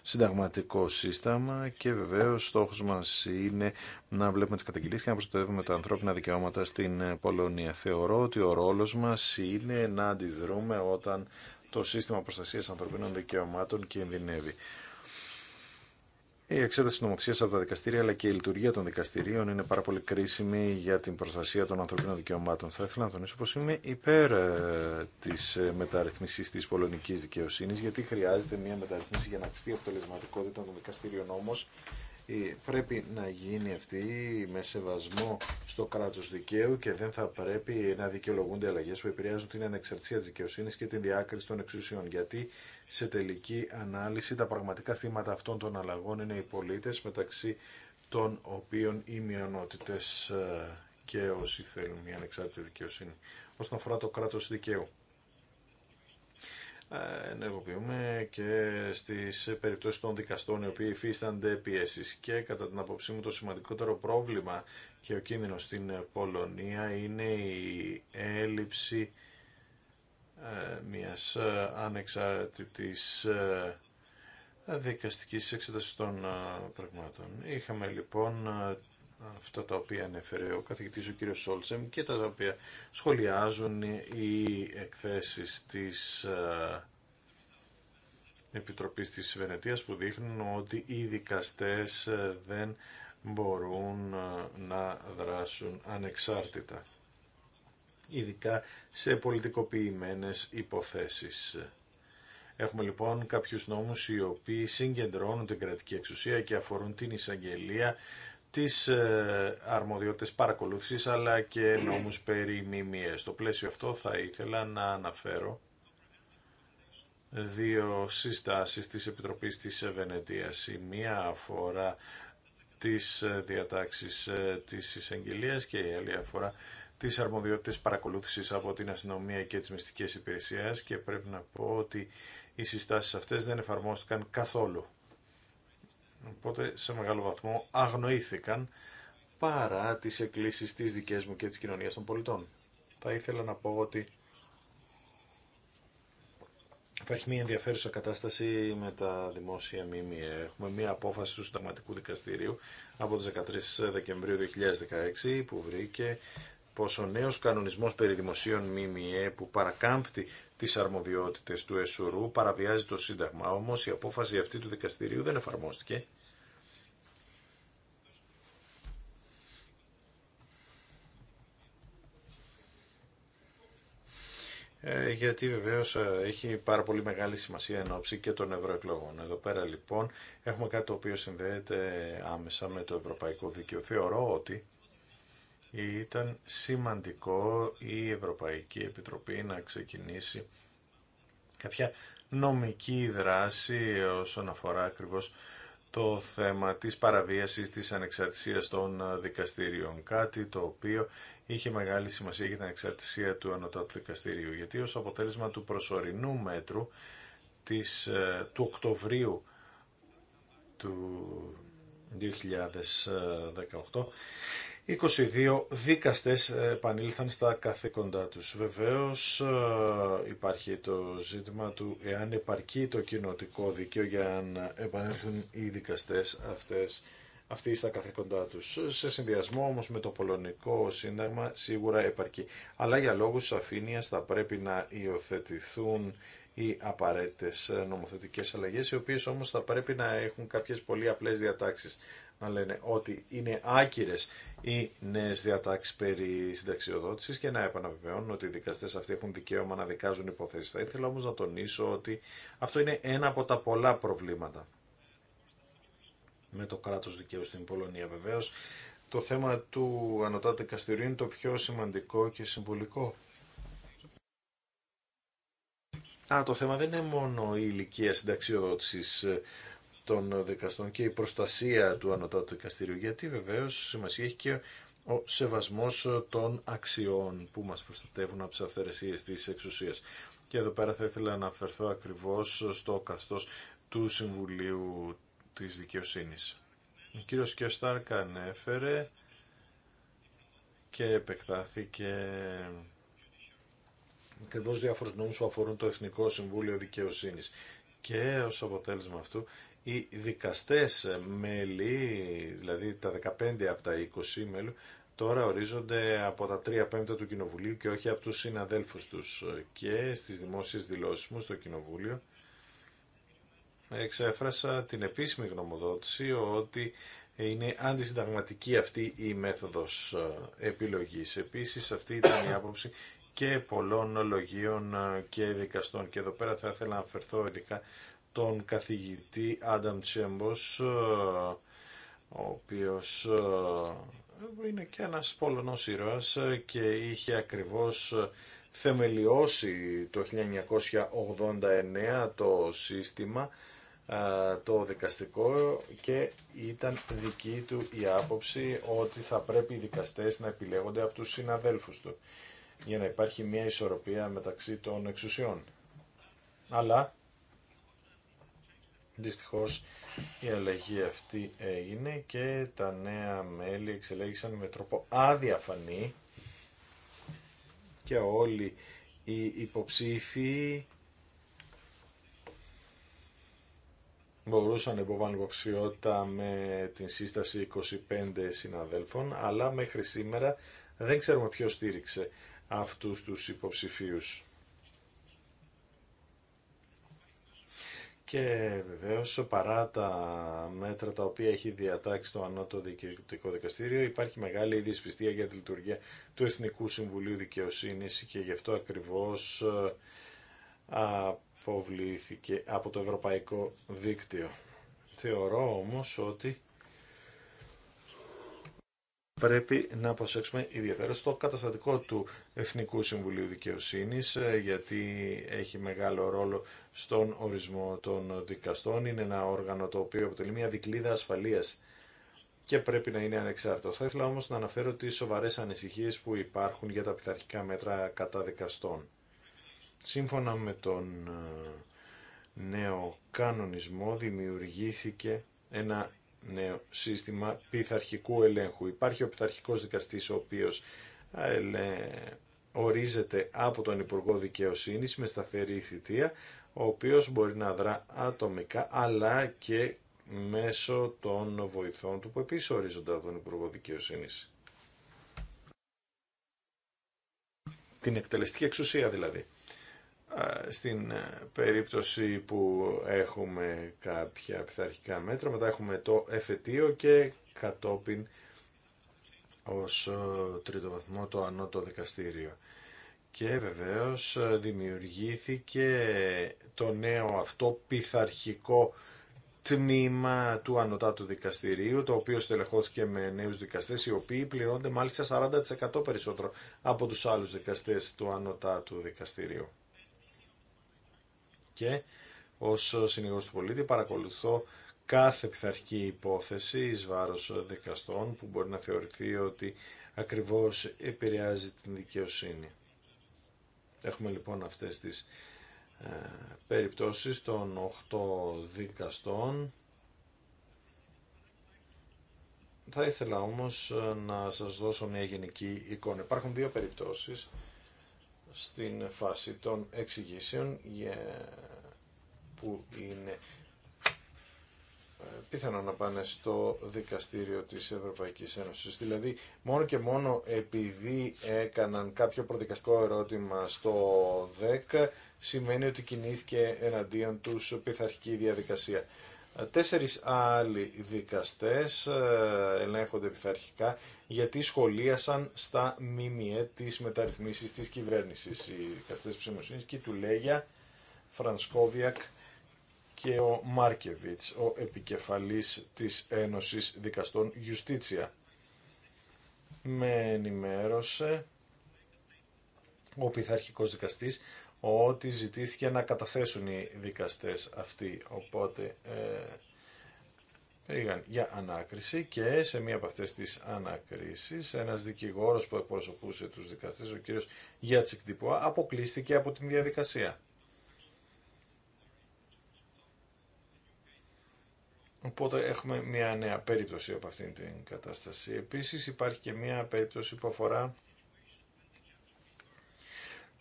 συνταγματικό σύστημα και βεβαίως στόχο μας είναι να βλέπουμε τι καταγγελίε και να προστατεύουμε τα ανθρώπινα δικαιώματα στην Πολωνία. Θεωρώ ότι ο ρόλος μας είναι να αντιδρούμε όταν το σύστημα προστασίας ανθρωπίνων δικαιωμάτων κινδυνεύει. Η εξέταση νομοθεσία από τα δικαστήρια αλλά και η λειτουργία των δικαστηρίων είναι πάρα πολύ κρίσιμη για την προστασία των ανθρωπίνων δικαιωμάτων. Θα ήθελα να τονίσω πω είμαι υπέρ ε, τη ε, μεταρρυθμίση τη πολωνική δικαιοσύνη, γιατί χρειάζεται μια μεταρρυθμίση για να αυξηθεί η αποτελεσματικότητα των δικαστηρίων. Όμω ε, πρέπει να γίνει αυτή με σεβασμό στο κράτος δικαίου και δεν θα πρέπει να δικαιολογούνται αλλαγέ που επηρεάζουν την ανεξαρτησία της δικαιοσύνης και την διάκριση των εξουσιών. Γιατί σε τελική ανάλυση τα πραγματικά θύματα αυτών των αλλαγών είναι οι πολίτες μεταξύ των οποίων οι μειονότητες ε, και όσοι θέλουν μια ανεξάρτητη δικαιοσύνη. Όσον αφορά το κράτος δικαίου. Ε, ενεργοποιούμε και στις περιπτώσεις των δικαστών οι οποίοι υφίστανται πιέσεις και κατά την απόψή μου το σημαντικότερο πρόβλημα και ο κίνδυνος στην Πολωνία είναι η έλλειψη ε, μιας ε, ανεξάρτητης δικαστικής εξέτασης των πραγμάτων. Είχαμε λοιπόν αυτά τα οποία ανέφερε ο καθηγητής ο κύριος Σόλτσεμ και τα οποία σχολιάζουν οι εκθέσεις της ε, Επιτροπής της Βενετίας που δείχνουν ότι οι δικαστές ε, δεν μπορούν ε, να δράσουν ανεξάρτητα ειδικά σε πολιτικοποιημένες υποθέσεις. Έχουμε λοιπόν κάποιους νόμους οι οποίοι συγκεντρώνουν την κρατική εξουσία και αφορούν την εισαγγελία, τις ε, αρμοδιότητες παρακολούθησης αλλά και νόμους περί μιμίες. Στο πλαίσιο αυτό θα ήθελα να αναφέρω δύο συστάσεις της Επιτροπής της Βενετίας. Η μία αφορά τις ε, διατάξεις ε, της εισαγγελίας και η άλλη αφορά τις αρμοδιότητες παρακολούθησης από την αστυνομία και τις μυστικές υπηρεσίες και πρέπει να πω ότι οι συστάσεις αυτές δεν εφαρμόστηκαν καθόλου Οπότε σε μεγάλο βαθμό αγνοήθηκαν παρά τις εκκλήσεις της δικές μου και της κοινωνίας των πολιτών. Θα ήθελα να πω ότι υπάρχει μια ενδιαφέρουσα κατάσταση με τα δημόσια μήμια. Έχουμε μια απόφαση του Συνταγματικού Δικαστηρίου από το 13 Δεκεμβρίου 2016 που βρήκε πως ο νέος κανονισμός περί δημοσίων ΜΜΕ που παρακάμπτει τις αρμοδιότητες του ΕΣΟΡΟΥ παραβιάζει το Σύνταγμα. Όμως η απόφαση αυτή του δικαστηρίου δεν εφαρμόστηκε. Ε, γιατί βεβαίως ε, έχει πάρα πολύ μεγάλη σημασία εν ώψη και των ευρωεκλογών. Εδώ πέρα λοιπόν έχουμε κάτι το οποίο συνδέεται άμεσα με το ευρωπαϊκό δίκαιο. Θεωρώ ότι ήταν σημαντικό η Ευρωπαϊκή Επιτροπή να ξεκινήσει κάποια νομική δράση όσον αφορά ακριβώς το θέμα της παραβίασης της ανεξαρτησίας των δικαστηρίων. Κάτι το οποίο είχε μεγάλη σημασία για την ανεξαρτησία του Ανωτάτου Δικαστηρίου. Γιατί ως αποτέλεσμα του προσωρινού μέτρου της, ε, του Οκτωβρίου του 2018 22 δίκαστες επανήλθαν στα καθήκοντά τους. Βεβαίως ε, υπάρχει το ζήτημα του εάν επαρκεί το κοινοτικό δίκαιο για να επανέλθουν οι δικαστές αυτές, αυτοί στα καθήκοντά τους. Σε συνδυασμό όμως με το πολωνικό σύνταγμα σίγουρα επαρκεί. Αλλά για λόγους αφήνειας θα πρέπει να υιοθετηθούν οι απαραίτητες νομοθετικές αλλαγές, οι οποίες όμως θα πρέπει να έχουν κάποιες πολύ απλές διατάξεις να λένε ότι είναι άκυρες οι νέε διατάξει περί συνταξιοδότησης και να επαναβεβαιώνουν ότι οι δικαστές αυτοί έχουν δικαίωμα να δικάζουν υποθέσεις. Θα ήθελα όμως να τονίσω ότι αυτό είναι ένα από τα πολλά προβλήματα με το κράτο δικαίου στην Πολωνία βεβαίω. Το θέμα του Ανωτάτου Δικαστηρίου είναι το πιο σημαντικό και συμβολικό. Α, το θέμα δεν είναι μόνο η ηλικία συνταξιοδότησης των δικαστών και η προστασία του Ανωτάτου Δικαστηρίου, γιατί βεβαίως σημασία έχει και ο σεβασμός των αξιών που μας προστατεύουν από τις αυθαιρεσίες της εξουσίας. Και εδώ πέρα θα ήθελα να αναφερθώ ακριβώς στο καστός του Συμβουλίου της Δικαιοσύνης. Ο κύριος Κιωστάρκ ανέφερε και επεκτάθηκε ακριβώ διάφορους νόμους που αφορούν το Εθνικό Συμβούλιο Δικαιοσύνης. Και ως αποτέλεσμα αυτού οι δικαστές μέλη, δηλαδή τα 15 από τα 20 μέλη, τώρα ορίζονται από τα 3 πέμπτα του Κοινοβουλίου και όχι από τους συναδέλφους τους. Και στις δημόσιες δηλώσεις μου στο Κοινοβούλιο εξέφρασα την επίσημη γνωμοδότηση ότι είναι αντισυνταγματική αυτή η μέθοδος ε, επιλογής. Επίσης αυτή ήταν η άποψη και πολλών λογίων ε, και δικαστών. Και εδώ πέρα θα ήθελα να αφαιρθώ ειδικά τον καθηγητή Άνταμ Τσέμπος, ε, ο οποίος ε, είναι και ένας Πολωνός ήρωας ε, και είχε ακριβώς θεμελιώσει το 1989 το σύστημα το δικαστικό και ήταν δική του η άποψη ότι θα πρέπει οι δικαστές να επιλέγονται από τους συναδέλφους του για να υπάρχει μια ισορροπία μεταξύ των εξουσιών. Αλλά Δυστυχώς η αλλαγή αυτή έγινε και τα νέα μέλη εξελέγησαν με τρόπο αδιαφανή και όλοι οι υποψήφοι μπορούσαν να υποβάλουν υποψηφιότητα με την σύσταση 25 συναδέλφων, αλλά μέχρι σήμερα δεν ξέρουμε ποιος στήριξε αυτούς τους υποψηφίους. Και βεβαίω, παρά τα μέτρα τα οποία έχει διατάξει το Ανώτο Διοικητικό Δικαστήριο υπάρχει μεγάλη δυσπιστία για τη λειτουργία του Εθνικού Συμβουλίου Δικαιοσύνης και γι' αυτό ακριβώ ε, αποβλήθηκε από το Ευρωπαϊκό Δίκτυο. Θεωρώ όμως ότι πρέπει να προσέξουμε ιδιαίτερα στο καταστατικό του Εθνικού Συμβουλίου Δικαιοσύνης ε, γιατί έχει μεγάλο ρόλο στον ορισμό των δικαστών. Είναι ένα όργανο το οποίο αποτελεί μια δικλίδα ασφαλείας και πρέπει να είναι ανεξάρτητο. Θα ήθελα όμως να αναφέρω τις σοβαρές ανησυχίες που υπάρχουν για τα πειθαρχικά μέτρα κατά δικαστών. Σύμφωνα με τον ε, νέο κανονισμό δημιουργήθηκε ένα νέο σύστημα πειθαρχικού ελέγχου. Υπάρχει ο πειθαρχικός δικαστής ο οποίος ορίζεται από τον Υπουργό Δικαιοσύνης με σταθερή θητεία, ο οποίος μπορεί να δρά ατομικά αλλά και μέσω των βοηθών του που επίσης ορίζονται από τον Υπουργό Δικαιοσύνης. Την εκτελεστική εξουσία δηλαδή στην ε, περίπτωση που έχουμε κάποια πειθαρχικά μέτρα, μετά έχουμε το εφετείο και κατόπιν ως ε, τρίτο βαθμό το ανώτο δικαστήριο. Και βεβαίως ε, δημιουργήθηκε το νέο αυτό πειθαρχικό τμήμα του ανωτάτου δικαστηρίου, το οποίο στελεχώθηκε με νέους δικαστές, οι οποίοι πληρώνται μάλιστα 40% περισσότερο από τους άλλους δικαστές του ανωτάτου δικαστηρίου και ω συνηγό του πολίτη παρακολουθώ κάθε πειθαρχική υπόθεση ει βάρο δικαστών που μπορεί να θεωρηθεί ότι ακριβώς επηρεάζει την δικαιοσύνη. Έχουμε λοιπόν αυτές τις ε, περιπτώσεις των 8 δικαστών. Θα ήθελα όμως ε, να σας δώσω μια γενική εικόνα. Υπάρχουν δύο περιπτώσεις στην φάση των εξηγήσεων που είναι ε, πιθανό να πάνε στο δικαστήριο της Ευρωπαϊκής Ένωσης. Δηλαδή, μόνο και μόνο επειδή έκαναν κάποιο προδικαστικό ερώτημα στο 10 σημαίνει ότι κινήθηκε εναντίον τους πειθαρχική διαδικασία. Τέσσερις άλλοι δικαστές ε, ελέγχονται πειθαρχικά γιατί σχολίασαν στα ΜΜΕ τις μεταρρυθμίσης της κυβέρνησης. Οι δικαστές ψημοσύνης και του Λέγια, Φρανσκόβιακ και ο Μάρκεβιτς, ο επικεφαλής της Ένωσης Δικαστών Γιουστίτσια. Με ενημέρωσε ο πειθαρχικός δικαστής ότι ζητήθηκε να καταθέσουν οι δικαστές αυτοί. Οπότε ε, πήγαν για ανάκριση και σε μία από αυτές τις ανακρίσεις ένας δικηγόρος που εκπροσωπούσε τους δικαστές, ο κύριος Γιάτσικ Τιπουά, αποκλείστηκε από την διαδικασία. Οπότε έχουμε μια νέα περίπτωση από αυτήν την κατάσταση. Επίσης υπάρχει και μια περίπτωση που αφορά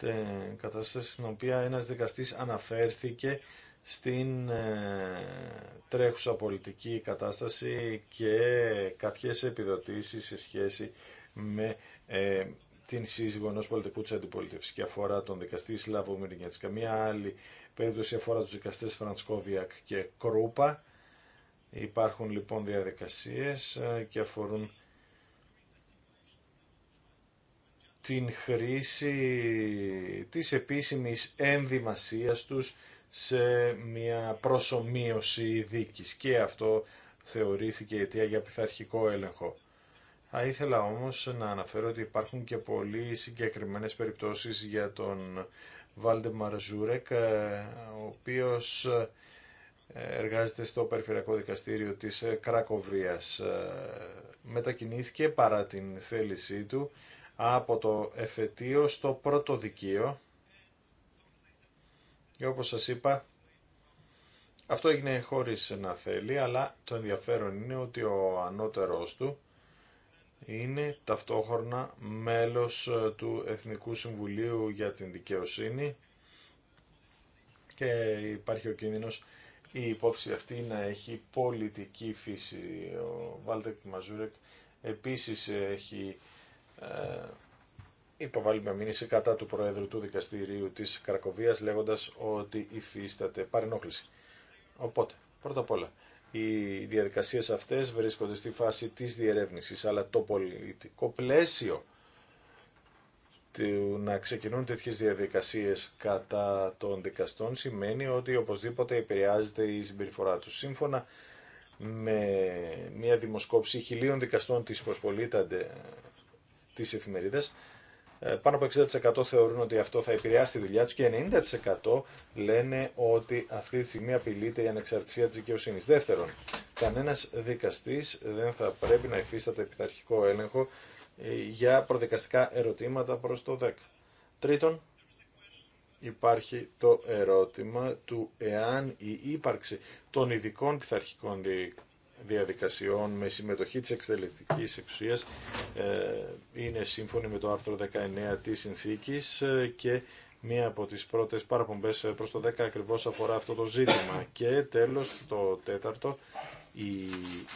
ε, κατάσταση στην οποία ένας δικαστής αναφέρθηκε στην ε, τρέχουσα πολιτική κατάσταση και κάποιες επιδοτήσεις σε σχέση με ε, την σύζυγο ενό πολιτικού τη και αφορά τον δικαστή Σλάβο Μυρνιέτς. Μία άλλη περίπτωση αφορά τους δικαστές Φραντσκόβιακ και Κρούπα. Υπάρχουν λοιπόν διαδικασίες και αφορούν την χρήση της επίσημης ενδυμασίας τους σε μια προσωμείωση δίκης και αυτό θεωρήθηκε αιτία για πειθαρχικό έλεγχο. Θα ήθελα όμως να αναφέρω ότι υπάρχουν και πολύ συγκεκριμένες περιπτώσεις για τον Βάλτε Μαρζούρεκ, ε, ο οποίος ε, εργάζεται στο Περιφερειακό Δικαστήριο της Κρακοβίας. Ε, μετακινήθηκε παρά την θέλησή του από το εφετείο στο πρώτο δικείο και όπως σας είπα αυτό έγινε χωρίς να θέλει αλλά το ενδιαφέρον είναι ότι ο ανώτερός του είναι ταυτόχρονα μέλος ε, του Εθνικού Συμβουλίου για την Δικαιοσύνη και υπάρχει ο κίνδυνος η υπόθεση αυτή να έχει πολιτική φύση. Ο Βάλτεκ Μαζούρεκ επίσης έχει ε, υποβάλει μήνυση κατά του Προέδρου του Δικαστηρίου της Κρακοβίας λέγοντας ότι υφίσταται παρενόχληση. Οπότε, πρώτα απ' όλα, οι διαδικασίες αυτές βρίσκονται στη φάση της διερεύνησης, αλλά το πολιτικό πλαίσιο του να ξεκινούν τέτοιες διαδικασίες κατά των δικαστών σημαίνει ότι οπωσδήποτε επηρεάζεται η συμπεριφορά του Σύμφωνα με μια δημοσκόπηση χιλίων δικαστών της Προσπολίτα τις εφημερίδες, ε, πάνω από 60% θεωρούν ότι αυτό θα επηρεάσει τη δουλειά του και 90% λένε ότι αυτή τη στιγμή απειλείται η ανεξαρτησία τη δικαιοσύνη. Δεύτερον, κανένα δικαστή δεν θα πρέπει να υφίσταται πειθαρχικό έλεγχο ε, για προδικαστικά ερωτήματα προς το 10. Τρίτον, υπάρχει το ερώτημα του εάν η ύπαρξη των ειδικών πειθαρχικών διαδικασιών με συμμετοχή της εκτελεστικής εξουσίας ε, είναι σύμφωνη με το άρθρο 19 της συνθήκης ε, και μία από τις πρώτες παραπομπές ε, προς το 10 ακριβώς αφορά αυτό το ζήτημα. Και τέλος το τέταρτο, η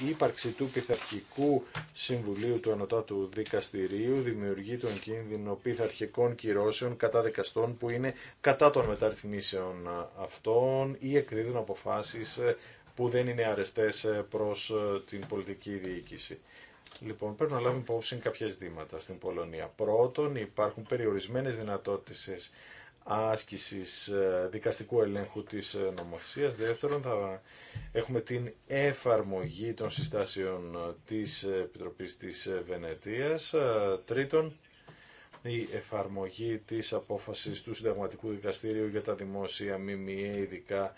ύπαρξη του πειθαρχικού συμβουλίου του Ανωτάτου Δικαστηρίου δημιουργεί τον κίνδυνο πειθαρχικών κυρώσεων κατά δικαστών που είναι κατά των μεταρρυθμίσεων αυτών ή εκδίδουν αποφάσεις που δεν είναι αρεστές ε, προς ε, την πολιτική διοίκηση. Λοιπόν, πρέπει να λάβουμε υπόψη κάποια ζητήματα στην Πολωνία. Πρώτον, υπάρχουν περιορισμένες δυνατότητες άσκησης ε, δικαστικού ελέγχου της νομοθεσίας. Δεύτερον, θα έχουμε την εφαρμογή των συστάσεων της Επιτροπής της Βενετίας. Τρίτον, η εφαρμογή της απόφασης του Συνταγματικού Δικαστήριου για τα δημόσια ΜΜΕ, ειδικά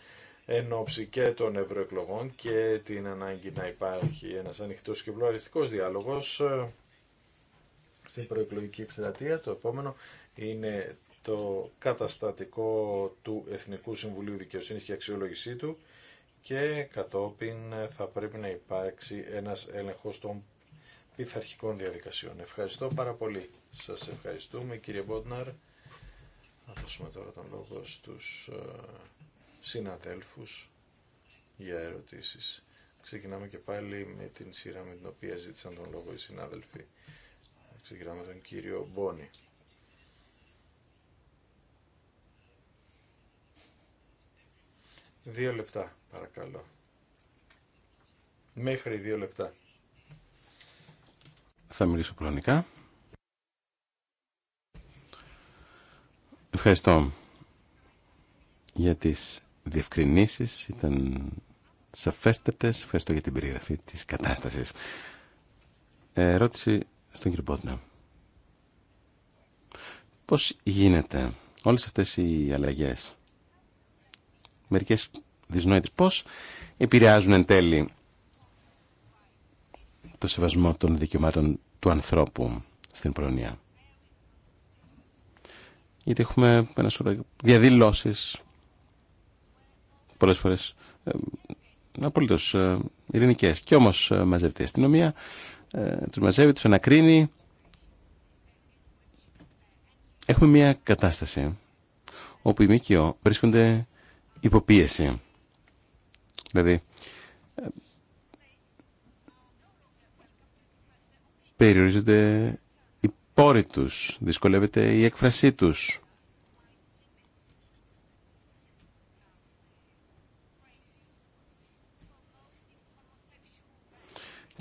εν ώψη και των ευρωεκλογών και την ανάγκη να υπάρχει ένας ανοιχτός και πλουραλιστικός διάλογος ε, στην προεκλογική εκστρατεία. Το επόμενο είναι το καταστατικό του Εθνικού Συμβουλίου Δικαιοσύνης και αξιολόγησή του και κατόπιν θα πρέπει να υπάρξει ένας έλεγχος των πειθαρχικών διαδικασιών. Ευχαριστώ πάρα πολύ. Σας ευχαριστούμε κύριε Μπότναρ. Θα δώσουμε τώρα τον λόγο στους ε, συναδέλφους για ερωτήσεις. Ξεκινάμε και πάλι με την σειρά με την οποία ζήτησαν τον λόγο οι συνάδελφοι. Ξεκινάμε τον κύριο Μπόνι. Δύο λεπτά, παρακαλώ. Μέχρι δύο λεπτά. Θα μιλήσω πλάνικα. Ευχαριστώ για τις διευκρινήσεις, ήταν σαφέστατες. Ευχαριστώ για την περιγραφή της κατάστασης. Ε, ερώτηση στον κύριο Πότνα. Πώς γίνεται όλες αυτές οι αλλαγές, μερικές δυσνόητες, πώς επηρεάζουν εν τέλει το σεβασμό των δικαιωμάτων του ανθρώπου στην Πολωνία. Γιατί έχουμε ένα σωρό διαδηλώσεις πολλές φορές ε, απολύτως ε, ειρηνικές. Κι όμως ε, μαζεύεται η αστυνομία, τους μαζεύει, τους ανακρίνει. Έχουμε μια κατάσταση όπου οι ΜΚΟ βρίσκονται υποπίεση. Δηλαδή, περιορίζονται οι πόροι τους, δυσκολεύεται η έκφρασή τους.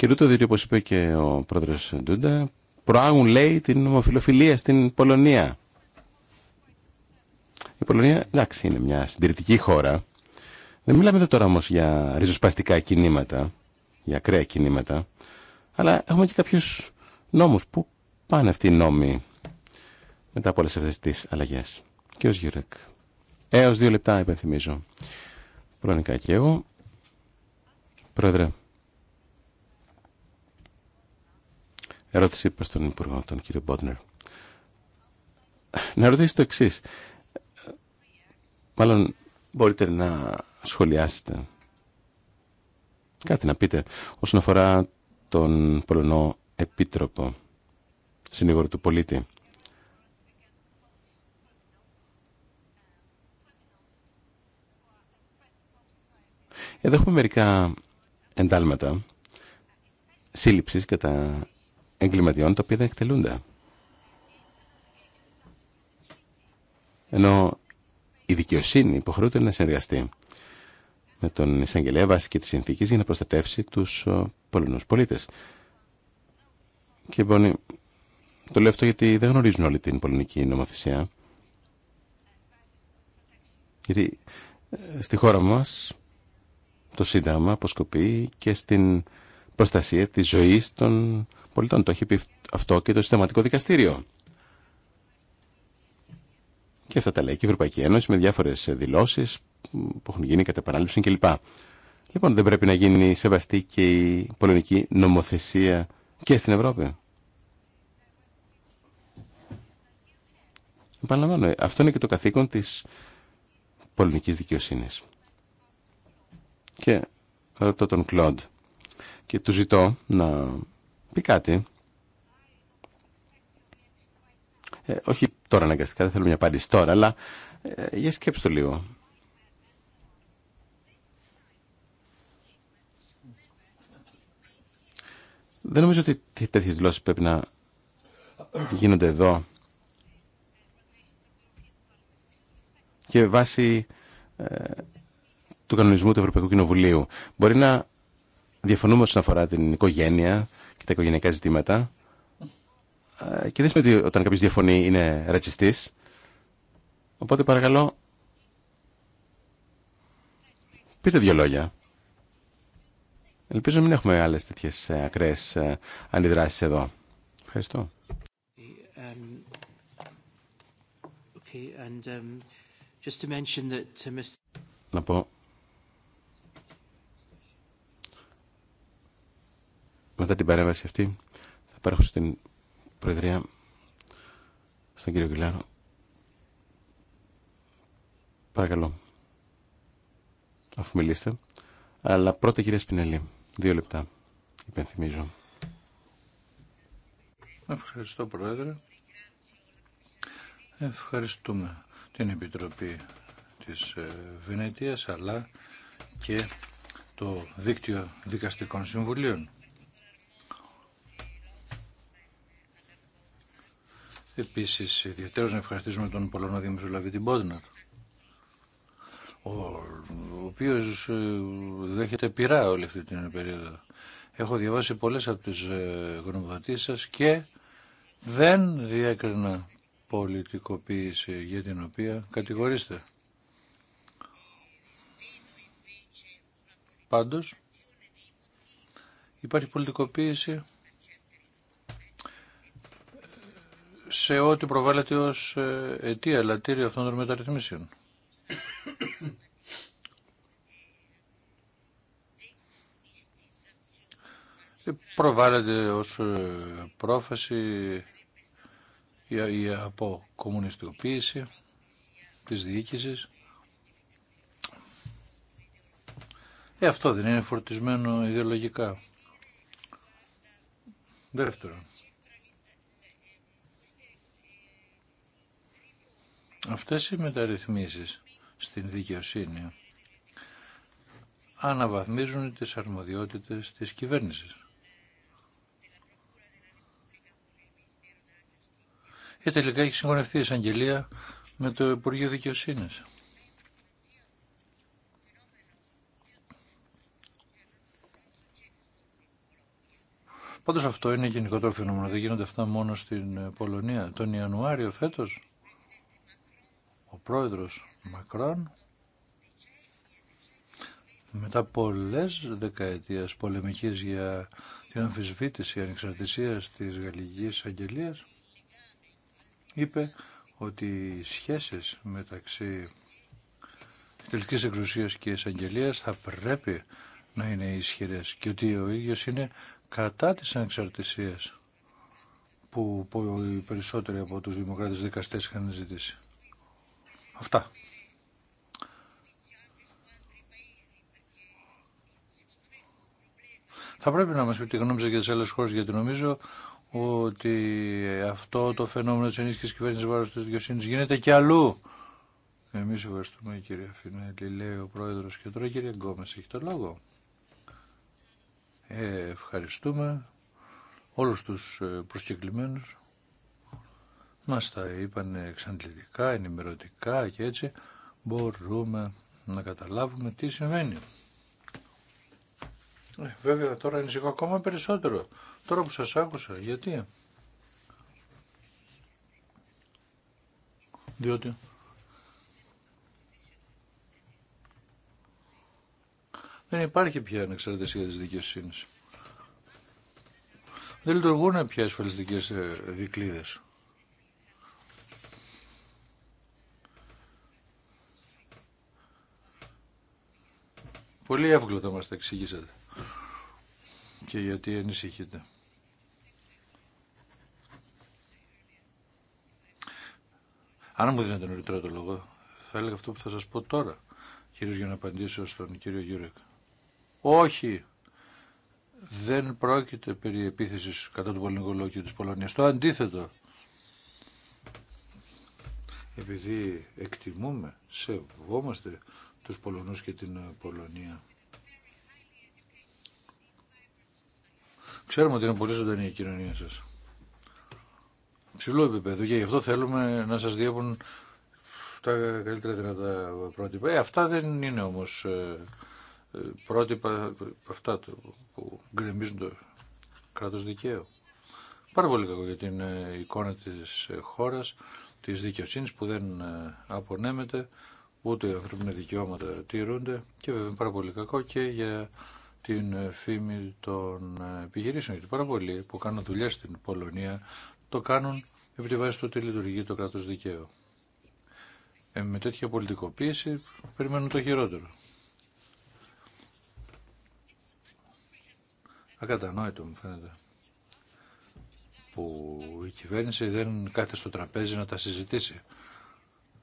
Και τούτο διότι, όπω είπε και ο πρόεδρο Ντούντα, προάγουν, λέει, την ομοφιλοφιλία στην Πολωνία. Η Πολωνία, εντάξει, είναι μια συντηρητική χώρα. Δεν μιλάμε εδώ τώρα όμω για ριζοσπαστικά κινήματα, για ακραία κινήματα, αλλά έχουμε και κάποιου νόμου. Πού πάνε αυτοί οι νόμοι μετά από όλε αυτέ τι αλλαγέ. Κύριο Γιουρέκ. Έω δύο λεπτά, υπενθυμίζω. Προνικά και εγώ. Πρόεδρε, ερώτηση είπα τον Υπουργό, τον κύριο Μπότνερ. Να ρωτήσω το εξή. Μάλλον μπορείτε να σχολιάσετε κάτι να πείτε όσον αφορά τον Πολωνό Επίτροπο, συνήγορο του πολίτη. Εδώ έχουμε μερικά εντάλματα σύλληψης κατά εγκληματιών τα οποία δεν εκτελούνται. Ενώ η δικαιοσύνη υποχρεούται να συνεργαστεί με τον εισαγγελέα βάση και τη συνθήκη για να προστατεύσει τους ε, Πολωνούς πολίτες. Και μπορεί. το λέω αυτό γιατί δεν γνωρίζουν όλη την πολιτική νομοθεσία. Γιατί ε, στη χώρα μας το Σύνταγμα αποσκοπεί και στην προστασία της ζωής των πολιτών. Το έχει πει αυτό και το Συστηματικό Δικαστήριο. Και αυτά τα λέει και η Ευρωπαϊκή Ένωση με διάφορε δηλώσει που έχουν γίνει κατά επανάληψη κλπ. Λοιπόν, δεν πρέπει να γίνει σεβαστή και η πολωνική νομοθεσία και στην Ευρώπη. Επαναλαμβάνω, αυτό είναι και το καθήκον της πολωνικής δικαιοσύνης. Και ρωτώ τον Κλοντ και του ζητώ να πει κάτι. Ε, όχι τώρα αναγκαστικά, δεν θέλω μια απάντηση τώρα, αλλά ε, για σκέψτε το λίγο. Δεν νομίζω ότι τέτοιες δηλώσεις πρέπει να γίνονται εδώ. Και βάσει ε, του κανονισμού του Ευρωπαϊκού Κοινοβουλίου. Μπορεί να διαφωνούμε όσον αφορά την οικογένεια, και τα οικογενειακά ζητήματα. Ε, και δεν σημαίνει ότι όταν κάποιο διαφωνεί είναι ρατσιστή. Οπότε παρακαλώ, πείτε δύο λόγια. Ελπίζω να μην έχουμε άλλε τέτοιε ε, ακραίε αντιδράσει εδώ. Ευχαριστώ. Um, uh, να πω Μετά την παρέμβαση αυτή θα παρέχω στην Προεδρία, στον κύριο Κιλάρο. Παρακαλώ, αφού μιλήσετε. Αλλά πρώτα κύριε Σπινελή, δύο λεπτά, υπενθυμίζω. Ευχαριστώ Πρόεδρε. Ευχαριστούμε την Επιτροπή της ε, Βενετίας αλλά και το Δίκτυο Δικαστικών Συμβουλίων. Επίσης, ιδιαίτερω να ευχαριστήσουμε τον Πολωνό την Μπόντναρ, ο, ο οποίος ε, δέχεται πειρά όλη αυτή την περίοδο. Έχω διαβάσει πολλές από τις ε, γνωμοδοτήσεις σα και δεν διέκρινα πολιτικοποίηση για την οποία κατηγορείστε. Πάντως, υπάρχει πολιτικοποίηση σε ό,τι προβάλλεται ως ε, αιτία ελαττήριο αυτών των μεταρρυθμίσεων. προβάλλεται ως ε, πρόφαση η αποκομμουνιστικοποίηση της διοίκησης. Ε, αυτό δεν είναι φορτισμένο ιδεολογικά. Δεύτερον, Αυτές οι μεταρρυθμίσεις στην δικαιοσύνη αναβαθμίζουν τις αρμοδιότητες της κυβέρνησης. Και ε, τελικά έχει συγχωνευτεί η εισαγγελία με το Υπουργείο Δικαιοσύνης. Πάντως αυτό είναι γενικότερο φαινόμενο, δεν γίνονται αυτά μόνο στην Πολωνία. Τον Ιανουάριο φέτος ο πρόεδρος Μακρόν μετά πολλές δεκαετίες πολεμικής για την αμφισβήτηση ανεξαρτησίας της Γαλλικής Αγγελίας είπε ότι οι σχέσεις μεταξύ τελικής εξουσίας και εισαγγελίας θα πρέπει να είναι ισχυρές και ότι ο ίδιος είναι κατά της ανεξαρτησίας που οι περισσότεροι από τους δημοκράτες δικαστές είχαν ζητήσει. Αυτά. Θα πρέπει να μας πει τη γνώμη για τις άλλες χώρες, γιατί νομίζω ότι αυτό το φαινόμενο της ενίσχυσης κυβέρνησης βάρος της δικαιοσύνης γίνεται και αλλού. Εμείς ευχαριστούμε κύριε Αφινέλη, λέει ο πρόεδρος και τώρα κύριε Γκόμες έχει το λόγο. Ε, ευχαριστούμε όλους τους ε, προσκεκλημένους μας τα είπαν εξαντλητικά, ενημερωτικά και έτσι μπορούμε να καταλάβουμε τι συμβαίνει. Ε, βέβαια τώρα ανησυχώ ακόμα περισσότερο. Τώρα που σας άκουσα. Γιατί. Διότι. Δεν υπάρχει πια ανεξαρτησία της δικαιοσύνης. Δεν λειτουργούν πια ασφαλιστικές ε, δικλείδες. Πολύ εύγλωτα το μας τα εξηγήσατε. Και γιατί ανησυχείτε. Αν μου δίνετε νωρίτερα το λόγο, θα έλεγα αυτό που θα σας πω τώρα, κυρίως για να απαντήσω στον κύριο Γιούρεκ. Όχι! Δεν πρόκειται περί επίθεσης κατά του πολιτικού και της Πολωνίας. Το αντίθετο. Επειδή εκτιμούμε, σεβόμαστε τους Πολωνούς και την ε, Πολωνία. Ξέρουμε ότι είναι πολύ ζωντανή η κοινωνία σας. Ψηλό επίπεδο και γι' αυτό θέλουμε να σας διέπουν τα καλύτερα δυνατά πρότυπα. Ε, αυτά δεν είναι όμως ε, ε, πρότυπα αυτά που γκρεμίζουν το κράτος δικαίου. Πάρα πολύ κακό για την εικόνα της χώρας, της δικαιοσύνης που δεν απονέμεται ούτε οι ανθρώπινα δικαιώματα τηρούνται και βέβαια είναι πάρα πολύ κακό και για την φήμη των επιχειρήσεων. Γιατί πάρα πολλοί που κάνουν δουλειά στην Πολωνία το κάνουν επί τη βάση του ότι λειτουργεί το κράτος δικαίου. Ε, με τέτοια πολιτικοποίηση περιμένουν το χειρότερο. Ακατανόητο μου φαίνεται που η κυβέρνηση δεν κάθε στο τραπέζι να τα συζητήσει.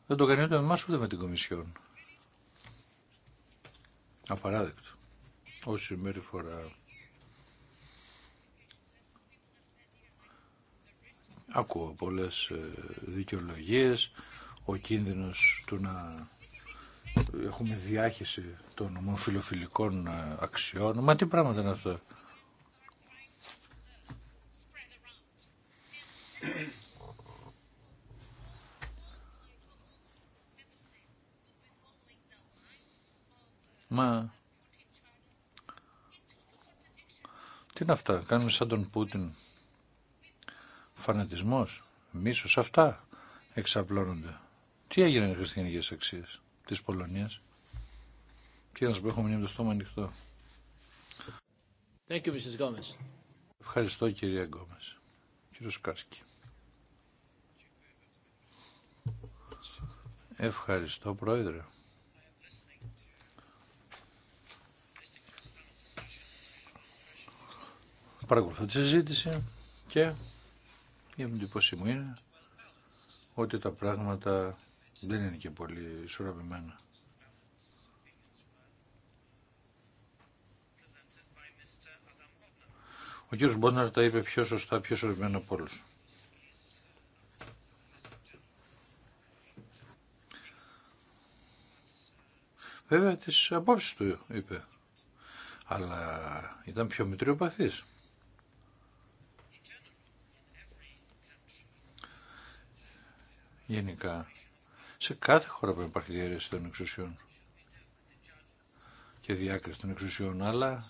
Δεν το κάνει ούτε με εμάς ούτε με την Κομισιόν. Απαράδεκτο. Όση φορά Ακούω πολλές ε, δικαιολογίες, ο κίνδυνος του να έχουμε διάχυση των ομοφιλοφιλικών ε, αξιών. Μα τι πράγματα είναι αυτό. Μα τι είναι αυτά, κάνουμε σαν τον Πούτιν φανατισμός, μίσος, αυτά εξαπλώνονται. Τι έγινε με χριστιανικές αξίες της Πολωνίας. Τι να σου πω, έχουμε μείνει το στόμα ανοιχτό. Thank you, Mrs. Gomez. Ευχαριστώ κυρία Γκόμες. Κύριο Σκάρσκι. Ευχαριστώ πρόεδρε. Παρακολουθώ τη συζήτηση και η εντύπωση μου είναι ότι τα πράγματα δεν είναι και πολύ ισορροπημένα. Ο κύριος Μπόναρ τα είπε πιο σωστά, πιο ισορροπημένα από όλους. Βέβαια τις απόψεις του είπε, αλλά ήταν πιο μητριοπαθής. γενικά. Σε κάθε χώρα που υπάρχει διαίρεση των εξουσιών και διάκριση των εξουσιών, αλλά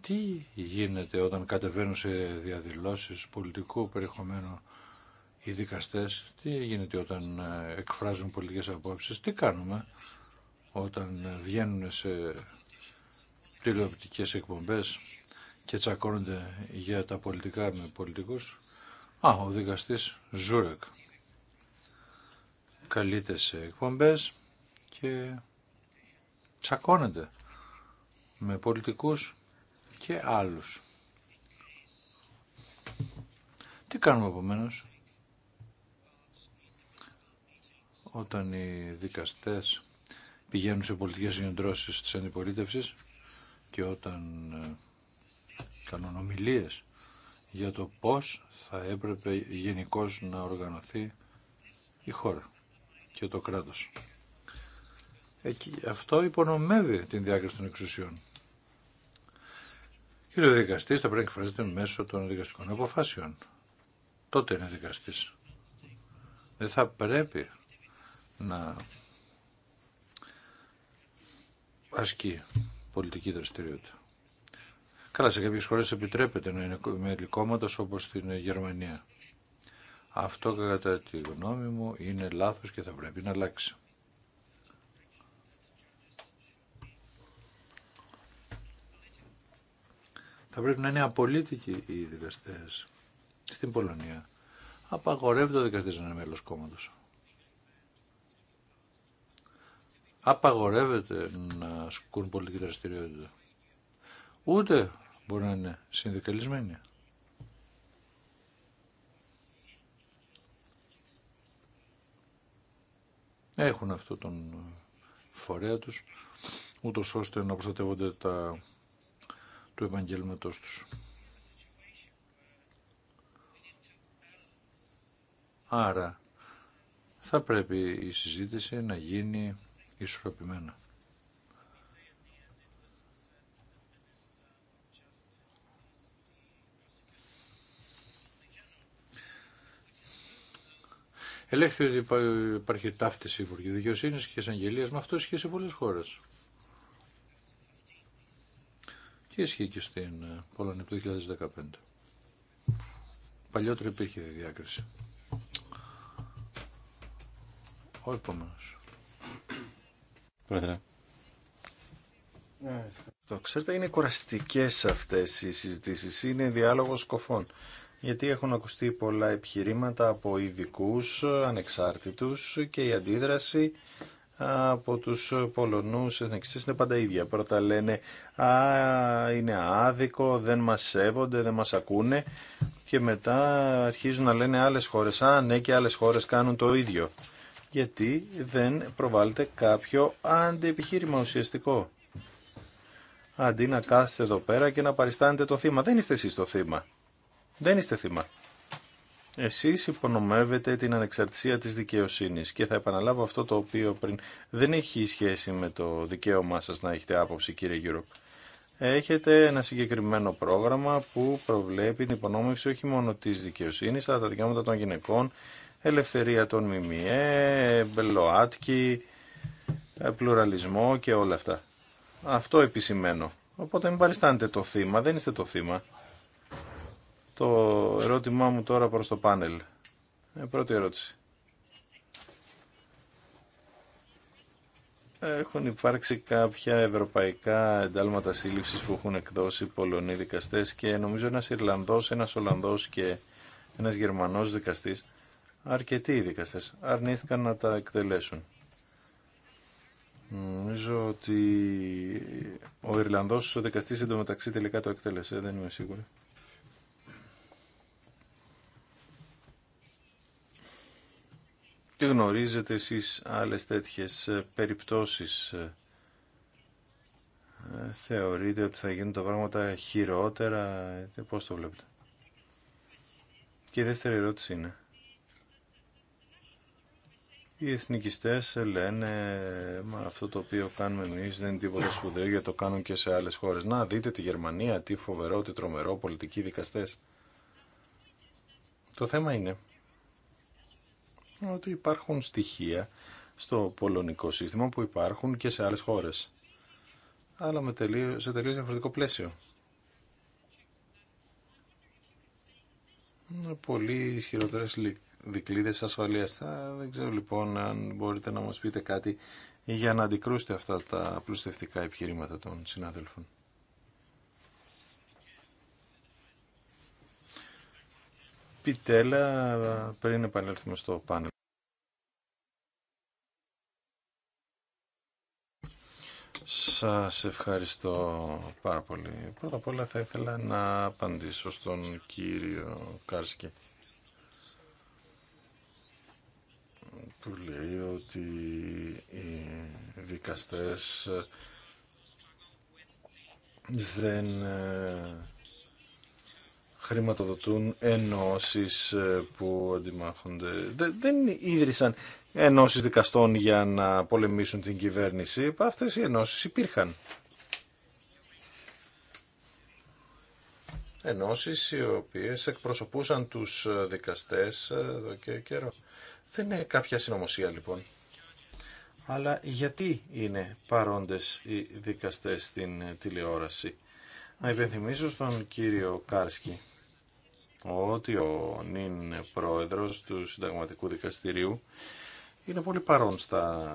τι γίνεται όταν κατεβαίνουν σε διαδηλώσεις πολιτικού περιεχομένου οι δικαστές, τι γίνεται όταν ε, εκφράζουν πολιτικές απόψεις, τι κάνουμε όταν βγαίνουν σε τηλεοπτικές εκπομπές και τσακώνονται για τα πολιτικά με πολιτικούς. Α, ο δικαστής Ζούρεκ καλείται σε εκπομπές και τσακώνεται με πολιτικούς και άλλους. Τι κάνουμε επομένω όταν οι δικαστές πηγαίνουν σε πολιτικές συγκεντρώσεις της αντιπολίτευσης και όταν ε, κάνουν ομιλίες για το πώς θα έπρεπε γενικώ να οργανωθεί η χώρα και το κράτος. αυτό υπονομεύει την διάκριση των εξουσιών. Ο δικαστής, θα πρέπει να εκφράζεται μέσω των δικαστικών αποφάσεων. Τότε είναι δικαστής. Δεν θα πρέπει να ασκεί πολιτική δραστηριότητα. Καλά, σε κάποιες χώρες επιτρέπεται να είναι με ελικόματος όπως στην Γερμανία. Αυτό κατά τη γνώμη μου είναι λάθος και θα πρέπει να αλλάξει. Θα πρέπει να είναι απολύτικοι οι δικαστές στην Πολωνία. Απαγορεύεται ο δικαστής να είναι μέλος κόμματος. Απαγορεύεται να σκούν πολιτική δραστηριότητα. Ούτε μπορεί να είναι συνδικαλισμένοι. έχουν αυτό τον φορέα τους, ούτω ώστε να προστατεύονται τα του επαγγέλματος τους. Άρα θα πρέπει η συζήτηση να γίνει ισορροπημένα. Ελέγχθη ότι υπάρχει ταύτιση Υπουργή Δικαιοσύνη και Εισαγγελία με αυτό ισχύει σε πολλέ χώρε. Και ισχύει και στην ε, Πολωνία του 2015. Παλιότερα υπήρχε διάκριση. Ο επόμενο. Πρόεδρε. Ναι, το ξέρετε, είναι κουραστικέ αυτέ οι συζητήσει. Είναι διάλογο κοφών γιατί έχουν ακουστεί πολλά επιχειρήματα από ειδικού, ανεξάρτητους και η αντίδραση από τους Πολωνούς εθνικιστές είναι πάντα ίδια. Πρώτα λένε είναι άδικο, δεν μας σέβονται, δεν μας ακούνε» και μετά αρχίζουν να λένε άλλες χώρες «Α, ναι και άλλες χώρες κάνουν το ίδιο» γιατί δεν προβάλλεται κάποιο αντιεπιχείρημα ουσιαστικό. Αντί να κάθεστε εδώ πέρα και να παριστάνετε το θύμα. Δεν είστε εσείς το θύμα. Δεν είστε θύμα. Εσείς υπονομεύετε την ανεξαρτησία της δικαιοσύνης και θα επαναλάβω αυτό το οποίο πριν δεν έχει σχέση με το δικαίωμά σας να έχετε άποψη κύριε Γιούρο. Έχετε ένα συγκεκριμένο πρόγραμμα που προβλέπει την υπονόμευση όχι μόνο της δικαιοσύνης αλλά τα δικαιώματα των γυναικών, ελευθερία των ΜΜΕ, μπελοάτκι, ε, πλουραλισμό και όλα αυτά. Αυτό επισημαίνω. Οπότε μην παριστάνετε το θύμα, δεν είστε το θύμα το ερώτημά μου τώρα προς το πάνελ. Ε, πρώτη ερώτηση. Έχουν υπάρξει κάποια ευρωπαϊκά εντάλματα σύλληψης που έχουν εκδώσει Πολωνοί δικαστές και νομίζω ένας Ιρλανδός, ένας Ολλανδός και ένας Γερμανός δικαστής, αρκετοί δικαστές, αρνήθηκαν να τα εκτελέσουν. Νομίζω ότι ο Ιρλανδός ο δικαστής εντωμεταξύ τελικά το εκτέλεσε, δεν είμαι σίγουρη. γνωρίζετε εσείς άλλες τέτοιες ε, περιπτώσεις. Ε, ε, θεωρείτε ότι θα γίνουν τα πράγματα χειρότερα, πώς το βλέπετε. Και η δεύτερη ερώτηση είναι. Οι εθνικιστές λένε μα αυτό το οποίο κάνουμε εμείς δεν είναι τίποτα σπουδαίο για το κάνουν και σε άλλες χώρες. Να δείτε τη Γερμανία, τι φοβερό, τι τρομερό, πολιτικοί δικαστές. Το θέμα είναι ότι υπάρχουν στοιχεία στο πολωνικό σύστημα που υπάρχουν και σε άλλες χώρες. Αλλά με τελείω, σε τελείως διαφορετικό πλαίσιο. πολύ ισχυρότερες δικλείδες ασφαλείας. δεν ξέρω λοιπόν αν μπορείτε να μας πείτε κάτι για να αντικρούσετε αυτά τα πλουστευτικά επιχειρήματα των συνάδελφων. Πιτέλα πριν επανέλθουμε στο πάνελ. Σας ευχαριστώ πάρα πολύ. Πρώτα απ' όλα θα ήθελα να απαντήσω στον κύριο Κάρσκι που λέει ότι οι δικαστές δεν ε, χρηματοδοτούν ενώσεις ε, που αντιμάχονται. Δεν ίδρυσαν ενώσεις δικαστών για να πολεμήσουν την κυβέρνηση. Αυτές οι ενώσεις υπήρχαν. Ενώσεις οι οποίες εκπροσωπούσαν τους ε, δικαστές ε, εδώ και καιρό. Δεν είναι κάποια συνωμοσία λοιπόν. Αλλά γιατί είναι παρόντες οι δικαστές στην τηλεόραση. Να υπενθυμίσω στον κύριο Κάρσκι ότι ο νυν πρόεδρος του συνταγματικού δικαστηρίου είναι πολύ παρόν στα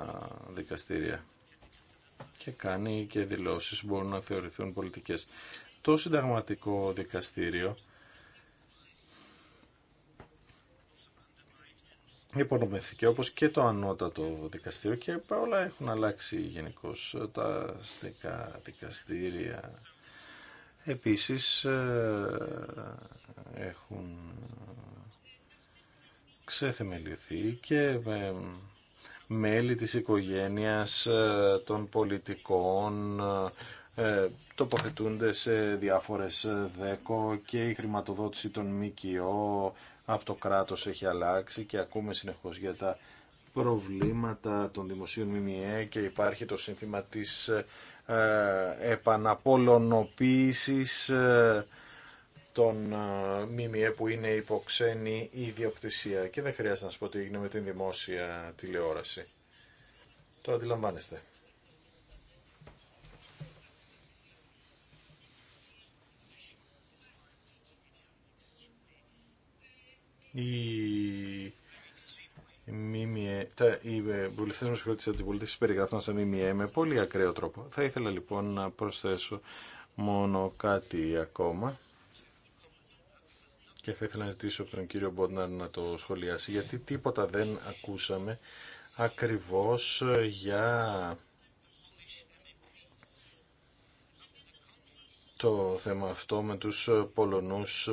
δικαστήρια και κάνει και δηλώσεις που μπορούν να θεωρηθούν πολιτικές. Το συνταγματικό δικαστήριο υπονομεύθηκε όπως και το ανώτατο δικαστήριο και όλα έχουν αλλάξει γενικώ τα αστικά δικαστήρια Επίσης ε, έχουν ξεθεμελιωθεί και ε, μέλη της οικογένειας ε, των πολιτικών τοποθετούνται σε διάφορες δέκο και η χρηματοδότηση των ΜΚΟ από το κράτος έχει αλλάξει και ακούμε συνεχώς για τα προβλήματα των δημοσίων ΜΜΕ και υπάρχει το σύνθημα της ε, επαναπολωνοποίησης ε, των ε, ΜΜΕ που είναι υποξένη ιδιοκτησία και δεν χρειάζεται να σας πω τι έγινε με την δημόσια τηλεόραση. Το αντιλαμβάνεστε. Η ΜΜΕ, τα, οι ε, βουλευτέ μα συγχωρείτε τη αντιπολίτευση περιγράφουν σαν ΜΜΕ με πολύ ακραίο τρόπο. Θα ήθελα λοιπόν να προσθέσω μόνο κάτι ακόμα και θα ήθελα να ζητήσω από τον κύριο Μπόντναρ να το σχολιάσει γιατί τίποτα δεν ακούσαμε ακριβώς για το θέμα αυτό με τους Πολωνούς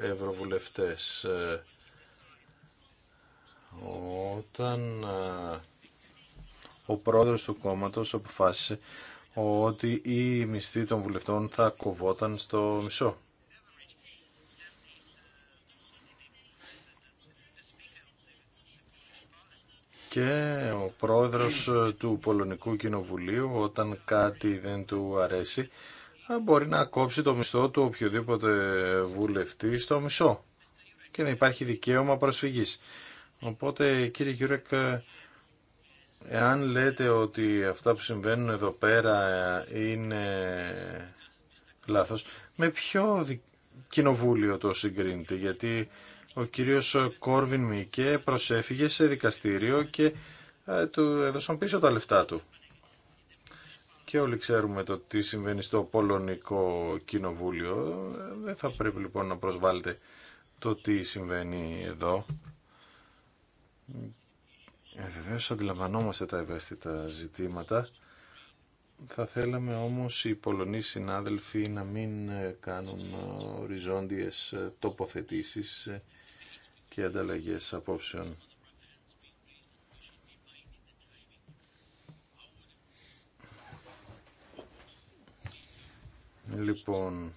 Ευρωβουλευτές όταν ο πρόεδρος του κόμματος αποφάσισε ότι η μισθή των βουλευτών θα κοβόταν στο μισό. Και ο πρόεδρος του Πολωνικού Κοινοβουλίου όταν κάτι δεν του αρέσει μπορεί να κόψει το μισθό του οποιοδήποτε βουλευτή στο μισό και να υπάρχει δικαίωμα προσφυγής. Οπότε κύριε Γιούρεκ, εάν λέτε ότι αυτά που συμβαίνουν εδώ πέρα είναι λάθος, με ποιο κοινοβούλιο το συγκρίνετε, γιατί ο κύριος Κόρβιν Μικέ προσέφυγε σε δικαστήριο και ε, του έδωσαν πίσω τα λεφτά του. Και όλοι ξέρουμε το τι συμβαίνει στο Πολωνικό Κοινοβούλιο. Ε, δεν θα πρέπει λοιπόν να προσβάλλετε το τι συμβαίνει εδώ. Ε, βεβαίως αντιλαμβανόμαστε τα ευαίσθητα ζητήματα. Θα θέλαμε όμως οι Πολωνοί συνάδελφοι να μην ε, κάνουν ε, οριζόντιες ε, τοποθετήσεις και ανταλλαγές απόψεων. Λοιπόν,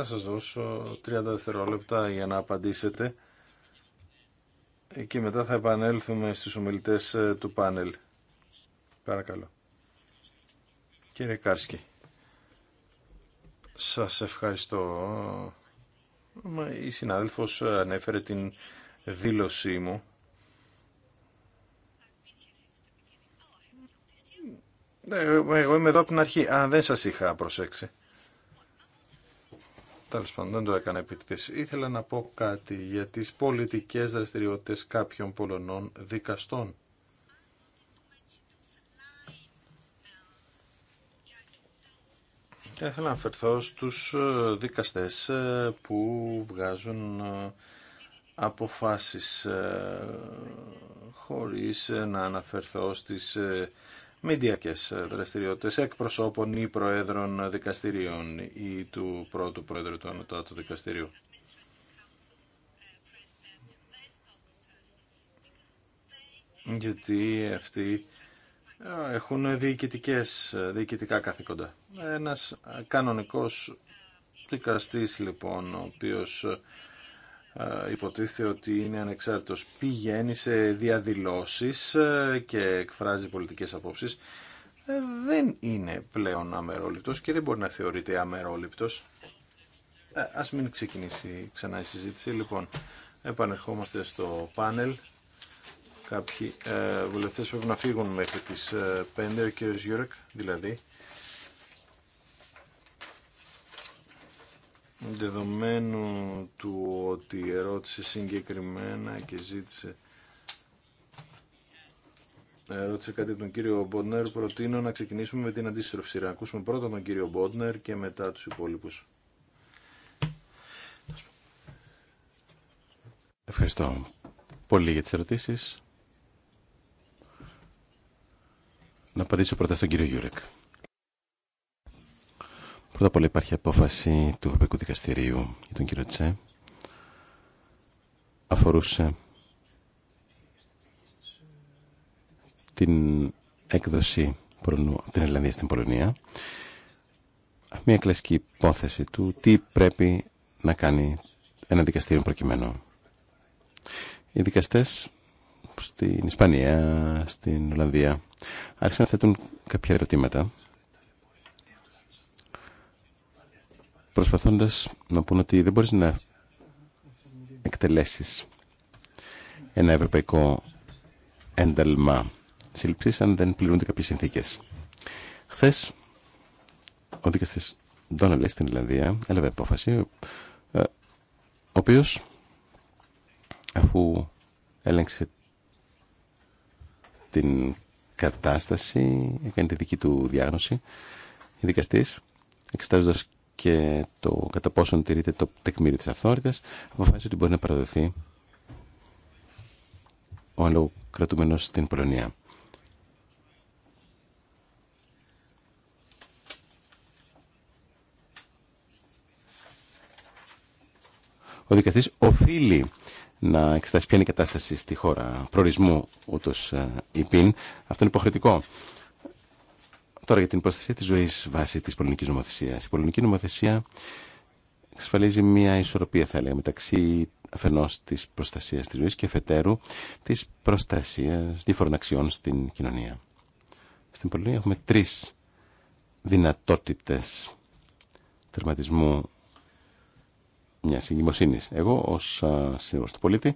Θα σας δώσω 30 δευτερόλεπτα για να απαντήσετε και μετά θα επανέλθουμε στους ομιλητές ε, του πάνελ. Παρακαλώ. Κύριε Κάρσκι, σας ευχαριστώ. Η συνάδελφος ανέφερε την δήλωσή μου. Ε, εγώ είμαι εδώ από την αρχή. Α, δεν σας είχα προσέξει. Τέλο πάντων, δεν το έκανα επίτηδε. Ήθελα να πω κάτι για τις πολιτικές δραστηριότητες κάποιων Πολωνών δικαστών. Και ήθελα να αναφερθώ στους ε, δικαστές ε, που βγάζουν ε, αποφάσεις χωρίς να αναφερθώ στις μηντιακές δραστηριότητες εκπροσώπων ή προέδρων δικαστηρίων ή του πρώτου πρόεδρου του Ανωτάτου Δικαστηρίου. Γιατί αυτοί έχουν διοικητικές, διοικητικά καθήκοντα. Ένας κανονικός δικαστής λοιπόν, ο οποίος υποτίθεται ότι είναι ανεξάρτητος. Πηγαίνει σε διαδηλώσεις ε, και εκφράζει πολιτικές απόψεις. Ε, δεν είναι πλέον αμερόληπτος και δεν μπορεί να θεωρείται αμερόληπτος. Ε, ας μην ξεκινήσει ξανά η συζήτηση. Λοιπόν, επανερχόμαστε στο πάνελ. Κάποιοι βουλευτές πρέπει να φύγουν μέχρι τις 5, ο κ. Γιούρεκ δηλαδή. Δεδομένου του ότι ερώτησε συγκεκριμένα και ζήτησε κάτι από τον κύριο Μπόντνερ. Προτείνω να ξεκινήσουμε με την αντίστροφη σειρά. Ακούσουμε πρώτα τον κύριο Μπόντνερ και μετά τους υπόλοιπους. Ευχαριστώ πολύ για τις ερωτήσεις. Να απαντήσω πρώτα στον κύριο Γιούρεκ. Πρώτα απ' όλα υπάρχει απόφαση του Ευρωπαϊκού Δικαστηρίου για τον κύριο Τσέ. Αφορούσε την έκδοση από την Ελλανδία στην Πολωνία. Μια κλασική υπόθεση του τι πρέπει να κάνει ένα δικαστήριο προκειμένου. Οι δικαστές στην Ισπανία, στην Ολλανδία, άρχισαν να θέτουν κάποια ερωτήματα προσπαθώντας να πούν ότι δεν μπορείς να εκτελέσεις ένα ευρωπαϊκό ένταλμα σύλληψης αν δεν πληρούνται κάποιες συνθήκες. Χθε ο δικαστής Ντόναλες στην Ιλλανδία έλαβε απόφαση ε, ο οποίος αφού έλεγξε την κατάσταση, έκανε τη δική του διάγνωση, οι δικαστής εξετάζοντας και το κατά πόσον τηρείται το τεκμήριο της αθόρυτας, αποφάσισε ότι μπορεί να παραδοθεί ο άλλο κρατούμενος στην Πολωνία. Ο δικαστής οφείλει να εξετάσει ποια είναι η κατάσταση στη χώρα προορισμού ούτως ε, Πίν. Αυτό είναι υποχρεωτικό. Τώρα για την προστασία της ζωής βάσει της πολιτική νομοθεσίας. Η πολιτική νομοθεσία εξασφαλίζει μια ισορροπία θα έλεγα μεταξύ αφενός της προστασίας της ζωής και αφετέρου της προστασίας διαφορών αξιών στην κοινωνία. Στην Πολωνία έχουμε τρεις δυνατότητες τερματισμού μια εγκυμοσύνης. Εγώ ως σύνολος του πολίτη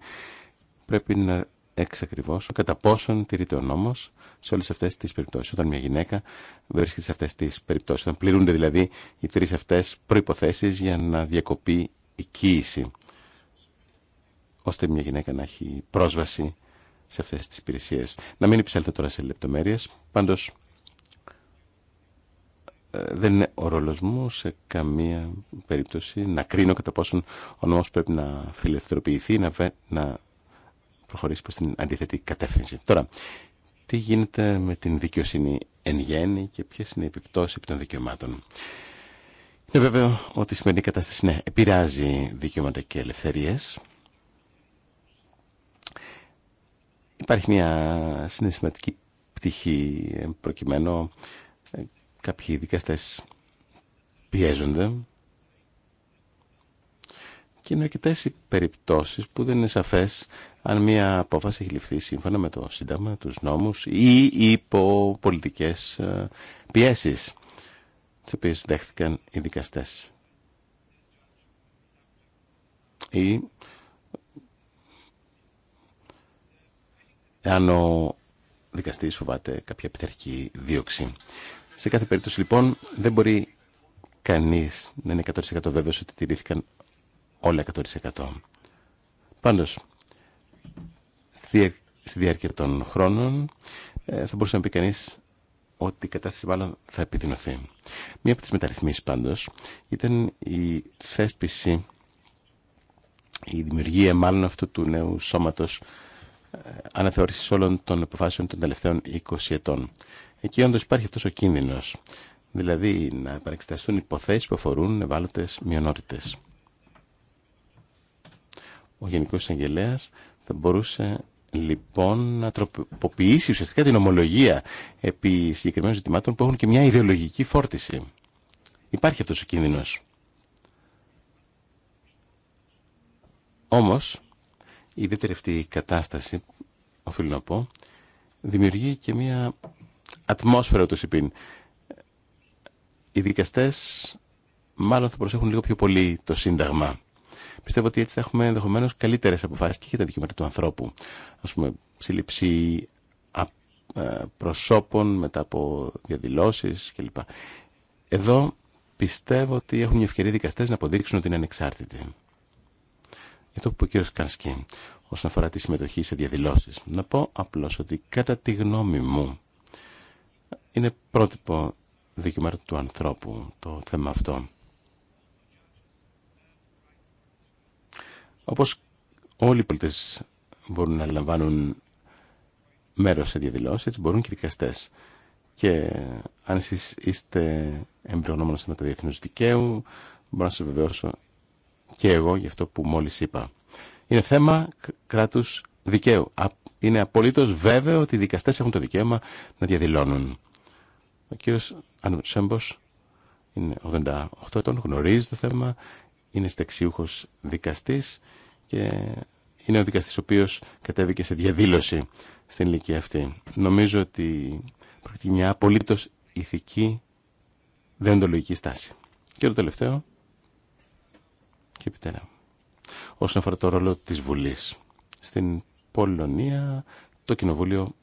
πρέπει να Έξακριβώ, κατά πόσον τηρείται ο νόμος σε όλες αυτές τις περιπτώσεις. Όταν μια γυναίκα βρίσκεται σε αυτές τις περιπτώσεις, όταν πληρούνται δηλαδή οι τρεις αυτές προϋποθέσεις για να διακοπεί η κοίηση, ώστε μια γυναίκα να έχει πρόσβαση σε αυτές τις υπηρεσίε. Να μην υψέλθω τώρα σε λεπτομέρειες, Πάντω ε, δεν είναι ο ρόλος μου σε καμία περίπτωση να κρίνω κατά πόσον ο νόμος πρέπει να φιλελευθερωποιηθεί, να προχωρήσει προς την αντίθετη κατεύθυνση. Τώρα, τι γίνεται με την δικαιοσύνη εν γέννη και ποιε είναι οι επιπτώσει επί των δικαιωμάτων. Είναι βέβαιο ότι η σημερινή κατάσταση ναι, επηρεάζει δικαιώματα και ελευθερίες. Υπάρχει μια συναισθηματική πτυχή προκειμένου ε, κάποιοι δικαστές πιέζονται και είναι αρκετές οι περιπτώσει που δεν είναι σαφές αν μια απόφαση έχει ληφθεί σύμφωνα με το Σύνταγμα, τους νόμους ή υπό πολιτικές ε, πιέσεις τις οποίες δέχτηκαν οι δικαστές ή αν ο δικαστής φοβάται κάποια πειθαρχική δίωξη. Σε κάθε περίπτωση λοιπόν δεν μπορεί κανείς να είναι 100% βέβαιος ότι τηρήθηκαν όλα 100%. Πάντως, στη διάρκεια των χρόνων ε, θα μπορούσε να πει κανεί ότι η κατάσταση μάλλον θα επιδεινωθεί. Μία από τις μεταρρυθμίσεις πάντως ήταν η θέσπιση, η δημιουργία μάλλον αυτού του νέου σώματος ε, αναθεώρησης όλων των αποφάσεων των τελευταίων 20 ετών. Εκεί όντως υπάρχει αυτός ο κίνδυνος, δηλαδή να επανεξεταστούν υποθέσεις που αφορούν ευάλωτε μειονότητες. Ο Γενικός Εισαγγελέας θα μπορούσε λοιπόν να τροποποιήσει ουσιαστικά την ομολογία επί συγκεκριμένων ζητημάτων που έχουν και μια ιδεολογική φόρτιση. Υπάρχει αυτός ο κίνδυνος. Όμως, η ιδιαίτερη αυτή κατάσταση, οφείλω να πω, δημιουργεί και μια ατμόσφαιρα του ΣΥΠΗΝ. Οι δικαστές μάλλον θα προσέχουν λίγο πιο πολύ το Σύνταγμα. Πιστεύω ότι έτσι θα έχουμε ενδεχομένω καλύτερε αποφάσει και για τα δικαιώματα του ανθρώπου. Α πούμε, σύλληψη ε, προσώπων μετά από διαδηλώσει κλπ. Εδώ πιστεύω ότι έχουν μια ευκαιρία δικαστέ να αποδείξουν ότι είναι ανεξάρτητοι. Για αυτό που είπε ο κύριο Κανσκή όσον αφορά τη συμμετοχή σε διαδηλώσει. Να πω απλώ ότι κατά τη γνώμη μου είναι πρότυπο δικαιωμάτων του ανθρώπου το θέμα αυτό. Όπως όλοι οι πολίτες μπορούν να λαμβάνουν μέρος σε διαδηλώσεις, έτσι μπορούν και οι δικαστές. Και αν εσείς είστε με στα μεταδιεθνούς δικαίου, μπορώ να σας βεβαιώσω και εγώ για αυτό που μόλις είπα. Είναι θέμα κράτους δικαίου. Είναι απολύτως βέβαιο ότι οι δικαστές έχουν το δικαίωμα να διαδηλώνουν. Ο κύριος Σέμπος είναι 88 ετών, γνωρίζει το θέμα, είναι συνταξιούχος δικαστής και είναι ο δικαστής ο οποίος κατέβηκε σε διαδήλωση στην ηλικία αυτή. Νομίζω ότι πρόκειται μια απολύτως ηθική δεντολογική στάση. Και το τελευταίο και επιτέρα. Όσον αφορά το ρόλο της Βουλής. Στην Πολωνία το Κοινοβούλιο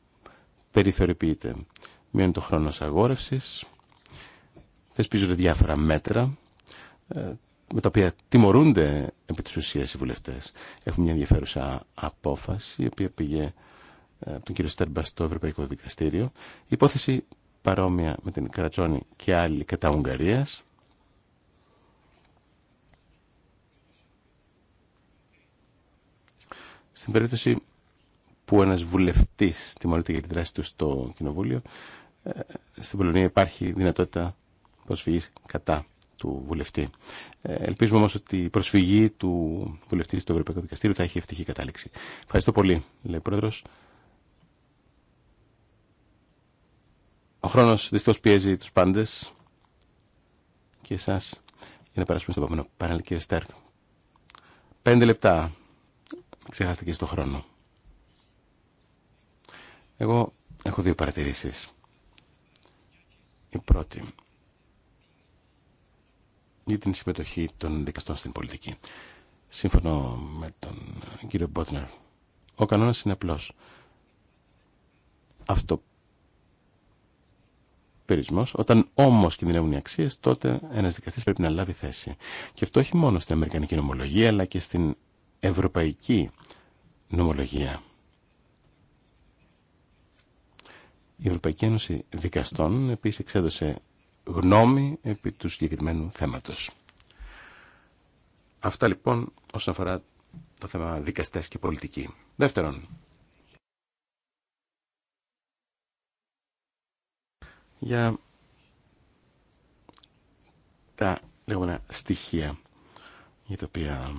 περιθωριοποιείται. Μειώνει το χρόνο αγόρευσης, θεσπίζονται διάφορα μέτρα, ε, με τα οποία τιμωρούνται επί της ουσίας οι βουλευτές. Έχουμε μια ενδιαφέρουσα απόφαση, η οποία πήγε ε, από τον κύριο Στέρμπα στο Ευρωπαϊκό Δικαστήριο. Η υπόθεση παρόμοια με την Καρατσόνη και άλλη κατά Ουγγαρίας. Στην περίπτωση που ένας βουλευτής τιμωρείται για τη δράση του στο Κοινοβούλιο, ε, στην Πολωνία υπάρχει δυνατότητα προσφυγής κατά του βουλευτή. Ε, ελπίζουμε όμω ότι η προσφυγή του βουλευτή στο Ευρωπαϊκό Δικαστήριο θα έχει ευτυχή κατάληξη. Ευχαριστώ πολύ, λέει ο Πρόεδρο. Ο χρόνος δυστυχώ πιέζει τους πάντες και εσά για να περάσουμε στο επόμενο πάνελ, κύριε Στέρκ. Πέντε λεπτά. ξεχάσετε και στο χρόνο. Εγώ έχω δύο παρατηρήσεις. Η πρώτη για την συμμετοχή των δικαστών στην πολιτική. Σύμφωνο με τον ε, κύριο Μπότνερ, ο κανόνας είναι απλό. Αυτό Περισμός. Όταν όμω κινδυνεύουν οι αξίε, τότε ένα δικαστή πρέπει να λάβει θέση. Και αυτό όχι μόνο στην Αμερικανική νομολογία, αλλά και στην Ευρωπαϊκή νομολογία. Η Ευρωπαϊκή Ένωση Δικαστών επίση εξέδωσε γνώμη επί του συγκεκριμένου θέματος. Αυτά λοιπόν όσον αφορά το θέμα δικαστές και πολιτική. Δεύτερον, για τα λεγόμενα στοιχεία για τα οποία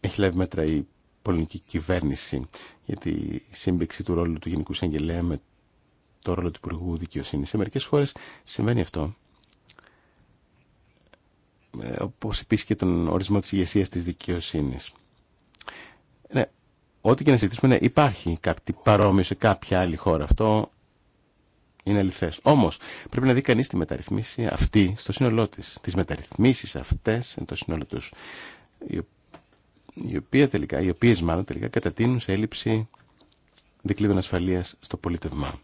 έχει λάβει μέτρα η πολιτική κυβέρνηση για τη σύμπηξη του ρόλου του Γενικού Εισαγγελέα με το ρόλο του Υπουργού Δικαιοσύνη. Σε μερικέ χώρε συμβαίνει αυτό. Ε, Όπω επίση και τον ορισμό τη ηγεσία τη δικαιοσύνη. Ναι, ό,τι και να συζητήσουμε, ναι, υπάρχει κάτι παρόμοιο σε κάποια άλλη χώρα. Αυτό είναι αληθέ. Όμω, πρέπει να δει κανεί τη μεταρρυθμίση αυτή στο σύνολό τη. Τι μεταρρυθμίσει αυτέ, το σύνολο του, η οποία τελικά, οι οποίες μάλλον τελικά κατατείνουν σε έλλειψη δικλείδων ασφαλείας στο πολίτευμα.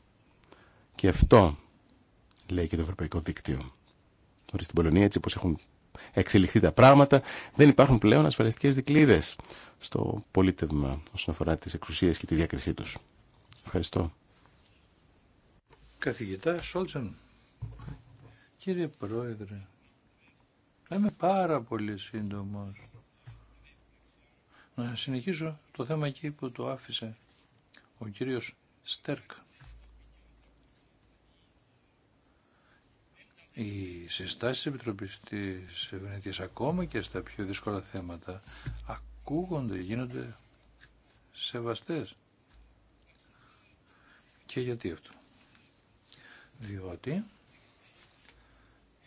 Και αυτό λέει και το Ευρωπαϊκό Δίκτυο. Ότι στην Πολωνία έτσι όπως έχουν εξελιχθεί τα πράγματα δεν υπάρχουν πλέον ασφαλιστικές δικλείδες στο πολίτευμα όσον αφορά τις εξουσίες και τη διάκρισή τους. Ευχαριστώ. Καθηγητά Σόλτσεν, κύριε Πρόεδρε, θα είμαι πάρα πολύ σύντομος. Να συνεχίσω το θέμα εκεί που το άφησε ο κύριος Στέρκ. Οι συστάσεις της Επιτροπής της Βενετίας ακόμα και στα πιο δύσκολα θέματα ακούγονται, γίνονται σεβαστές. Και γιατί αυτό. Διότι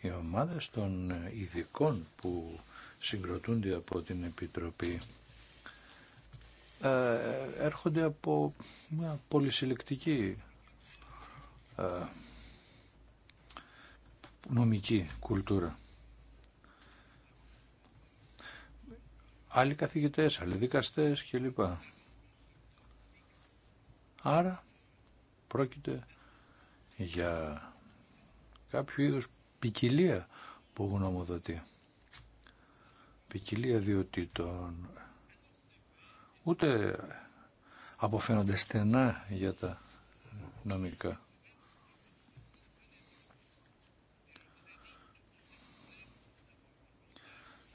οι ομάδες των ειδικών που συγκροτούνται από την Επιτροπή ε, έρχονται από μια πολυσυλλεκτική ε, νομική κουλτούρα. Άλλοι καθηγητές, άλλοι δικαστές κλπ. Άρα πρόκειται για κάποιο είδου ποικιλία που γνωμοδοτεί. Ποικιλία των ούτε αποφαίνονται στενά για τα νομικά.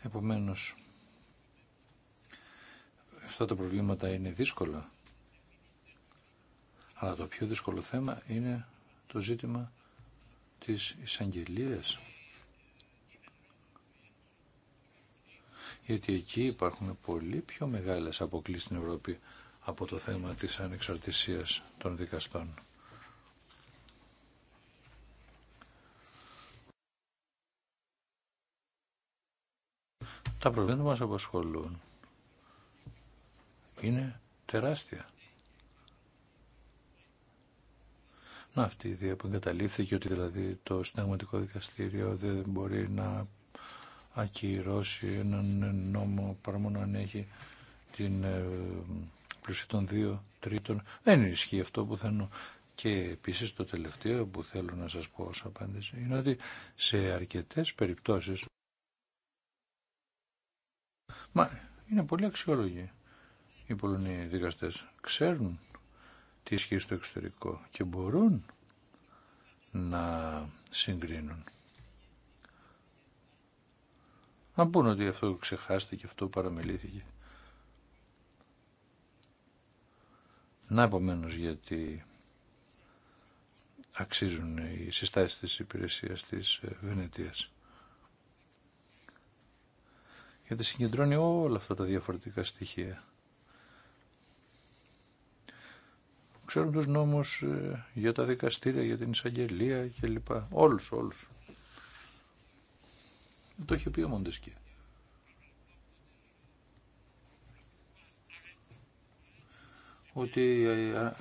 Επομένως, αυτά τα προβλήματα είναι δύσκολα. Αλλά το πιο δύσκολο θέμα είναι το ζήτημα της εισαγγελίας γιατί εκεί υπάρχουν πολύ πιο μεγάλες αποκλήσεις στην Ευρώπη από το θέμα της ανεξαρτησίας των δικαστών. Τα προβλήματα μας απασχολούν είναι τεράστια. Να αυτή η ιδέα που εγκαταλείφθηκε ότι δηλαδή το συνταγματικό δικαστήριο δεν μπορεί να ακυρώσει έναν νόμο παρά μόνο αν έχει την ε, πλουσία των δύο τρίτων. Δεν ισχύει αυτό που θέλω. Και επίση το τελευταίο που θέλω να σας πω ως απάντηση είναι ότι σε αρκετές περιπτώσεις Μα είναι πολύ αξιόλογοι οι Πολωνοί δικαστές. Ξέρουν τι ισχύει στο εξωτερικό και μπορούν να συγκρίνουν να πούν ότι αυτό ξεχάστηκε, αυτό παραμελήθηκε. Να επομένω γιατί αξίζουν οι συστάσεις της υπηρεσίας της ε, Βενετίας. Γιατί συγκεντρώνει όλα αυτά τα διαφορετικά στοιχεία. Ξέρουν τους νόμους ε, για τα δικαστήρια, για την εισαγγελία κλπ. Όλους, όλους. Το έχει πει ο Μοντεσκέ. Ότι ε, ε,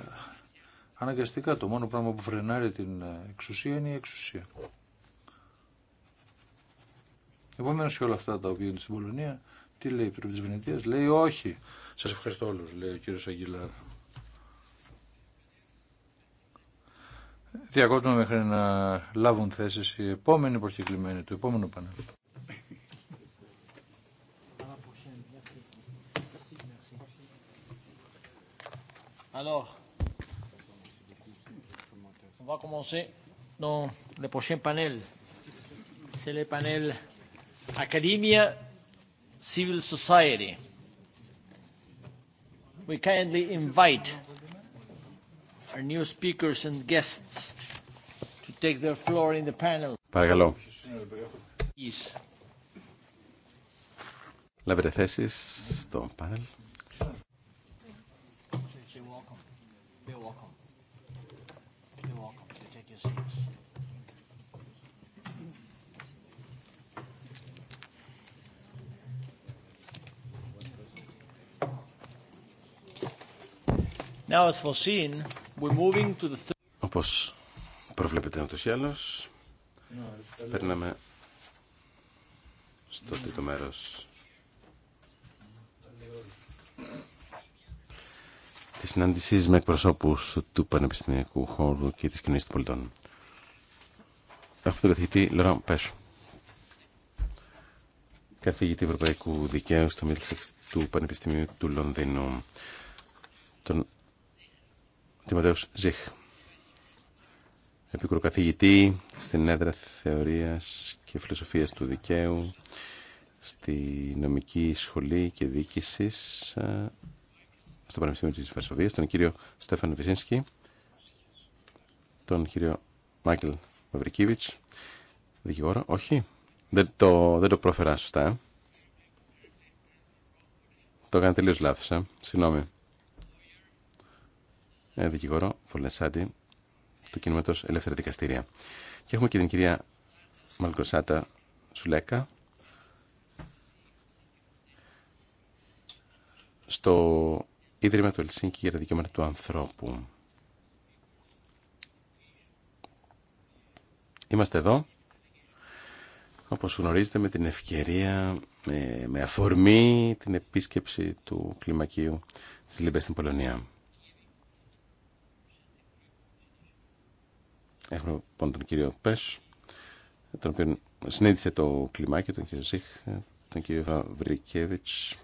αναγκαστικά το μόνο πράγμα που φρενάρει την ε, εξουσία είναι η εξουσία. Επομένω και όλα αυτά τα οποία είναι στην Πολωνία, τι λέει η Επιτροπή τη Βενετία, λέει όχι. Σα ευχαριστώ όλου λέει ο κύριο Αγγιλάρ. Διακόπτουμε μέχρι να λάβουν θέσεις οι επόμενοι προσκεκλημένοι του επόμενου πανεπιστημίου. Alors, on va commencer dans le prochain panel. C'est le panel Academia Civil Society. We kindly invite our new speakers and guests to take their floor in the panel. Παρακαλώ. Λάβετε θέσεις στο πάνελ. Now, Όπως προβλέπετε ούτως ή άλλως, περνάμε στο τρίτο τη συνάντηση με εκπροσώπου του πανεπιστημιακού χώρου και τη Κοινή των πολιτών. Έχουμε τον καθηγητή Πέσο, καθηγητή Ευρωπαϊκού Δικαίου στο Μίλσεξ του Πανεπιστημίου του Λονδίνου, τον Ζήχ. Ζιχ, καθηγητή στην έδρα Θεωρία και Φιλοσοφία του δικαίου, στη νομική σχολή και διοίκησης στο Πανεπιστήμιο της Βαρσοβίας, τον κύριο Στέφαν Βυσίνσκι, τον κύριο Μάικλ Μαυρικίβιτς, δικηγόρο, όχι, δεν το, δεν το πρόφερα σωστά. Ε. Το έκανα τελείως λάθος, ε. συγγνώμη. Ε, δικηγόρο, Φολεσάντι, του κινήματος Ελεύθερα Δικαστήρια. Και έχουμε και την κυρία Μαλκοσάτα Σουλέκα, στο Ίδρυμα του Ελσίνκη για τα δικαιώματα του ανθρώπου. Είμαστε εδώ, όπως γνωρίζετε, με την ευκαιρία, με, με αφορμή την επίσκεψη του κλιμακίου της Λίμπε στην Πολωνία. Έχουμε λοιπόν τον κύριο Πες, τον οποίο συνέντησε το κλιμάκι, τον κύριο Σίχ, τον κύριο βρικέβιτς.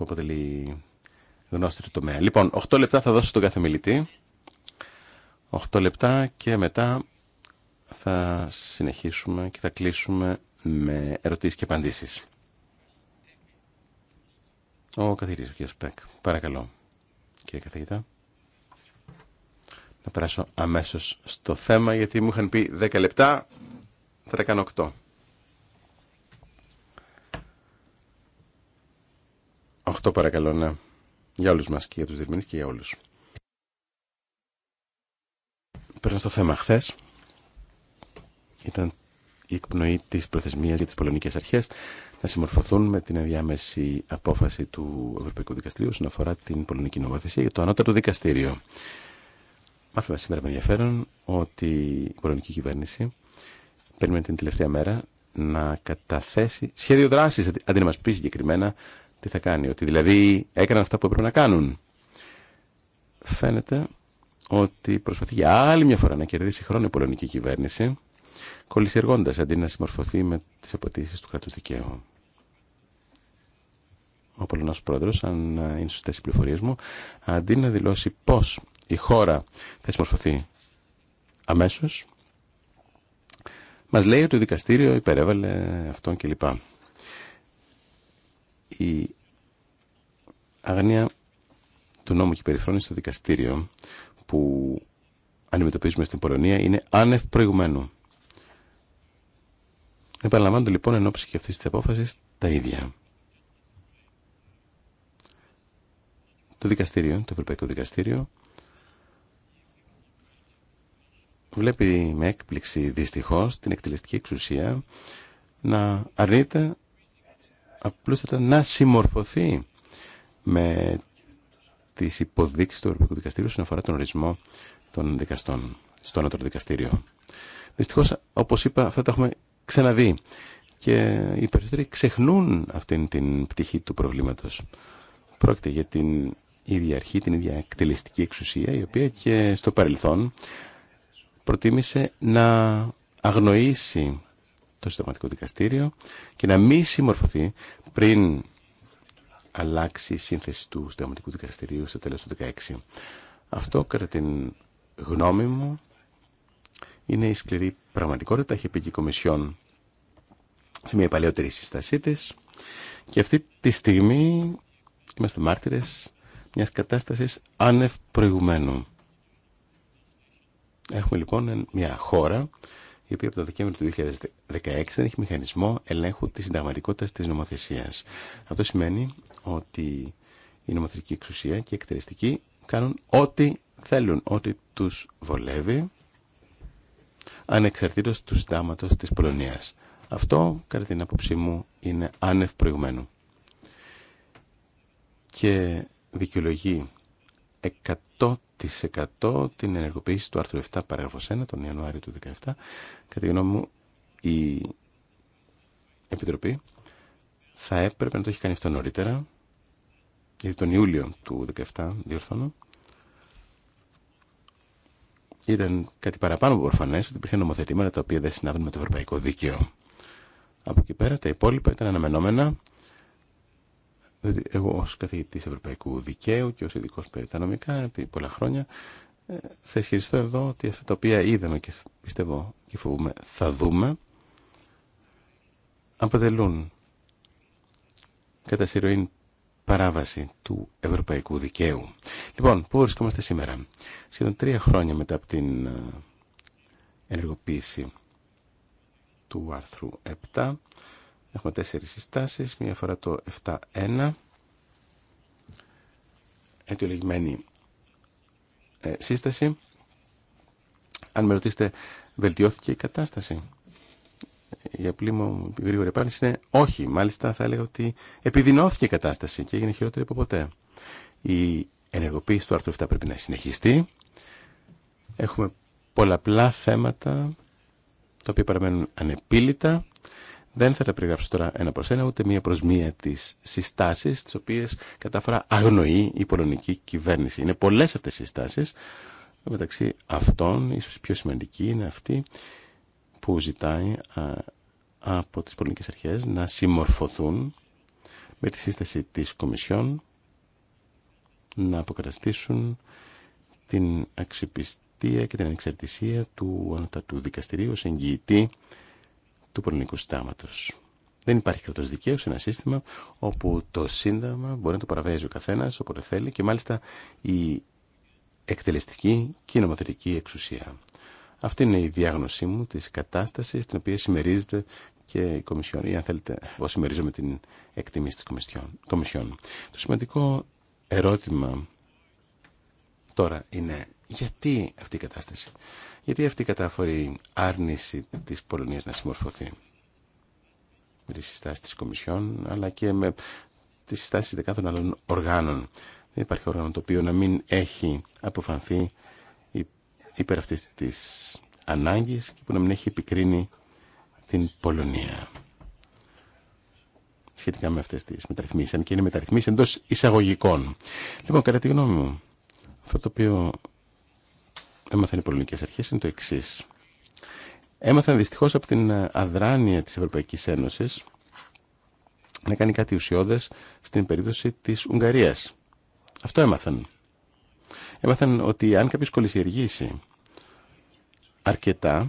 που αποτελεί γνώστη του τομέα. Λοιπόν, 8 λεπτά θα δώσω στον κάθε μιλητή. 8 λεπτά και μετά θα συνεχίσουμε και θα κλείσουμε με ερωτήσεις και απαντήσεις. Ο καθηγητής, ο κ. Σπέκ. Παρακαλώ, κ. καθηγητά. Να περάσω αμέσως στο θέμα, γιατί μου είχαν πει 10 λεπτά, θα τα κάνω 8. Αυτό παρακαλώ ναι. για όλους μας και για τους διερμηνείς και για όλους. Παίρνω στο θέμα χθε. Ήταν η εκπνοή της προθεσμίας για τις πολωνικές αρχές να συμμορφωθούν με την ενδιάμεση απόφαση του Ευρωπαϊκού Δικαστηρίου όσον αφορά την πολωνική νομοθεσία για το ανώτατο δικαστήριο. Μάθαμε σήμερα με ενδιαφέρον ότι η πολωνική κυβέρνηση περιμένει την τελευταία μέρα να καταθέσει σχέδιο δράση αντί να μα πει συγκεκριμένα τι θα κάνει, ότι δηλαδή έκαναν αυτά που έπρεπε να κάνουν. Φαίνεται ότι προσπαθεί για άλλη μια φορά να κερδίσει χρόνο η πολωνική κυβέρνηση, κολλησιεργώντας αντί να συμμορφωθεί με τις απαιτήσει του κράτους δικαίου. Ο Πολωνός Πρόεδρος, αν είναι σωστές οι πληροφορίες μου, αντί να δηλώσει πώς η χώρα θα συμμορφωθεί αμέσως, μας λέει ότι το δικαστήριο υπερέβαλε αυτόν κλπ. Η αγνία του νόμου και περιφρόνηση στο δικαστήριο που αντιμετωπίζουμε στην Πολωνία είναι άνευ προηγουμένου. Επαναλαμβάνονται λοιπόν εν και αυτή τη απόφαση τα ίδια. Το δικαστήριο, το Ευρωπαϊκό Δικαστήριο, βλέπει με έκπληξη δυστυχώς την εκτελεστική εξουσία να αρνείται απλούστατα να συμμορφωθεί με τις υποδείξεις του Ευρωπαϊκού Δικαστήριου όσον αφορά τον ορισμό των δικαστών στο ανώτερο δικαστήριο. Δυστυχώς, όπως είπα, αυτά τα έχουμε ξαναδεί και οι περισσότεροι ξεχνούν αυτήν την πτυχή του προβλήματος. Πρόκειται για την ίδια αρχή, την ίδια εκτελεστική εξουσία, η οποία και στο παρελθόν προτίμησε να αγνοήσει το Συνταγματικό Δικαστήριο και να μη συμμορφωθεί πριν αλλάξει η σύνθεση του Συνταγματικού Δικαστηρίου στο τέλος του 2016. Αυτό, κατά την γνώμη μου, είναι η σκληρή πραγματικότητα. Έχει πει και η Κομισιόν σε μια παλαιότερη συστασή τη. Και αυτή τη στιγμή είμαστε μάρτυρες μιας κατάστασης άνευ προηγουμένου. Έχουμε λοιπόν μια χώρα η οποία από το Δεκέμβριο του 2016 δεν έχει μηχανισμό ελέγχου της συνταγματικότητα της νομοθεσίας. Αυτό σημαίνει ότι η νομοθετική εξουσία και η εκτελεστική κάνουν ό,τι θέλουν, ό,τι τους βολεύει, ανεξαρτήτως του συντάγματο της Πολωνία. Αυτό, κατά την άποψή μου, είναι άνευ προηγουμένου. Και δικαιολογεί 100% την ενεργοποίηση του άρθρου 7 παράγραφος 1 τον Ιανουάριο του 2017. Κατά τη γνώμη μου η Επιτροπή θα έπρεπε να το έχει κάνει αυτό νωρίτερα γιατί τον Ιούλιο του 2017 διορθώνω ήταν κάτι παραπάνω από προφανές ότι υπήρχαν νομοθετήματα τα οποία δεν συνάδουν με το ευρωπαϊκό δίκαιο. Από εκεί πέρα τα υπόλοιπα ήταν αναμενόμενα δηλαδή εγώ ως καθηγητής Ευρωπαϊκού Δικαίου και ως ειδικός περί τα νομικά επί πολλά χρόνια ε, θα ισχυριστώ εδώ ότι αυτά τα οποία είδαμε και πιστεύω και φοβούμε θα δούμε αποτελούν κατά συρροήν παράβαση του ευρωπαϊκού δικαίου. Λοιπόν, πού βρισκόμαστε σήμερα. Σχεδόν τρία χρόνια μετά από την ε, ενεργοποίηση του άρθρου 7 Έχουμε τέσσερις συστάσεις. Μία φορά το 1 Αιτιολογημένη ε, σύσταση. Αν με ρωτήσετε, βελτιώθηκε η κατάσταση. Η απλή μου γρήγορη επάνηση είναι όχι. Μάλιστα θα έλεγα ότι επιδεινώθηκε η κατάσταση και έγινε χειρότερη από ποτέ. Η ενεργοποίηση του άρθρου 7 πρέπει να συνεχιστεί. Έχουμε πολλαπλά θέματα τα οποία παραμένουν ανεπίλητα. Δεν θα τα περιγράψω τώρα ένα προς ένα, ούτε μία προς μία τις συστάσεις, τις οποίες κατάφορα αγνοεί η πολωνική κυβέρνηση. Είναι πολλές αυτές οι συστάσεις, μεταξύ αυτών ίσως πιο σημαντική είναι αυτή που ζητάει από τις πολωνικές αρχές να συμμορφωθούν με τη σύσταση της Κομισιόν να αποκαταστήσουν την αξιοπιστία και την ανεξαρτησία του Ανώτατου Δικαστηρίου ως εγγυητή του πολιτικού συντάγματο. Δεν υπάρχει κρατό δικαίου σε ένα σύστημα όπου το σύνταγμα μπορεί να το παραβέζει ο καθένα όποτε θέλει και μάλιστα η εκτελεστική και η νομοθετική εξουσία. Αυτή είναι η διάγνωσή μου της κατάστασης στην οποία συμμερίζεται και η Κομισιόν, ή αν θέλετε, εγώ συμμερίζομαι την εκτίμηση της Κομισιόν. Το σημαντικό ερώτημα τώρα είναι γιατί αυτή η κατάσταση. Γιατί αυτή η κατάφορη άρνηση της Πολωνίας να συμμορφωθεί με τις συστάσεις της Κομισιόν, αλλά και με τις συστάσεις δεκάδων άλλων οργάνων. Δεν υπάρχει όργανο το οποίο να μην έχει αποφανθεί υπέρ αυτή της ανάγκης και που να μην έχει επικρίνει την Πολωνία. Σχετικά με αυτές τις μεταρρυθμίσεις, αν και είναι μεταρρυθμίσεις εντός εισαγωγικών. Λοιπόν, κατά τη γνώμη μου, αυτό το οποίο έμαθαν οι πολωνικέ αρχές είναι το εξή. Έμαθαν δυστυχώς από την ε, αδράνεια της Ευρωπαϊκή Ένωσης να κάνει κάτι ουσιώδες στην περίπτωση της Ουγγαρίας. Αυτό έμαθαν. Έμαθαν ότι αν κάποιος κολλησιεργήσει αρκετά,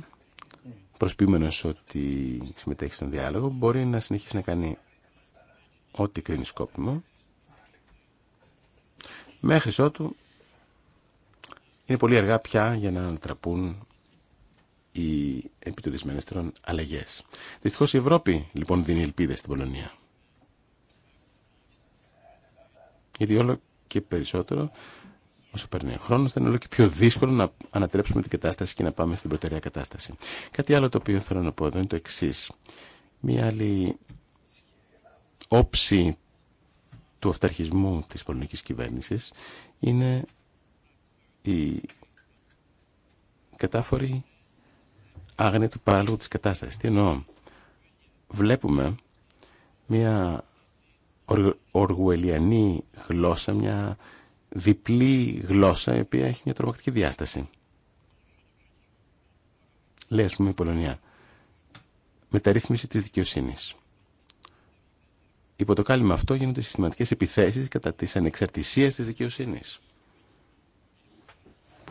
προσποιούμενο ότι συμμετέχει στον διάλογο, μπορεί να συνεχίσει να κάνει ό,τι κρίνει σκόπιμο, μέχρι ότου είναι πολύ αργά πια για να ανατραπούν οι επιτοδισμένες αλλαγές. Δυστυχώς η Ευρώπη λοιπόν δίνει ελπίδες στην Πολωνία. Γιατί όλο και περισσότερο όσο περνάει ο χρόνο, θα είναι όλο και πιο δύσκολο να ανατρέψουμε την κατάσταση και να πάμε στην προτεραιά κατάσταση. Κάτι άλλο το οποίο θέλω να πω εδώ είναι το εξή. Μία άλλη όψη του αυταρχισμού της πολωνικής κυβέρνησης είναι η κατάφοροι άγνοια του παράλογου της κατάστασης. Τι εννοώ. Βλέπουμε μια οργουελιανή γλώσσα, μια διπλή γλώσσα η οποία έχει μια τρομακτική διάσταση. Λέει ας πούμε η Πολωνία. Μεταρρύθμιση της δικαιοσύνης. Υπό το κάλυμα αυτό γίνονται συστηματικές επιθέσεις κατά της ανεξαρτησίας της δικαιοσύνης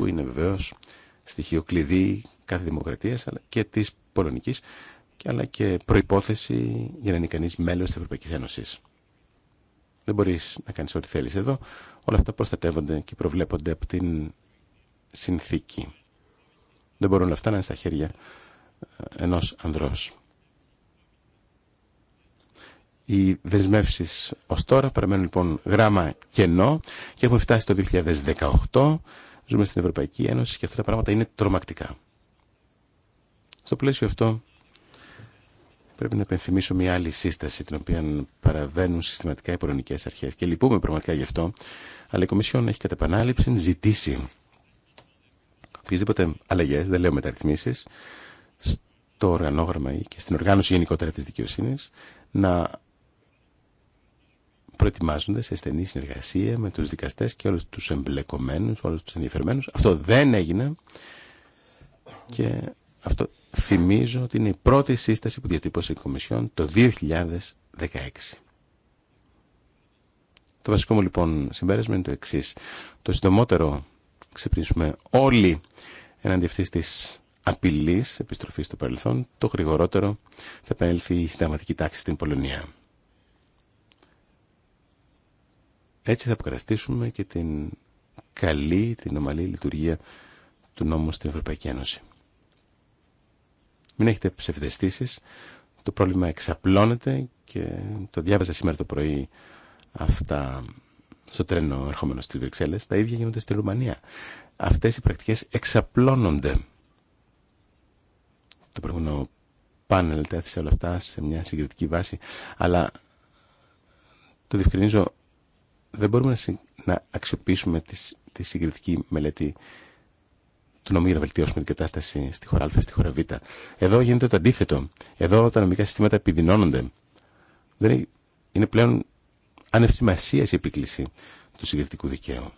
που είναι βεβαίω στοιχείο κλειδί κάθε δημοκρατίας και της πολωνικής αλλά και προϋπόθεση για να είναι κανεί μέλο της Ευρωπαϊκής Ένωσης. Δεν μπορεί να κάνεις ό,τι θέλεις εδώ. Όλα αυτά προστατεύονται και προβλέπονται από την συνθήκη. Δεν μπορούν όλα αυτά να είναι στα χέρια ε, ενός ανδρό. Οι δεσμεύσει ω τώρα παραμένουν λοιπόν γράμμα κενό και έχουμε φτάσει το 2018 Ζούμε στην Ευρωπαϊκή Ένωση και αυτά τα πράγματα είναι τρομακτικά. Στο πλαίσιο αυτό πρέπει να επενθυμίσω μια άλλη σύσταση την οποία παραβαίνουν συστηματικά οι πολωνικές αρχές και λυπούμε πραγματικά γι' αυτό, αλλά η Κομισιόν έχει κατά επανάληψη ζητήσει οποιασδήποτε αλλαγέ, δεν λέω μεταρρυθμίσει, στο οργανόγραμμα ή και στην οργάνωση γενικότερα τη δικαιοσύνη, να προετοιμάζονται σε στενή συνεργασία με τους δικαστές και όλους τους εμπλεκομένους, όλους τους ενδιαφερμένους. Αυτό δεν έγινε και αυτό θυμίζω ότι είναι η πρώτη σύσταση που διατύπωσε η Κομισιόν το 2016. Το βασικό μου λοιπόν συμπέρασμα είναι το εξή. Το συντομότερο ξυπνήσουμε όλοι εναντί αυτή τη απειλή επιστροφή στο παρελθόν. Το γρηγορότερο θα επανέλθει η συνταγματική τάξη στην Πολωνία. Έτσι θα αποκαταστήσουμε και την καλή, την ομαλή λειτουργία του νόμου στην Ευρωπαϊκή Ένωση. Μην έχετε ψευδεστήσεις. Το πρόβλημα εξαπλώνεται και το διάβαζα σήμερα το πρωί αυτά στο τρένο ερχόμενο στις Βρυξέλλες. Τα ίδια γίνονται στη Ρουμανία. Αυτές οι πρακτικές εξαπλώνονται. Το προηγούμενο πάνελ τα όλα αυτά σε μια συγκριτική βάση, αλλά το διευκρινίζω δεν μπορούμε να αξιοποιήσουμε τη, τη συγκριτική μελέτη του νομού για να βελτιώσουμε την κατάσταση στη χώρα Α, στη χώρα Β. Εδώ γίνεται το αντίθετο. Εδώ τα νομικά συστήματα επιδεινώνονται. Δεν είναι πλέον ανευθυμασια η επίκληση του συγκριτικού δικαίου.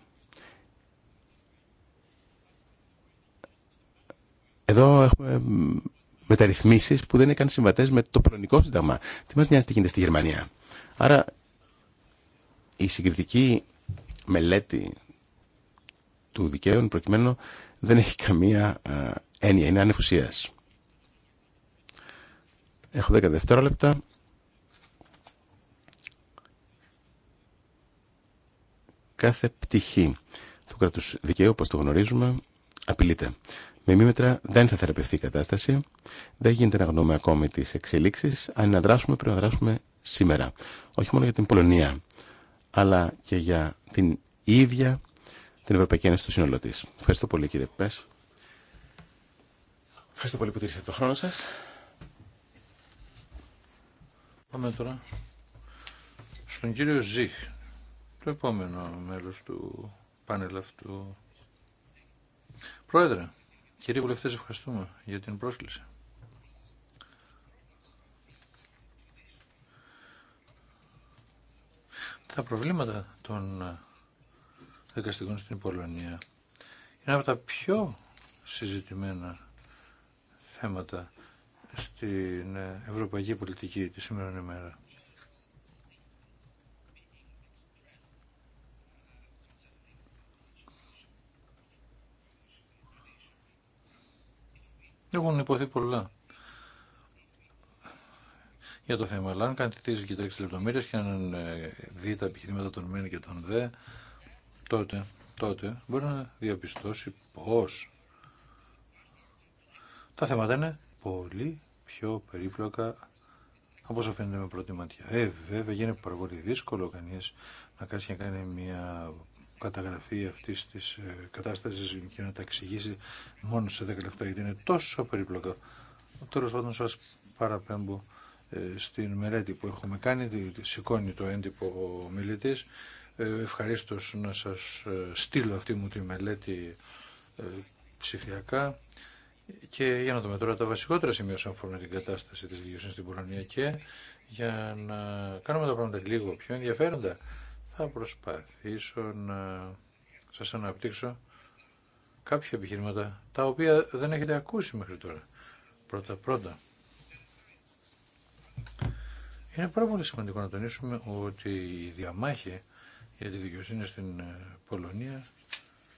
Εδώ έχουμε μεταρρυθμίσει που δεν είναι καν συμβατέ με το πρωνικό σύνταγμα. Τι μα νοιάζει τι γίνεται στη Γερμανία. Άρα η συγκριτική μελέτη του δικαίου προκειμένου δεν έχει καμία ε, έννοια, είναι ανεφουσίας. Έχω 10 δευτερόλεπτα. Κάθε πτυχή του κράτους δικαίου, όπως το γνωρίζουμε, απειλείται. Με μήμετρα δεν θα θεραπευθεί η κατάσταση. Δεν γίνεται να γνωρούμε ακόμη τις εξελίξεις. Αν να δράσουμε, πρέπει να δράσουμε σήμερα. Όχι μόνο για την Πολωνία αλλά και για την ίδια την Ευρωπαϊκή Ένωση στο σύνολό τη. Ευχαριστώ πολύ κύριε Πες. Ευχαριστώ πολύ που τηρήσατε το χρόνο σας. Πάμε τώρα στον κύριο Ζήχ, το επόμενο μέλος του πάνελ αυτού. Πρόεδρε, κύριε βουλευτές, ευχαριστούμε για την πρόσκληση. Τα προβλήματα των ε, δικαστικών στην Πολωνία είναι από τα πιο συζητημένα θέματα στην ε, ευρωπαϊκή πολιτική τη σήμερα ημέρα. Έχουν υποθεί πολλά για το θέμα. Αλλά αν κάνετε τι κοιτάξει λεπτομέρειε και αν ε, δει τα επιχειρήματα των μεν και των δε, τότε, τότε μπορεί να διαπιστώσει πώ. τα θέματα είναι πολύ πιο περίπλοκα από όσο φαίνεται με πρώτη ματιά. Ε, βέβαια, γίνεται πάρα πολύ δύσκολο κανεί να κάνει να κάνει μια καταγραφή αυτή τη ε, κατάσταση και να τα εξηγήσει μόνο σε 10 λεπτά, γιατί είναι τόσο περίπλοκα. Τέλο πάντων, σα παραπέμπω στην μελέτη που έχουμε κάνει, σηκώνει το έντυπο ο μιλητής. Ε, ευχαρίστως να σας ε, στείλω αυτή μου τη μελέτη ε, ψηφιακά και για να δούμε τώρα τα βασικότερα σημεία όσον αφορά την κατάσταση της δικαιοσύνης στην Πολωνία και για να κάνουμε τα πράγματα λίγο πιο ενδιαφέροντα θα προσπαθήσω να σας αναπτύξω κάποια επιχειρήματα τα οποία δεν έχετε ακούσει μέχρι τώρα. Πρώτα πρώτα είναι πάρα πολύ σημαντικό να τονίσουμε ότι η διαμάχη για τη δικαιοσύνη στην ε, Πολωνία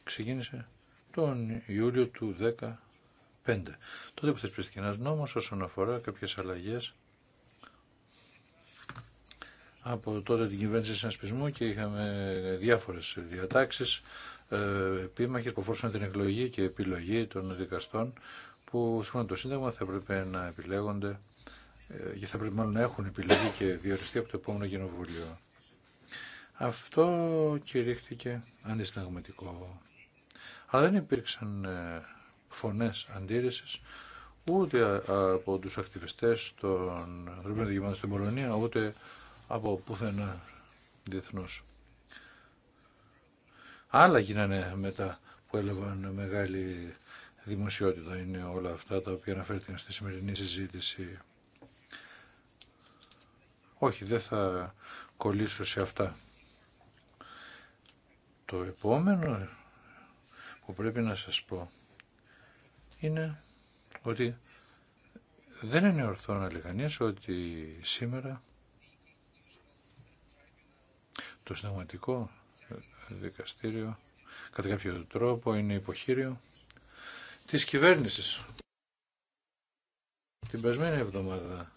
ξεκίνησε τον Ιούλιο του 2015. Τότε που θεσπίστηκε ένας νόμος όσον αφορά κάποιες αλλαγές από τότε την κυβέρνηση συνασπισμού και είχαμε διάφορες διατάξεις ε, επίμαχες που αφορούσαν την εκλογή και επιλογή των δικαστών που σύμφωνα το Σύνταγμα θα έπρεπε να επιλέγονται και ε, θα πρέπει μάλλον να έχουν επιλεγεί και διοριστεί από το επόμενο κοινοβούλιο. Αυτό κηρύχθηκε αντισταγματικό. Αλλά δεν υπήρξαν ε, φωνές αντίρρησης ούτε από τους ακτιβιστές των ανθρωπίνων δικαιωμάτων στην Πολωνία, ούτε από πουθενά διεθνώς. Άλλα γίνανε μετά που έλαβαν μεγάλη δημοσιότητα. Είναι όλα αυτά τα οποία αναφέρθηκαν στη σημερινή συζήτηση. Όχι, δεν θα κολλήσω σε αυτά. Το επόμενο που πρέπει να σας πω είναι ότι δεν είναι ορθό να λέει ότι σήμερα το συνταγματικό δικαστήριο κατά κάποιο τρόπο είναι υποχείριο της κυβέρνησης. Την περασμένη εβδομάδα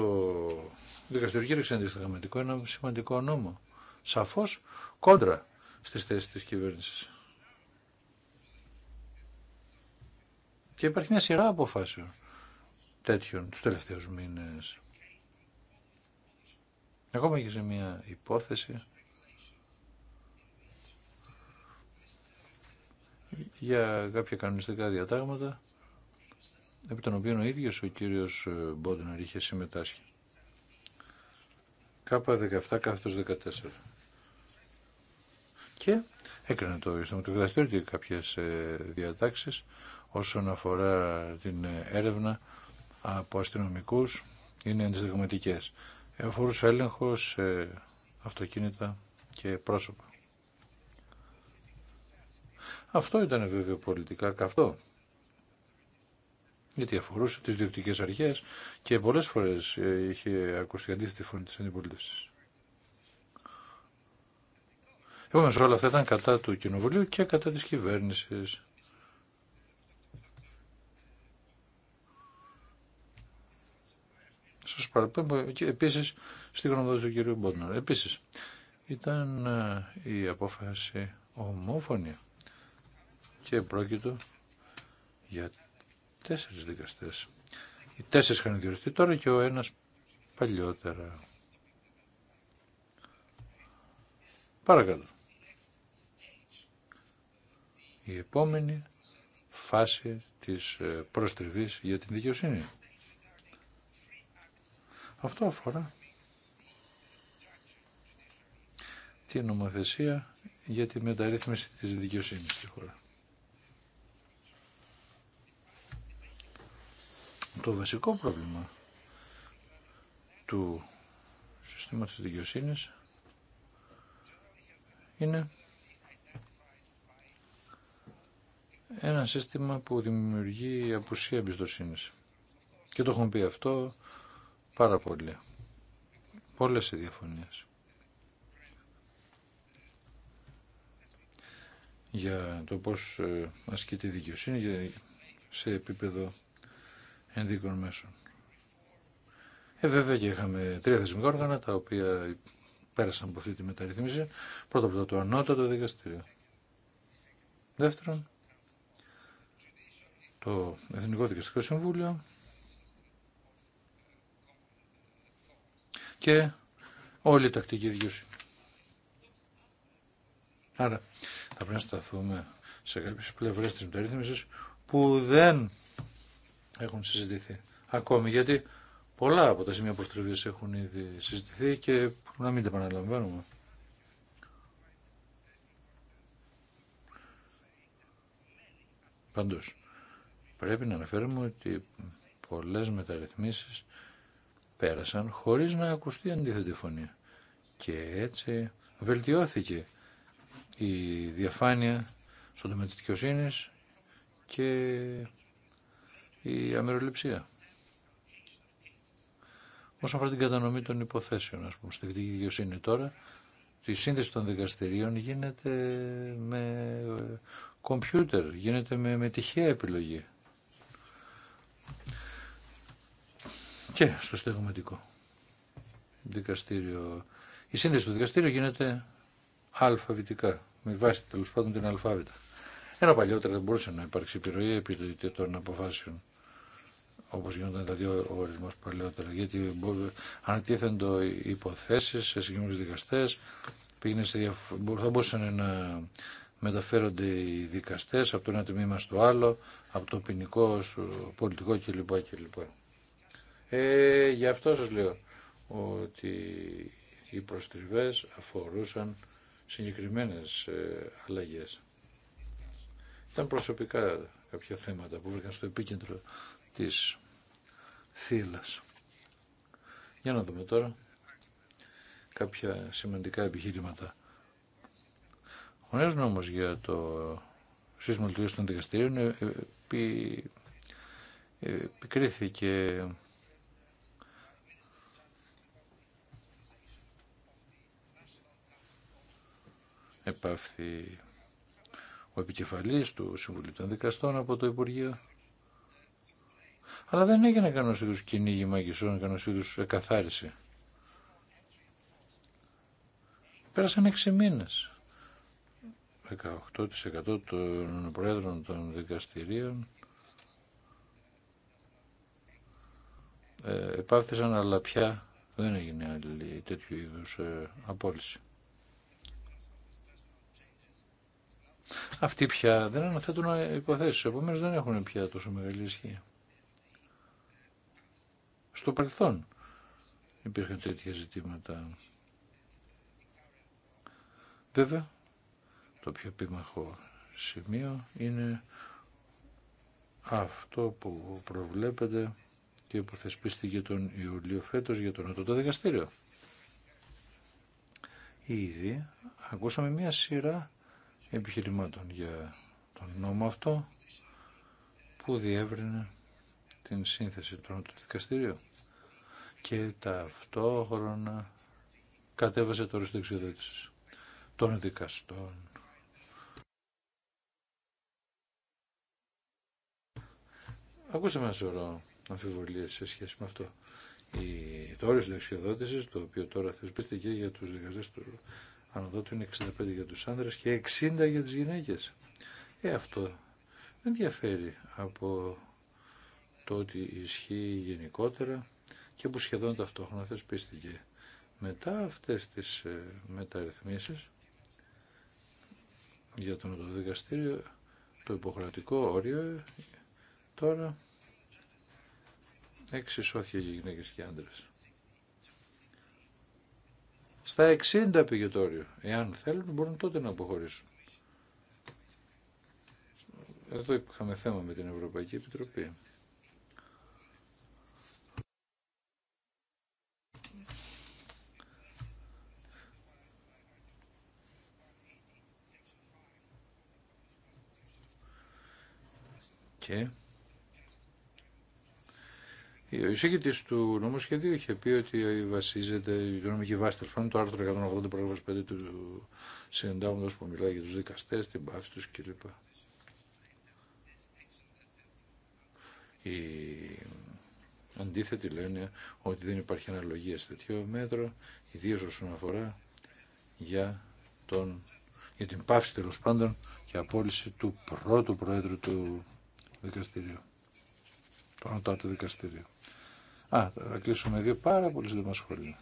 το δικαστήριο κήρυξε αντίστοιχα ένα σημαντικό νόμο. Σαφώς κόντρα στις θέσεις της κυβέρνησης. Και υπάρχει μια σειρά αποφάσεων τέτοιων τους τελευταίους μήνες. Ακόμα και σε μια υπόθεση για κάποια κανονιστικά διατάγματα επί των οποίων ο ίδιος ο κύριος ε, Μπόντεναρ είχε συμμετάσχει. Κάπα 17 κάθετος 14. Και έκρινε το δικαστήριο και κάποιες ε, διατάξεις όσον αφορά την ε, έρευνα από αστυνομικού είναι αντισδεγματικές. Αφορούσε έλεγχο αυτοκίνητα και πρόσωπα. Αυτό ήταν βέβαια πολιτικά καυτό γιατί αφορούσε τις διοικητικές αρχές και πολλές φορές ε, είχε ακουστεί αντίθετη φωνή της αντιπολίτευσης. Επομένω όλα αυτά ήταν κατά του Κοινοβουλίου και κατά της κυβέρνησης. Σας παραπέμπω και επίσης στη γνωμοδότηση του κ. Μπόντναρ. Επίσης ήταν ε, η απόφαση ομόφωνη και πρόκειτο για Τέσσερις δικαστές. Οι τέσσερις είχαν διοριστεί τώρα και ο ένας παλιότερα. Παρακαλώ. Η επόμενη φάση της ε, προστριβής για την δικαιοσύνη. Αυτό αφορά την νομοθεσία για τη μεταρρύθμιση της δικαιοσύνης στη χώρα. το βασικό πρόβλημα του συστήματος δικαιοσύνης είναι ένα σύστημα που δημιουργεί απουσία εμπιστοσύνη. Και το έχουν πει αυτό πάρα πολύ. Πολλές οι διαφωνίες. Για το πώς ε, ασκείται τη δικαιοσύνη σε επίπεδο ενδίκων μέσων. Ε, βέβαια και είχαμε τρία θεσμικά όργανα τα οποία πέρασαν από αυτή τη μεταρρύθμιση. Πρώτα απ' το ανώτατο δικαστήριο. Δεύτερον, το Εθνικό Δικαστικό Συμβούλιο και όλη η τακτική δικαιοσύνη. Άρα θα πρέπει να σταθούμε σε κάποιες πλευρές της μεταρρύθμισης που δεν έχουν συζητηθεί. Ακόμη γιατί πολλά από τα σημεία προστριβής έχουν ήδη συζητηθεί και να μην τα επαναλαμβάνουμε. Πάντως, πρέπει να αναφέρουμε ότι πολλές μεταρρυθμίσεις πέρασαν χωρίς να ακουστεί αντίθετη φωνή. Και έτσι βελτιώθηκε η διαφάνεια στον τομέα της δικαιοσύνης και η αμεροληψία. Όσον αφορά την κατανομή των υποθέσεων, ας πούμε, στη δικαιοσύνη τώρα, η σύνδεση των δικαστηρίων γίνεται με ε, κομπιούτερ, γίνεται με, τυχαία επιλογή. Και στο στεγματικό δικαστήριο. Η σύνδεση του δικαστήριου γίνεται αλφαβητικά, με βάση τέλο πάντων την αλφάβητα. Ένα παλιότερα δεν μπορούσε να υπάρξει επιρροή επί των αποφάσεων όπως γινόταν δηλαδή ο ορισμός παλαιότερα, γιατί αν υποθέσει υποθέσεις σε συγκεκριμένους δικαστές, πήγαινε σε θα μπορούσαν να μεταφέρονται οι δικαστές από το ένα τμήμα στο άλλο, από το ποινικό, στο πολιτικό κλπ. κλπ. Ε, γι' αυτό σας λέω ότι οι προστριβές αφορούσαν συγκεκριμένες ε, αλλαγές. Ήταν προσωπικά κάποια θέματα που βρήκαν στο επίκεντρο της θύλας. Για να δούμε τώρα κάποια σημαντικά επιχείρηματα. Ο νέος νόμος για το σύστημα λειτουργίας των δικαστηρίων ε, ε, επι... Ε, επικρίθηκε επάφθη ο επικεφαλής του Συμβουλίου των Δικαστών από το Υπουργείο αλλά δεν έγινε κανένα είδου κυνήγημα μαγισσών, κανένα είδου εκαθάριση. Πέρασαν έξι μήνε. 18% των πρόεδρων των δικαστηρίων ε, επάφθησαν, αλλά πια δεν έγινε άλλη τέτοιου είδους ε, απόλυση. Αυτοί πια δεν αναθέτουν ε, υποθέσεις, επομένως δεν έχουν πια τόσο μεγάλη ισχύ στο παρελθόν υπήρχαν τέτοια ζητήματα. Βέβαια, το πιο επίμαχο σημείο είναι αυτό που προβλέπεται και που θεσπίστηκε τον Ιουλίο φέτος για τον το δικαστήριο. Ήδη ακούσαμε μια σειρά επιχειρημάτων για τον νόμο αυτό που διεύρυνε την σύνθεση του δικαστηρίου και ταυτόχρονα κατέβασε το ρίστο εξοδότησης των δικαστών. Ακούσαμε ένα σωρό αμφιβολίες σε σχέση με αυτό. Η, το όριο το οποίο τώρα θεσπίστηκε για τους δικαστές του Αναδότου, είναι 65 για τους άνδρες και 60 για τις γυναίκες. Ε, αυτό δεν διαφέρει από το ότι ισχύει γενικότερα και που σχεδόν ταυτόχρονα θεσπίστηκε. Μετά αυτές τις ε, μεταρρυθμίσεις για τον το δικαστήριο το υποχρεωτικό όριο τώρα εξισώθηκε για γυναίκες και άντρες. Στα 60 πήγε το όριο. Εάν θέλουν μπορούν τότε να αποχωρήσουν. Εδώ είχαμε θέμα με την Ευρωπαϊκή Επιτροπή. Και ο εισήγητη του νομοσχεδίου είχε πει ότι βασίζεται η νομική βάση τέλο το άρθρο 180 πρόγραμμα 5 του συντάγματο που μιλάει για του δικαστέ, την πάυση του κλπ. Οι αντίθετοι λένε ότι δεν υπάρχει αναλογία σε τέτοιο μέτρο, ιδίω όσον αφορά για, τον, για την πάυση τέλο πάντων και απόλυση του πρώτου Προέδρου του δικαστήριο. Το ανωτάτο δικαστήριο. Α, θα κλείσουμε δύο πάρα πολύ σύντομα σχόλια.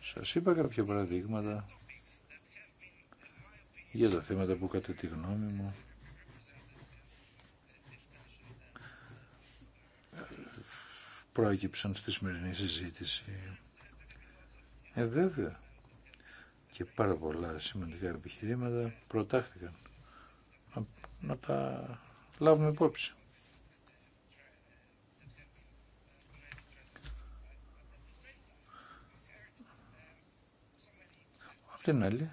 Σας είπα κάποια παραδείγματα για τα θέματα που κατά τη γνώμη μου προέκυψαν στη σημερινή συζήτηση. Ε, βέβαια και πάρα πολλά σημαντικά επιχειρήματα προτάχθηκαν να, τα λάβουμε υπόψη. Απ' την άλλη,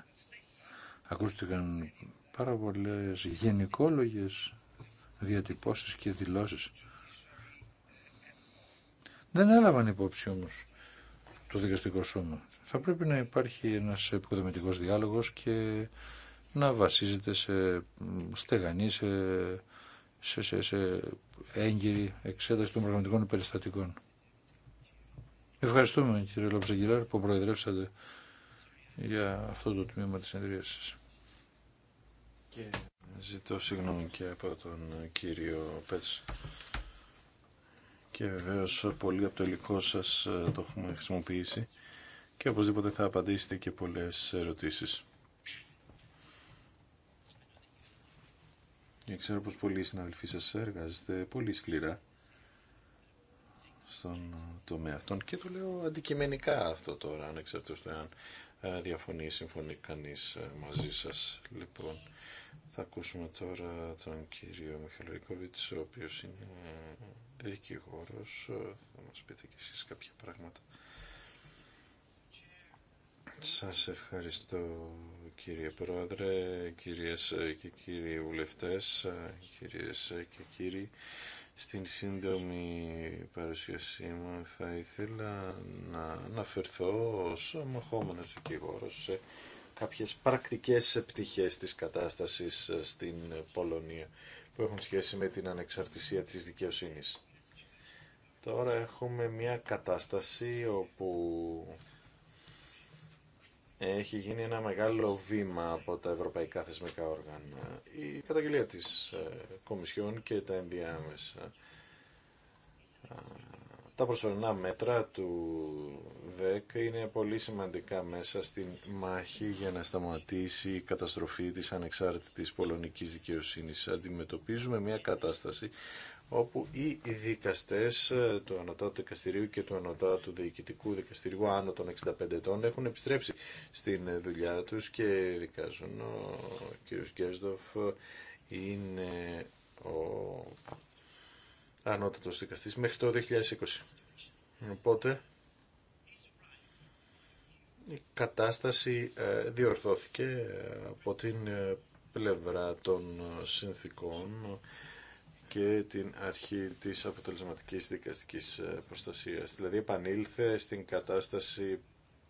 ακούστηκαν πάρα πολλές γενικόλογες διατυπώσεις και δηλώσεις. Δεν έλαβαν υπόψη όμως το δικαστικό σώμα θα πρέπει να υπάρχει ένας υποδομητικός διάλογος και να βασίζεται σε στεγανή, σε, σε, σε, σε έγκυρη εξέταση των πραγματικών περιστατικών. Ευχαριστούμε κύριε Λαμψαγγελάρ που προεδρεύσατε για αυτό το τμήμα της συνεδρίας σας. Και ζητώ συγγνώμη και από τον κύριο Πέτς. Και βεβαίως πολύ από το υλικό σας ε, το έχουμε χρησιμοποιήσει και οπωσδήποτε θα απαντήσετε και πολλές ερωτήσεις. Και ξέρω πως πολλοί συναδελφοί σας εργάζεστε πολύ σκληρά στον τομέα αυτόν και το λέω αντικειμενικά αυτό τώρα αν του εάν ε, διαφωνεί ή συμφωνεί κανείς ε, μαζί σας. Λοιπόν, θα ακούσουμε τώρα τον κύριο Μιχαλοϊκόβιτς, ο οποίος είναι δικηγόρος, ε, θα μας πείτε και εσείς κάποια πράγματα. Σας ευχαριστώ κύριε Πρόεδρε, κυρίες και κύριοι βουλευτές, κυρίες και κύριοι. Στην σύντομη παρουσίασή μου θα ήθελα να αναφερθώ ως μαχόμενος δικηγόρος σε κάποιες πρακτικές επιτυχίες της κατάστασης στην Πολωνία που έχουν σχέση με την ανεξαρτησία της δικαιοσύνης. Τώρα έχουμε μια κατάσταση όπου έχει γίνει ένα μεγάλο βήμα από τα ευρωπαϊκά θεσμικά όργανα. Η καταγγελία της ε, Κομισιόν και τα ενδιάμεσα. Τα προσωρινά μέτρα του ΔΕΚ είναι πολύ σημαντικά μέσα στην μάχη για να σταματήσει η καταστροφή της ανεξάρτητης πολωνικής δικαιοσύνης. Αντιμετωπίζουμε μια κατάσταση όπου οι δικαστές ε, του Ανωτάτου Δικαστηρίου και του Ανωτάτου Διοικητικού Δικαστηρίου άνω των 65 ετών έχουν επιστρέψει στην ε, δουλειά τους και δικάζουν. Ο κ. Γκέρσδοφ είναι ο ανώτατος δικαστής μέχρι το 2020. Οπότε η κατάσταση ε, διορθώθηκε από την πλευρά των συνθήκων και την αρχή της αποτελεσματικής δικαστικής ε, προστασίας. Δηλαδή επανήλθε στην κατάσταση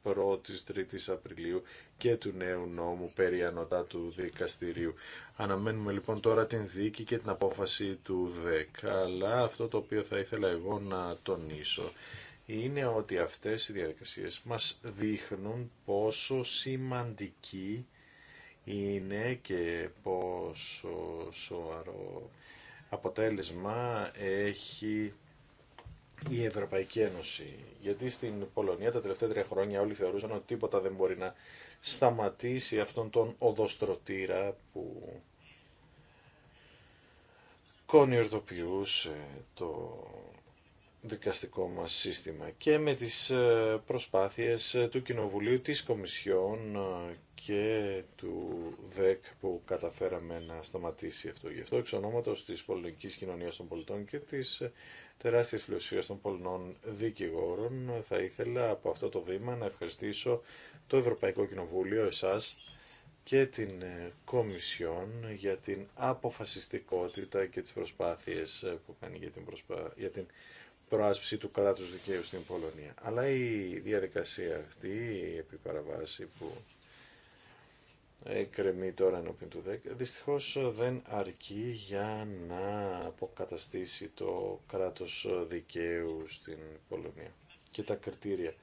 1ης 3ης Απριλίου και του νέου νόμου περί ανώτατου δικαστηρίου. Αναμένουμε λοιπόν τώρα την δίκη και την απόφαση του ΔΕΚ, αλλά αυτό το οποίο θα ήθελα εγώ να τονίσω είναι ότι αυτές οι διαδικασίες μας δείχνουν πόσο σημαντική είναι και πόσο σοβαρό αποτέλεσμα έχει η Ευρωπαϊκή Ένωση. Γιατί στην Πολωνία τα τελευταία τρία χρόνια όλοι θεωρούσαν ότι τίποτα δεν μπορεί να σταματήσει αυτόν τον οδοστρωτήρα που κονιορτοποιούσε το δικαστικό μας σύστημα και με τις ε, προσπάθειες ε, του Κοινοβουλίου, της Κομισιόν ε, και του ΔΕΚ που καταφέραμε να σταματήσει αυτό. Γι' αυτό εξ ονόματος της πολιτικής κοινωνίας των πολιτών και της τεράστιας φιλοσοφίας των πολιτών δικηγόρων θα ήθελα από αυτό το βήμα να ευχαριστήσω το Ευρωπαϊκό Κοινοβούλιο, εσάς και την Κομισιόν για την αποφασιστικότητα και τις προσπάθειες που κάνει την, προσπά... για την προάσπιση του κράτους δικαίου στην Πολωνία. Αλλά η διαδικασία αυτή, η επιπαραβάση που εκκρεμεί τώρα ενώπιν του ΔΕΚ, δυστυχώς δεν αρκεί για να αποκαταστήσει το κράτος δικαίου στην Πολωνία και τα κριτήρια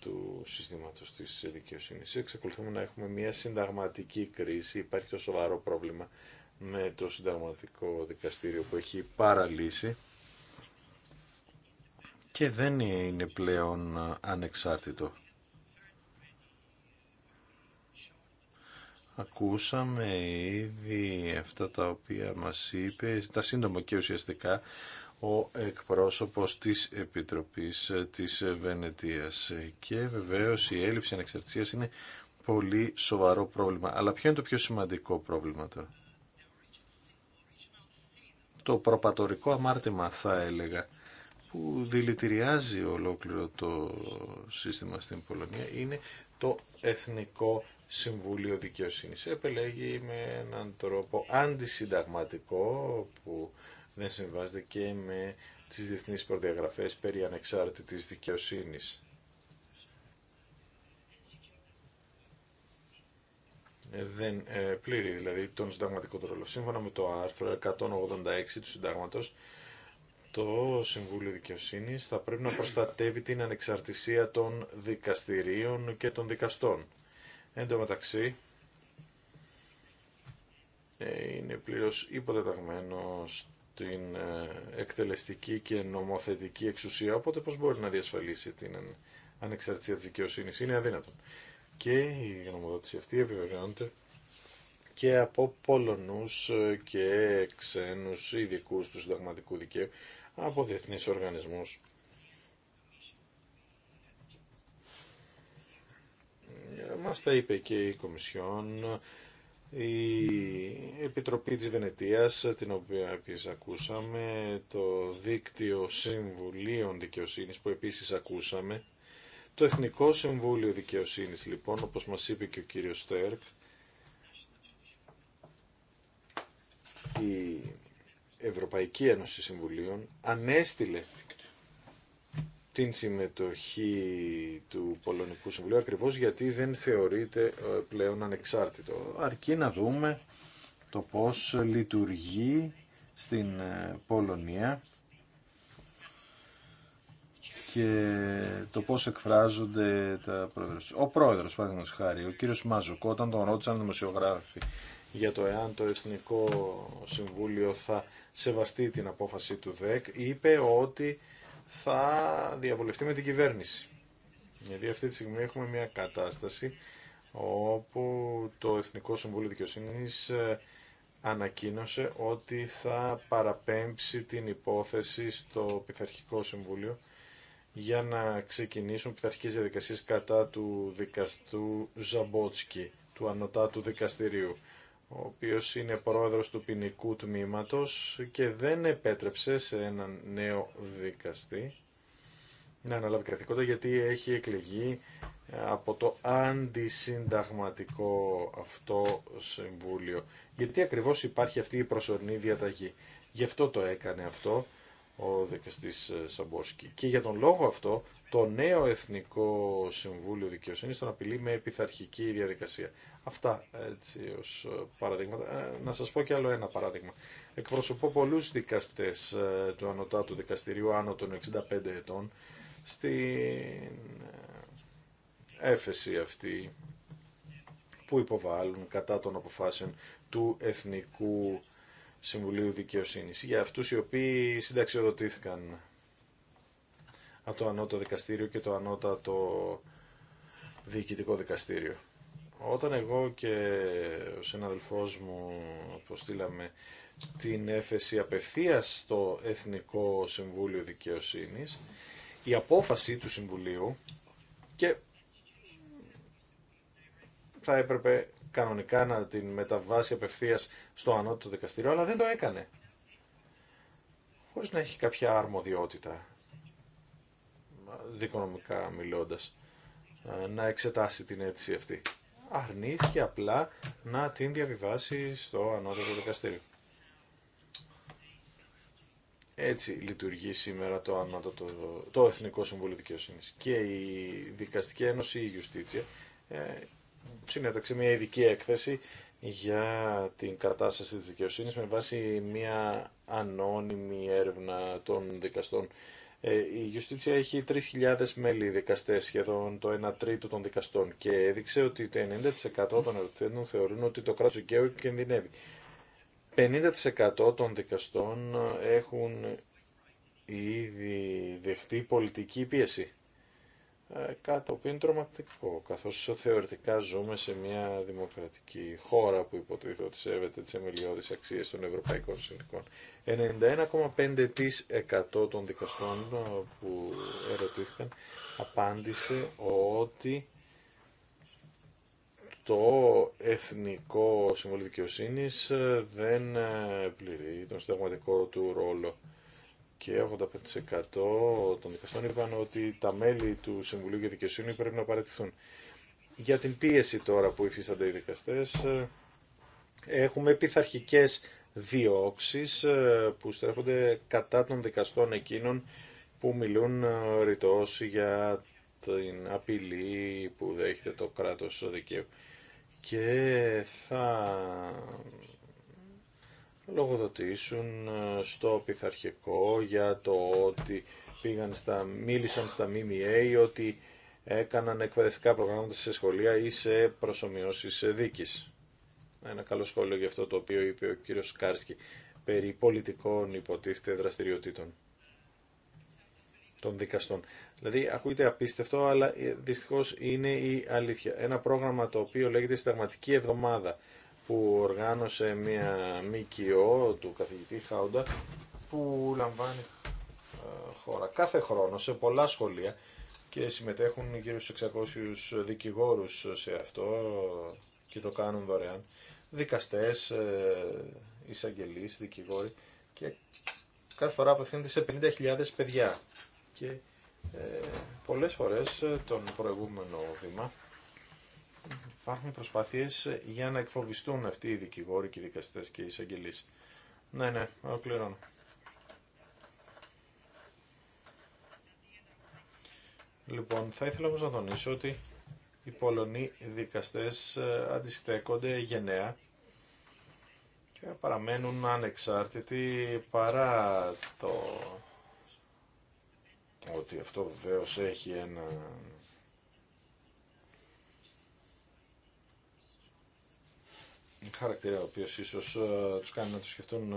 του συστήματος της δικαιοσύνης. Εξακολουθούμε να έχουμε μια συνταγματική κρίση, υπάρχει το σοβαρό πρόβλημα με το συνταγματικό δικαστήριο που έχει παραλύσει και δεν είναι πλέον ανεξάρτητο. Ακούσαμε ήδη αυτά τα οποία μας είπε, τα σύντομα και ουσιαστικά, ο εκπρόσωπος της Επιτροπής της Βενετίας. Και βεβαίως η έλλειψη ανεξαρτησίας είναι πολύ σοβαρό πρόβλημα. Αλλά ποιο είναι το πιο σημαντικό πρόβλημα τώρα. Το προπατορικό αμάρτημα θα έλεγα που δηλητηριάζει ολόκληρο το σύστημα στην Πολωνία είναι το Εθνικό Συμβούλιο Δικαιοσύνης. Επελέγει με έναν τρόπο αντισυνταγματικό που δεν συμβάζεται και με τις διεθνείς προδιαγραφές περί ανεξάρτητης δικαιοσύνης. δεν ε, πλήρει δηλαδή τον συνταγματικό τρόλο. Σύμφωνα με το άρθρο 186 του συντάγματος, το Συμβούλιο δικαιοσύνη θα πρέπει να προστατεύει την ανεξαρτησία των δικαστηρίων και των δικαστών. Εν τω μεταξύ, ε, είναι πλήρως υποτεταγμένο στην ε, εκτελεστική και νομοθετική εξουσία, οπότε πώς μπορεί να διασφαλίσει την ανεξαρτησία της δικαιοσύνη είναι αδύνατον. Και η γνωμοδότηση αυτή επιβεβαιώνεται και από Πολωνούς ε, και ξένους ειδικού του συνταγματικού δικαίου από διεθνείς οργανισμούς. Μας τα είπε και η Κομισιόν, η Επιτροπή της Βενετίας, την οποία επίσης ακούσαμε, το Δίκτυο Συμβουλίων Δικαιοσύνης που επίσης ακούσαμε, το Εθνικό Συμβούλιο Δικαιοσύνης λοιπόν, όπως μας είπε και ο κύριος Στέρκ, η Ευρωπαϊκή Ένωση Συμβουλίων ανέστηλε την συμμετοχή του Πολωνικού Συμβουλίου ακριβώς γιατί δεν θεωρείται ε, πλέον ανεξάρτητο. Αρκεί να δούμε το πώς λειτουργεί στην ε, Πολωνία και το πώς εκφράζονται τα πρόεδρος. Ο πρόεδρος, παραδείγματος χάρη, ο κύριος Μάζουκ, όταν τον ρώτησαν δημοσιογράφοι για το εάν το Εθνικό Συμβούλιο θα σεβαστεί την απόφαση του ΔΕΚ, είπε ότι θα διαβολευτεί με την κυβέρνηση. Γιατί αυτή τη στιγμή έχουμε μια κατάσταση όπου το Εθνικό Συμβούλιο Δικαιοσύνης ε, ανακοίνωσε ότι θα παραπέμψει την υπόθεση στο Πειθαρχικό Συμβούλιο για να ξεκινήσουν πειθαρχικές διαδικασίες κατά του δικαστού Ζαμπότσκι, του ανωτάτου δικαστηρίου ο οποίος είναι πρόεδρος του ποινικού τμήματος και δεν επέτρεψε σε έναν νέο δικαστή να αναλάβει καθήκοντα γιατί έχει εκλεγεί ε, από το αντισυνταγματικό αυτό συμβούλιο. Γιατί ακριβώς υπάρχει αυτή η προσωρινή διαταγή. Γι' αυτό το έκανε αυτό ο δικαστής ε, Σαμπόσκι. Και για τον λόγο αυτό το νέο Εθνικό Συμβούλιο Δικαιοσύνης τον απειλεί με επιθαρχική διαδικασία. Αυτά έτσι ως ε, παράδειγμα. Ε, να σας πω και άλλο ένα παράδειγμα. Εκπροσωπώ πολλούς δικαστές του Ανωτάτου Δικαστηρίου άνω των 65 ετών στην έφεση αυτή που υποβάλλουν κατά των αποφάσεων του Εθνικού Συμβουλίου Δικαιοσύνης για αυτούς οι οποίοι συνταξιοδοτήθηκαν από το Ανώτατο Δικαστήριο και το Ανώτατο Διοικητικό Δικαστήριο. Όταν εγώ και ο συναδελφός μου αποστήλαμε την έφεση απευθείας στο Εθνικό Συμβούλιο Δικαιοσύνης, η απόφαση του Συμβουλίου και θα έπρεπε κανονικά να την μεταβάσει απευθεία στο ανώτατο δικαστήριο, αλλά δεν το έκανε. Χωρί να έχει κάποια αρμοδιότητα, δικονομικά μιλώντα, ε, να εξετάσει την αίτηση αυτή. Αρνήθηκε απλά να την διαβιβάσει στο ανώτατο δικαστήριο. Έτσι λειτουργεί σήμερα το, το Εθνικό Συμβούλιο δικαιοσύνη. και η Δικαστική Ένωση, η Ιουστίτσια, συνέταξε μια ειδική έκθεση για την κατάσταση της δικαιοσύνης με βάση μια ανώνυμη έρευνα των δικαστών. Ε, η Ιουστίτσια έχει 3.000 μέλη δικαστές, σχεδόν το 1 τρίτο των δικαστών και έδειξε ότι το 90% των ερωτήτων θεωρούν ότι το κράτος δικαίου κινδυνεύει. 50% των δικαστών έχουν ήδη δεχτεί πολιτική πίεση. Ε, κάτι το είναι τρομακτικό, καθώς θεωρητικά ζούμε σε μια δημοκρατική χώρα που υποτίθεται ότι σέβεται τις εμελιώδεις αξίες των ευρωπαϊκών συνδικών. 91,5% των δικαστών ε, που ερωτήθηκαν απάντησε ότι το Εθνικό Συμβούλιο Δικαιοσύνη ε, δεν πληρεί τον συνταγματικό του ρόλο και 85% των δικαστών είπαν ότι τα μέλη του Συμβουλίου για Δικαιοσύνη πρέπει να παρατηθούν. Για την πίεση τώρα που υφίστανται οι δικαστές, έχουμε πειθαρχικές διώξεις ε, που στρέφονται κατά των δικαστών εκείνων που μιλούν ε, ρητός για την απειλή που δέχεται το κράτος δικαίου. Και θα λογοδοτήσουν ε, στο πειθαρχικό για το ότι πήγαν στα, μίλησαν στα ΜΜΕ ότι έκαναν εκπαιδευτικά προγράμματα σε σχολεία ή σε προσωμιώσεις δίκης. Ένα καλό σχόλιο για αυτό το οποίο είπε ο κύριος Σκάρσκι περί πολιτικών υποτίθεται δραστηριοτήτων των δικαστών. Δηλαδή ακούγεται απίστευτο, αλλά ε, δυστυχώς είναι η αλήθεια. Ένα πρόγραμμα το οποίο λέγεται Συνταγματική Εβδομάδα, που οργάνωσε μια ΜΚΟ του καθηγητή Χάουντα που λαμβάνει ε, χώρα κάθε χρόνο σε πολλά σχολεία και συμμετέχουν γύρω στους 600 δικηγόρους σε αυτό και το κάνουν δωρεάν. Δικαστές, ε, εισαγγελείς, δικηγόροι και κάθε φορά απευθύνεται σε 50.000 παιδιά και ε, πολλές φορές ε, τον προηγούμενο βήμα Υπάρχουν προσπαθίε για να εκφοβιστούν αυτοί οι δικηγόροι και οι δικαστές και οι εισαγγελίε. Ναι, ναι, ολοκληρώνω. Λοιπόν, θα ήθελα όμως να τονίσω ότι οι Πολωνοί δικαστές ε, αντιστέκονται γενναία και παραμένουν ανεξάρτητοι παρά το ότι αυτό βεβαίω έχει ένα χαρακτήρα ο οποίος ίσως ε, του κάνει να το σκεφτούν ε,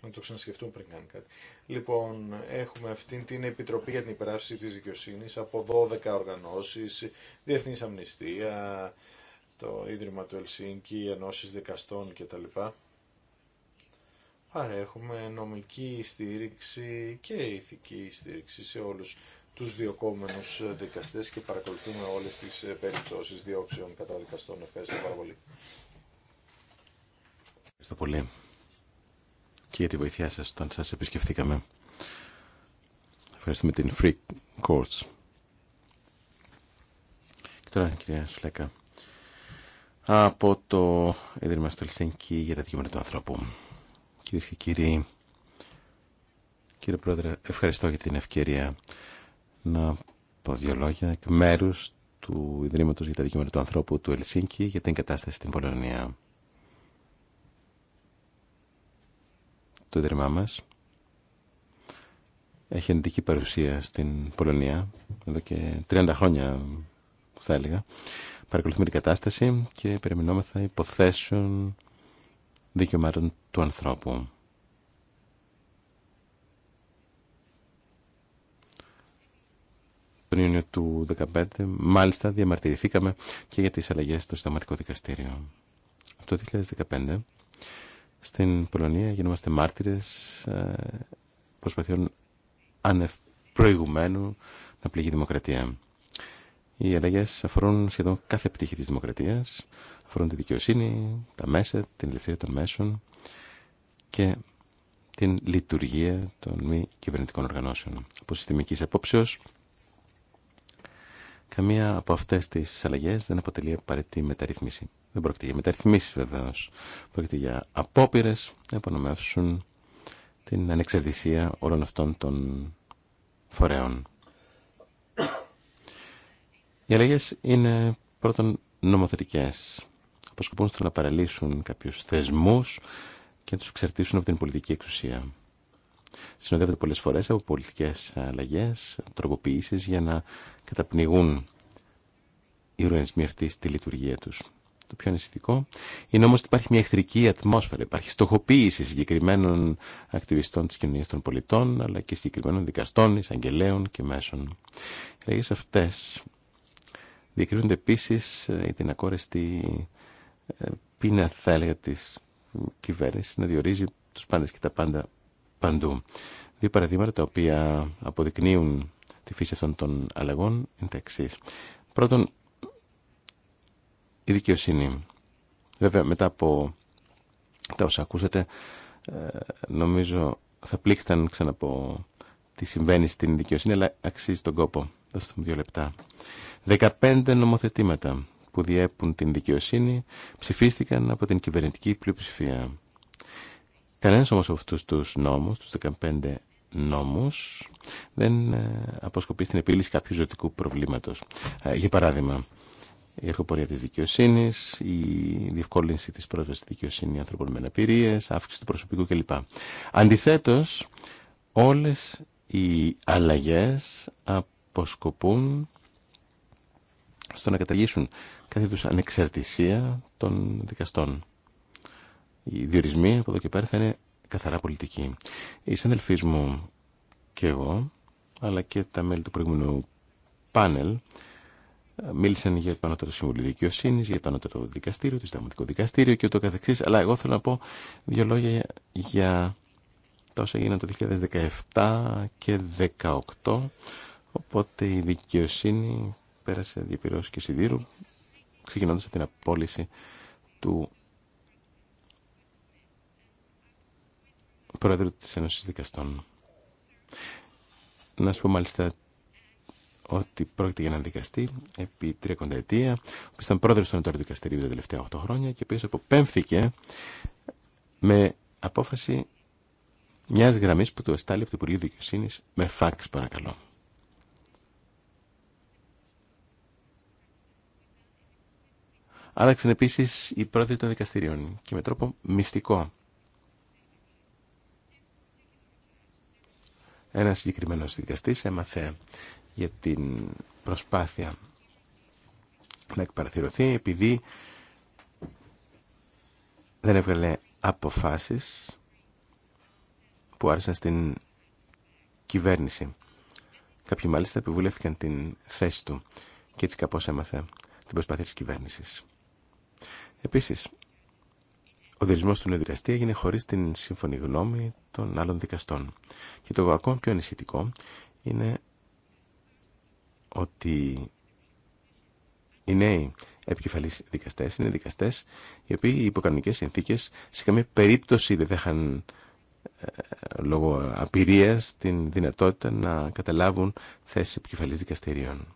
να το ξανασκεφτούν πριν κάνει κάτι. Λοιπόν, έχουμε αυτή την Επιτροπή για την Υπεράσπιση τη δικαιοσύνη από 12 οργανώσει, Διεθνή Αμνηστία, το Ίδρυμα του Ελσίνκη, Ενώσεις Δικαστών κτλ. Άρα έχουμε νομική στήριξη και ηθική στήριξη σε όλους τους διοκόμενους δικαστές και παρακολουθούμε όλες τις περιπτώσεις διώξεων κατά δικαστών. Ευχαριστώ πάρα πολύ. Ευχαριστώ πολύ και για τη βοήθειά σας όταν σας επισκεφθήκαμε. Ευχαριστούμε την Free Courts. Και τώρα, κυρία Σουλέκα, από το Ίδρυμα Στολσίνκη για τα δικαιώματα του ανθρώπου. Κυρίε και κύριοι, κύριε Πρόεδρε, ευχαριστώ για την ευκαιρία να πω δύο λόγια εκ μέρου του Ιδρύματο για τα Δικαιώματα του Ανθρώπου του Ελσίνκη για την κατάσταση στην Πολωνία. το Ίδρυμά μας. Έχει ενδική παρουσία στην Πολωνία, εδώ και 30 χρόνια θα έλεγα. Παρακολουθούμε την κατάσταση και περιμενόμεθα υποθέσεων δικαιωμάτων του ανθρώπου. Τον Ιούνιο του 2015, μάλιστα, διαμαρτυρηθήκαμε και για τις αλλαγές στο συνταγματικό δικαστήριο. το 2015 στην Πολωνία γινόμαστε μάρτυρες ε, προσπαθειών άνευ να πληγεί η δημοκρατία. Οι αλλαγέ αφορούν σχεδόν κάθε πτύχη της δημοκρατίας, αφορούν τη δικαιοσύνη, τα μέσα, την ελευθερία των μέσων και την λειτουργία των μη κυβερνητικών οργανώσεων. Από συστημικής απόψεως, Καμία από αυτέ τι αλλαγέ δεν αποτελεί απαραίτητη μεταρρύθμιση. Δεν πρόκειται για μεταρρυθμίσει βεβαίω. Πρόκειται για απόπειρε να υπονομεύσουν την ανεξαρτησία όλων αυτών των φορέων. Οι αλλαγέ είναι πρώτον νομοθετικέ. Αποσκοπούν στο να παραλύσουν κάποιου θεσμού και να του εξαρτήσουν από την πολιτική εξουσία. Συνοδεύεται πολλές φορές από πολιτικές αλλαγές, τροποποιήσεις για να καταπνιγούν οι οργανισμοί αυτοί στη λειτουργία τους. Το πιο ανησυχητικό είναι όμως ότι υπάρχει μια εχθρική ατμόσφαιρα, υπάρχει στοχοποίηση συγκεκριμένων ακτιβιστών της κοινωνίας των πολιτών, αλλά και συγκεκριμένων δικαστών, εισαγγελέων και μέσων. Οι αλλαγές αυτές διακρίνονται επίσης η ε, την ακόρεστη ε, πίνα, θα έλεγα, της κυβέρνηση να διορίζει τους πάντες και τα πάντα παντού. Δύο παραδείγματα τα οποία αποδεικνύουν τη φύση αυτών των αλλαγών είναι τα εξή. Πρώτον, η δικαιοσύνη. Βέβαια, μετά από τα όσα ακούσατε, ε, νομίζω θα πλήξταν ξανά από τι συμβαίνει στην δικαιοσύνη, αλλά αξίζει τον κόπο. Δώστε μου δύο λεπτά. 15 νομοθετήματα που διέπουν την δικαιοσύνη ψηφίστηκαν από την κυβερνητική πλειοψηφία. Κανένας όμως από αυτούς τους νόμους, τους 15 νόμους, δεν ε, αποσκοπεί στην επίλυση κάποιου ζωτικού προβλήματος. Ε, για παράδειγμα, η ερχοπορία της δικαιοσύνης, η διευκόλυνση της πρόσβασης στη δικαιοσύνη ανθρώπων με αναπηρίες, αύξηση του προσωπικού κλπ. Αντιθέτως, όλες οι αλλαγές αποσκοπούν στο να καταργήσουν κάθε ανεξαρτησία των δικαστών οι διορισμοί από εδώ και πέρα θα είναι καθαρά πολιτικοί. Οι συνδελφοί μου και εγώ, αλλά και τα μέλη του προηγούμενου πάνελ, μίλησαν για ανώτερο Συμβούλιο Δικαιοσύνη, για ανώτερο Δικαστήριο, το Συνταγματικό Δικαστήριο και ούτω καθεξής. Αλλά εγώ θέλω να πω δύο λόγια για τα όσα το 2017 και 2018. Οπότε η δικαιοσύνη πέρασε διαπηρώσει και σιδήρου, ξεκινώντας από την απόλυση του Πρόεδρο της Ένωσης Δικαστών. Να σου πω μάλιστα ότι πρόκειται για έναν δικαστή επί τρία ο που ήταν πρόεδρος του Ανατολικού Δικαστηρίου τα τελευταία 8 χρόνια και ο οποίος αποπέμφθηκε με απόφαση μια γραμμή που του εστάλει από το Υπουργείο Δικαιοσύνη με φάξ, παρακαλώ. Άλλαξαν επίση οι πρόεδροι των δικαστηριών και με τρόπο μυστικό. Ένα συγκεκριμένο δικαστή έμαθε για την προσπάθεια να εκπαραθυρωθεί επειδή δεν έβγαλε αποφάσεις που άρεσαν στην κυβέρνηση. Κάποιοι μάλιστα επιβουλεύτηκαν την θέση του και έτσι κάπως έμαθε την προσπάθεια της κυβέρνησης. Επίσης, ο διορισμό του νέου δικαστή έγινε χωρίς την σύμφωνη γνώμη των άλλων δικαστών. Και το ακόμα πιο ανησυχητικό είναι ότι οι νέοι επικεφαλεί δικαστές είναι δικαστές οι οποίοι υπό κανονικέ συνθήκε σε καμία περίπτωση δεν θα είχαν ε, λόγω απειρία την δυνατότητα να καταλάβουν θέσει επικεφαλής δικαστηρίων.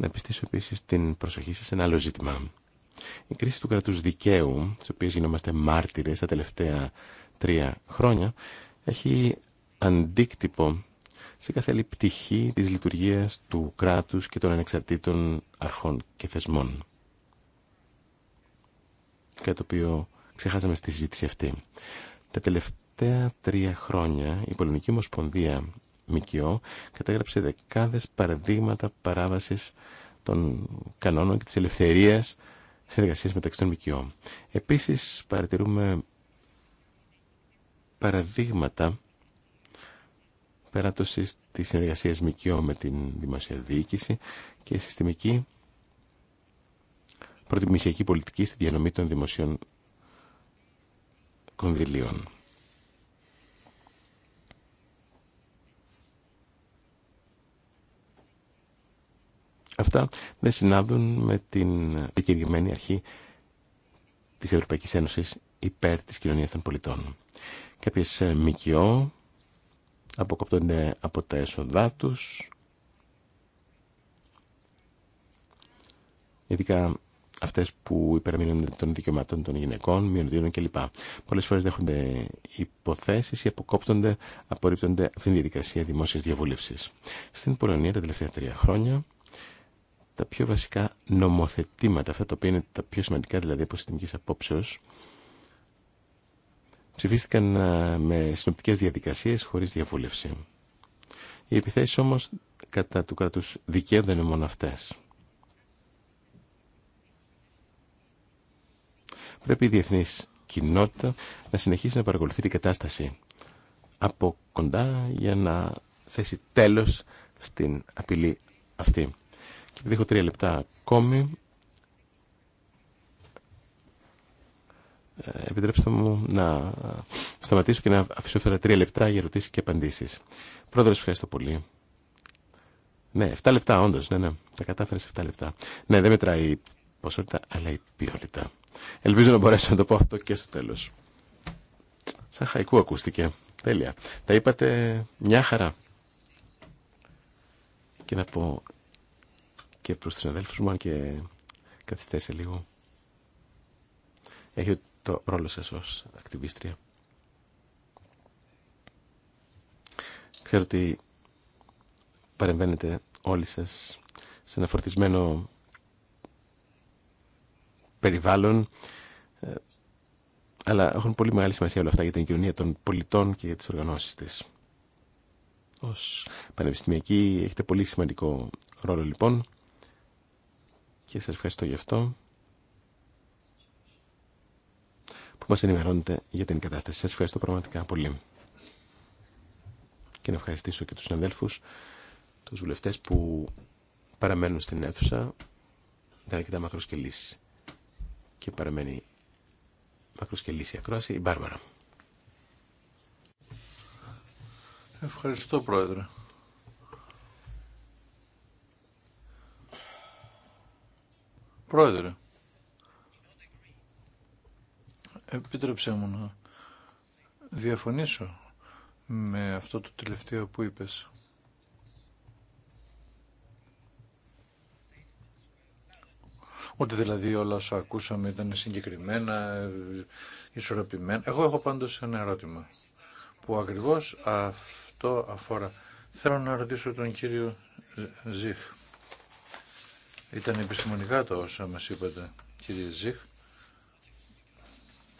Να επιστήσω επίσης την προσοχή σας σε ένα άλλο ζήτημα. Η κρίση του κρατούς δικαίου, τη οποία γινόμαστε μάρτυρες τα τελευταία τρία χρόνια, έχει αντίκτυπο σε κάθε πτυχή της λειτουργίας του κράτους και των ανεξαρτήτων αρχών και θεσμών. Κάτι το οποίο ξεχάσαμε στη συζήτηση αυτή. Τα τελευταία τρία χρόνια η Πολωνική Ομοσπονδία ΜΚΟ κατέγραψε δεκάδες παραδείγματα παράβασης των κανόνων και της ελευθερίας συνεργασίας μεταξύ των ΜΚΟ. Επίσης παρατηρούμε παραδείγματα περάτωσης της συνεργασίας ΜΚΟ με την δημοσία διοίκηση και συστημική προτιμησιακή πολιτική στη διανομή των δημοσίων κονδυλίων. αυτά δεν συνάδουν με την δικαιωμένη αρχή της Ευρωπαϊκής Ένωσης υπέρ της κοινωνίας των πολιτών. Κάποιες ε, ΜΚΟ αποκοπτώνται από τα έσοδά τους, ειδικά αυτέ που υπερμείνονται των δικαιωμάτων των γυναικών, μειονοτήτων κλπ. Πολλέ φορέ δέχονται υποθέσει ή αποκόπτονται, απορρίπτονται από την διαδικασία δημόσια διαβούλευση. Στην Πολωνία τα τελευταία τρία χρόνια τα πιο βασικά νομοθετήματα, αυτά τα οποία είναι τα πιο σημαντικά δηλαδή από συστημικής απόψεως, ψηφίστηκαν με συνοπτικές διαδικασίες χωρίς διαβούλευση. Οι επιθέσεις όμως κατά του κρατούς δικαίου δεν είναι μόνο αυτές. Πρέπει η διεθνή κοινότητα να συνεχίσει να παρακολουθεί την κατάσταση από κοντά για να θέσει τέλος στην απειλή αυτή επειδή έχω τρία λεπτά ακόμη, ε, επιτρέψτε μου να σταματήσω και να αφήσω αυτά τα τρία λεπτά για ερωτήσει και απαντήσεις. Πρόεδρε, ευχαριστώ πολύ. Ναι, 7 λεπτά όντως, ναι, ναι, τα κατάφερες 7 λεπτά. Ναι, δεν μετράει η ποσότητα, αλλά η ποιότητα. Ελπίζω να μπορέσω να το πω αυτό και στο τέλος. Σαν χαϊκού ακούστηκε. Τέλεια. Τα είπατε μια χαρά. Και να πω και προς τους αδέλφους μου, αν και καθυστέρησε λίγο. έχει το ρόλο σας ως ακτιβίστρια. Ξέρω ότι παρεμβαίνετε όλοι σας σε ένα φορτισμένο περιβάλλον, ε, αλλά έχουν πολύ μεγάλη σημασία όλα αυτά για την κοινωνία των πολιτών και για τις οργανώσεις της. Ως πανεπιστημιακή έχετε πολύ σημαντικό ρόλο λοιπόν και σας ευχαριστώ γι' αυτό που μας ενημερώνετε για την κατάσταση. Σας ευχαριστώ πραγματικά πολύ. Και να ευχαριστήσω και τους συναδέλφους, τους βουλευτές που παραμένουν στην αίθουσα, ήταν αρκετά μακροσκελής και παραμένει μακροσκελής η ακρόαση, η Μπάρμπαρα. Ευχαριστώ, Πρόεδρε. Πρόεδρε, επίτρεψέ μου να διαφωνήσω με αυτό το τελευταίο που είπες. Ότι δηλαδή όλα όσα ακούσαμε ήταν συγκεκριμένα, ισορροπημένα. Εγώ έχω πάντως ένα ερώτημα που ακριβώς αυτό αφορά. Θέλω να ρωτήσω τον κύριο Ζήχ. Ήταν επιστημονικά το όσα μας είπατε κύριε Ζήχ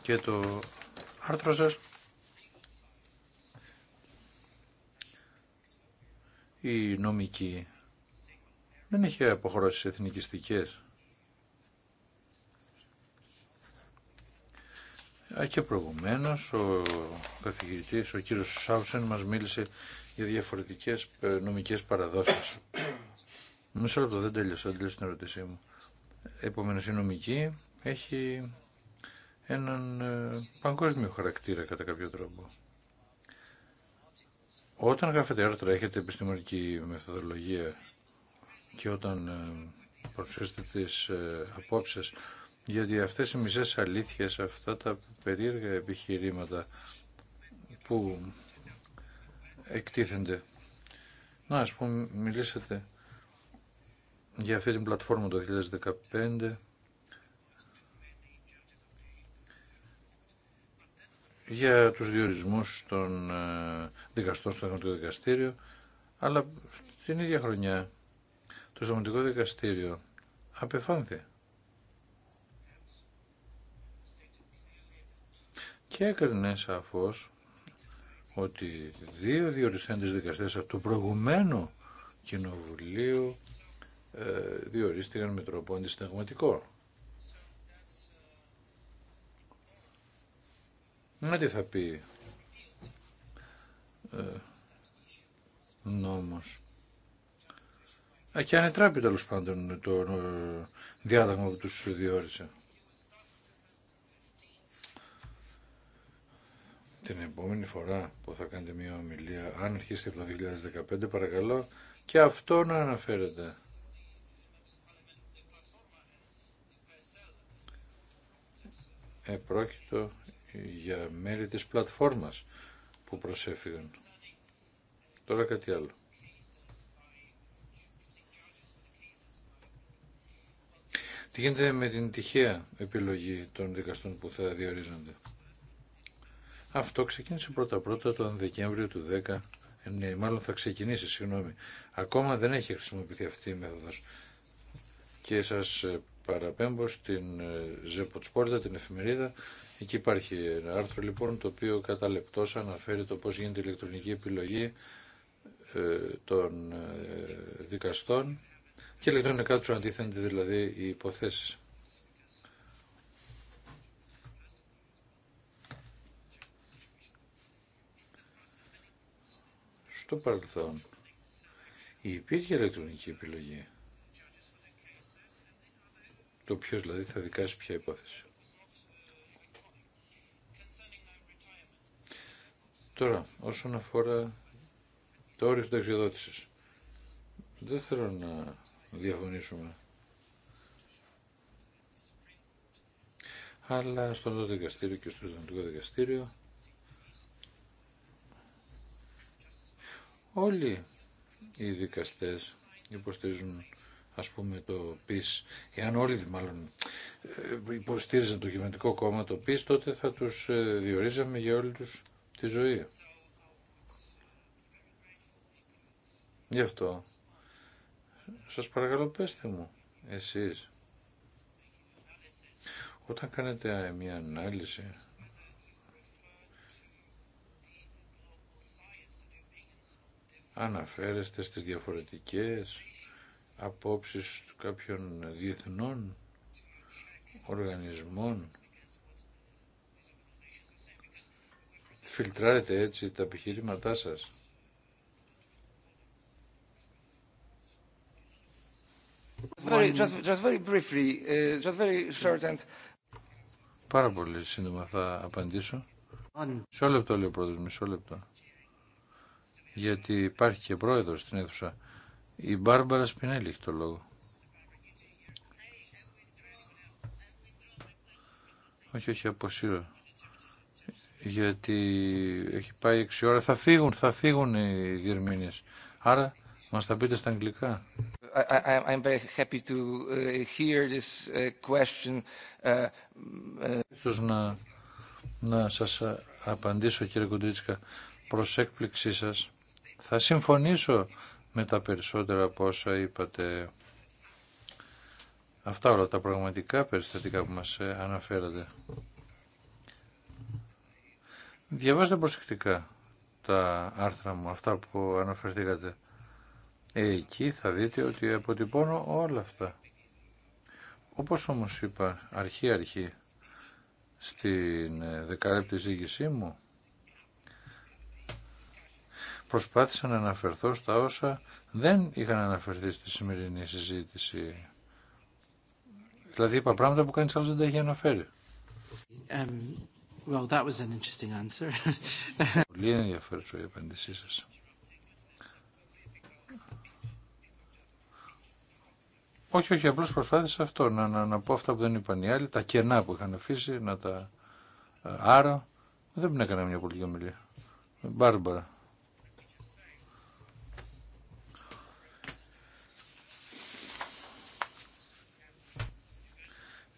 και το άρθρο σας η νομική δεν έχει αποχρώσεις εθνικιστικές και προηγουμένως ο καθηγητής, ο κύριος Σάουσεν μας μίλησε για διαφορετικές ε, νομικές παραδόσεις Μισό λεπτό, δεν τέλειωσα, δεν τέλειωσα την ερώτησή μου. Επομένως η νομική έχει έναν ε, παγκόσμιο χαρακτήρα κατά κάποιο τρόπο. Όταν γράφετε άρθρα έχετε επιστημονική μεθοδολογία και όταν ε, παρουσιάσετε τις ε, απόψεις, γιατί αυτές οι μισές αλήθειες, αυτά τα περίεργα επιχειρήματα που εκτίθενται. Να, ας πούμε, μιλήσατε για αυτή την πλατφόρμα το 2015 για τους διορισμούς των ε, δικαστών στο Δημοτικό Δικαστήριο αλλά την ίδια χρονιά το Δημοτικό Δικαστήριο απεφάνθη και έκρινε σαφώς ότι δύο διοριστέντες δικαστές από το προηγουμένο Κοινοβουλίου ε, διορίστηκαν με τρόπο αντισταγματικό. Να τι θα πει ε, νόμος. Α, και ανετράπει τέλο πάντων το ε, διάταγμα που τους διόρισε. Την επόμενη φορά που θα κάνετε μια ομιλία, αν αρχίσετε από το 2015, παρακαλώ, και αυτό να αναφέρετε. επρόκειτο για μέλη της πλατφόρμας που προσέφυγαν. Τώρα κάτι άλλο. Τι γίνεται με την τυχαία επιλογή των δικαστών που θα διορίζονται. Αυτό ξεκίνησε πρώτα-πρώτα τον Δεκέμβριο του 10. Ε, ναι, μάλλον θα ξεκινήσει, συγγνώμη. Ακόμα δεν έχει χρησιμοποιηθεί αυτή η μέθοδος. Και σας ε, παραπέμπω στην ε, Ζεποτσπόρτα, την εφημερίδα. Εκεί υπάρχει ένα άρθρο λοιπόν το οποίο κατά αναφέρει το πώς γίνεται η ηλεκτρονική επιλογή ε, των ε, δικαστών και ηλεκτρονικά του αντίθενται δηλαδή οι υποθέσεις. Στο παρελθόν υπήρχε ηλεκτρονική επιλογή. Το ποιο δηλαδή θα δικάσει ποια υπόθεση. Τώρα, όσον αφορά το όριο συνταξιοδότησης, δεν θέλω να διαφωνήσουμε. Αλλά στο δικαστήριο και στο Ισλαμικό δικαστήριο όλοι οι δικαστές υποστηρίζουν ας πούμε το ΠΙΣ, εάν όλοι μάλλον ε, υποστήριζαν το κυβερνητικό κόμμα το ΠΙΣ, τότε θα τους ε, διορίζαμε για όλη τους τη ζωή. Γι' αυτό σας παρακαλώ πέστε μου εσείς όταν κάνετε μια ανάλυση αναφέρεστε στις διαφορετικές απόψεις κάποιων διεθνών οργανισμών. Φιλτράρετε έτσι τα επιχειρήματά σας. Πάρα πολύ σύντομα θα απαντήσω. Μισό λεπτό λέει ο πρόεδρος, μισό λεπτό. Γιατί υπάρχει και πρόεδρος στην αίθουσα. Η Μπάρμπαρα Σπινέλη έχει το λόγο. Όχι, όχι, αποσύρω. Γιατί έχει πάει εξι ώρα. Θα φύγουν, θα φύγουν οι διερμήνες. Άρα μας τα πείτε στα αγγλικά. I, I'm very happy to uh, hear this uh, question. Uh, να, να σας ε, απαντήσω κύριε Κοντρίτσικα, προς έκπληξή σας. Θα συμφωνήσω με τα περισσότερα από όσα είπατε. Αυτά όλα τα πραγματικά περιστατικά που μας ε, αναφέρατε. Διαβάστε προσεκτικά τα άρθρα μου, αυτά που αναφερθήκατε. Ε, εκεί θα δείτε ότι αποτυπώνω όλα αυτά. Όπως όμως είπα αρχή-αρχή στην ε, δεκάλεπτη ζήγησή μου, προσπάθησα να αναφερθώ στα όσα δεν είχαν αναφερθεί στη σημερινή συζήτηση. Δηλαδή είπα πράγματα που κανείς άλλος δεν τα είχε αναφέρει. Um, well, that was an interesting answer. (laughs) Πολύ ενδιαφέρουσα η απάντησή σας. Όχι, όχι, απλώς προσπάθησα αυτό, να, να, να πω αυτά που δεν είπαν οι άλλοι, τα κενά που είχαν αφήσει, να τα... Ε, Άρα, δεν έκανα μια πολιτική ομιλία. Μπάρμπαρα.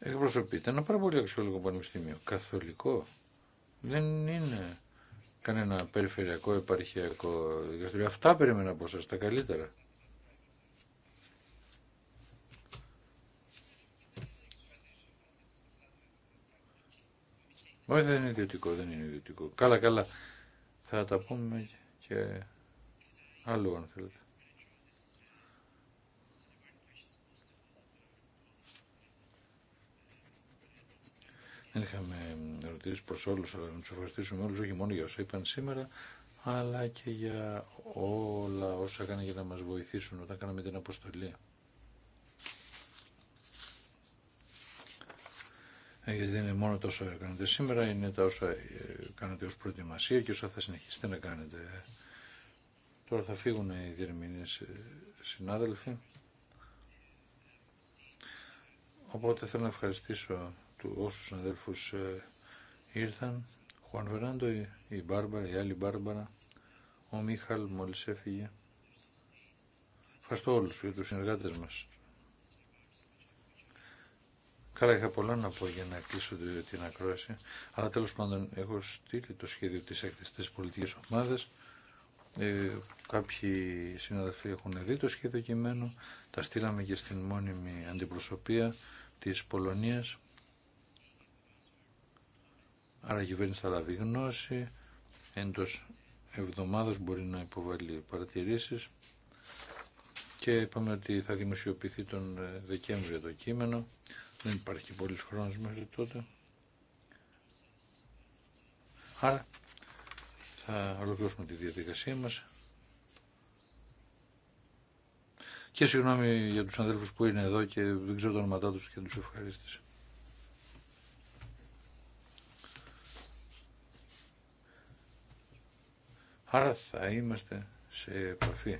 εκπροσωπείται ένα πάρα πολύ αξιόλογο πανεπιστήμιο. Καθολικό. Δεν είναι κανένα περιφερειακό, επαρχιακό δικαστήριο. Αυτά περίμενα από σας, τα καλύτερα. Όχι, δεν είναι ιδιωτικό, δεν είναι ιδιωτικό. Καλά, καλά. Θα τα πούμε και άλλο αν θέλετε. είχαμε ερωτήσει προ όλου, αλλά να του ευχαριστήσουμε όλου, όχι μόνο για όσα είπαν σήμερα, αλλά και για όλα όσα έκαναν για να μα βοηθήσουν όταν κάναμε την αποστολή. Ε, γιατί δεν είναι μόνο τόσο όσα κάνετε σήμερα, είναι τα όσα ε, κάνετε ως προετοιμασία και όσα θα συνεχίσετε να κάνετε. Τώρα θα φύγουν οι διερμηνείς ε, συνάδελφοι. Οπότε θέλω να ευχαριστήσω του όσους συναδέλφους ε, ήρθαν. Χουαν Φεράντο, η Μπάρμπαρα, η άλλη Μπάρμπαρα, ο Μίχαλ μόλις έφυγε. Ευχαριστώ όλους για τους συνεργάτες μας. Καλά είχα πολλά να πω για να κλείσω την ακρόαση, αλλά τέλος πάντων έχω στείλει το σχέδιο της έκτης πολιτικής ομάδας. Ε, κάποιοι συναδελφοί έχουν δει το σχέδιο κειμένου τα στείλαμε και στην μόνιμη αντιπροσωπεία της Πολωνίας Άρα η κυβέρνηση θα λάβει γνώση, έντος εβδομάδας μπορεί να υποβάλει παρατηρήσεις και είπαμε ότι θα δημοσιοποιηθεί τον ε, Δεκέμβριο το κείμενο. Δεν υπάρχει πολλής χρόνος μέχρι τότε. Άρα θα ολοκληρώσουμε τη διαδικασία μας. Και συγγνώμη για τους αδέλφους που είναι εδώ και δεν ξέρω το όνοματά τους και τους ευχαρίστησε. Άρα θα είμαστε σε επαφή.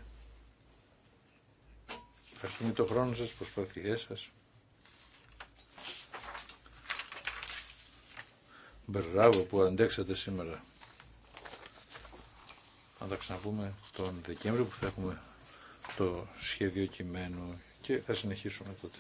Ευχαριστούμε το χρόνο σας, προσπαθειές σας. Μπράβο που αντέξατε σήμερα. Αν τα ξαναπούμε τον Δεκέμβριο που θα έχουμε το σχέδιο κειμένου και θα συνεχίσουμε τότε.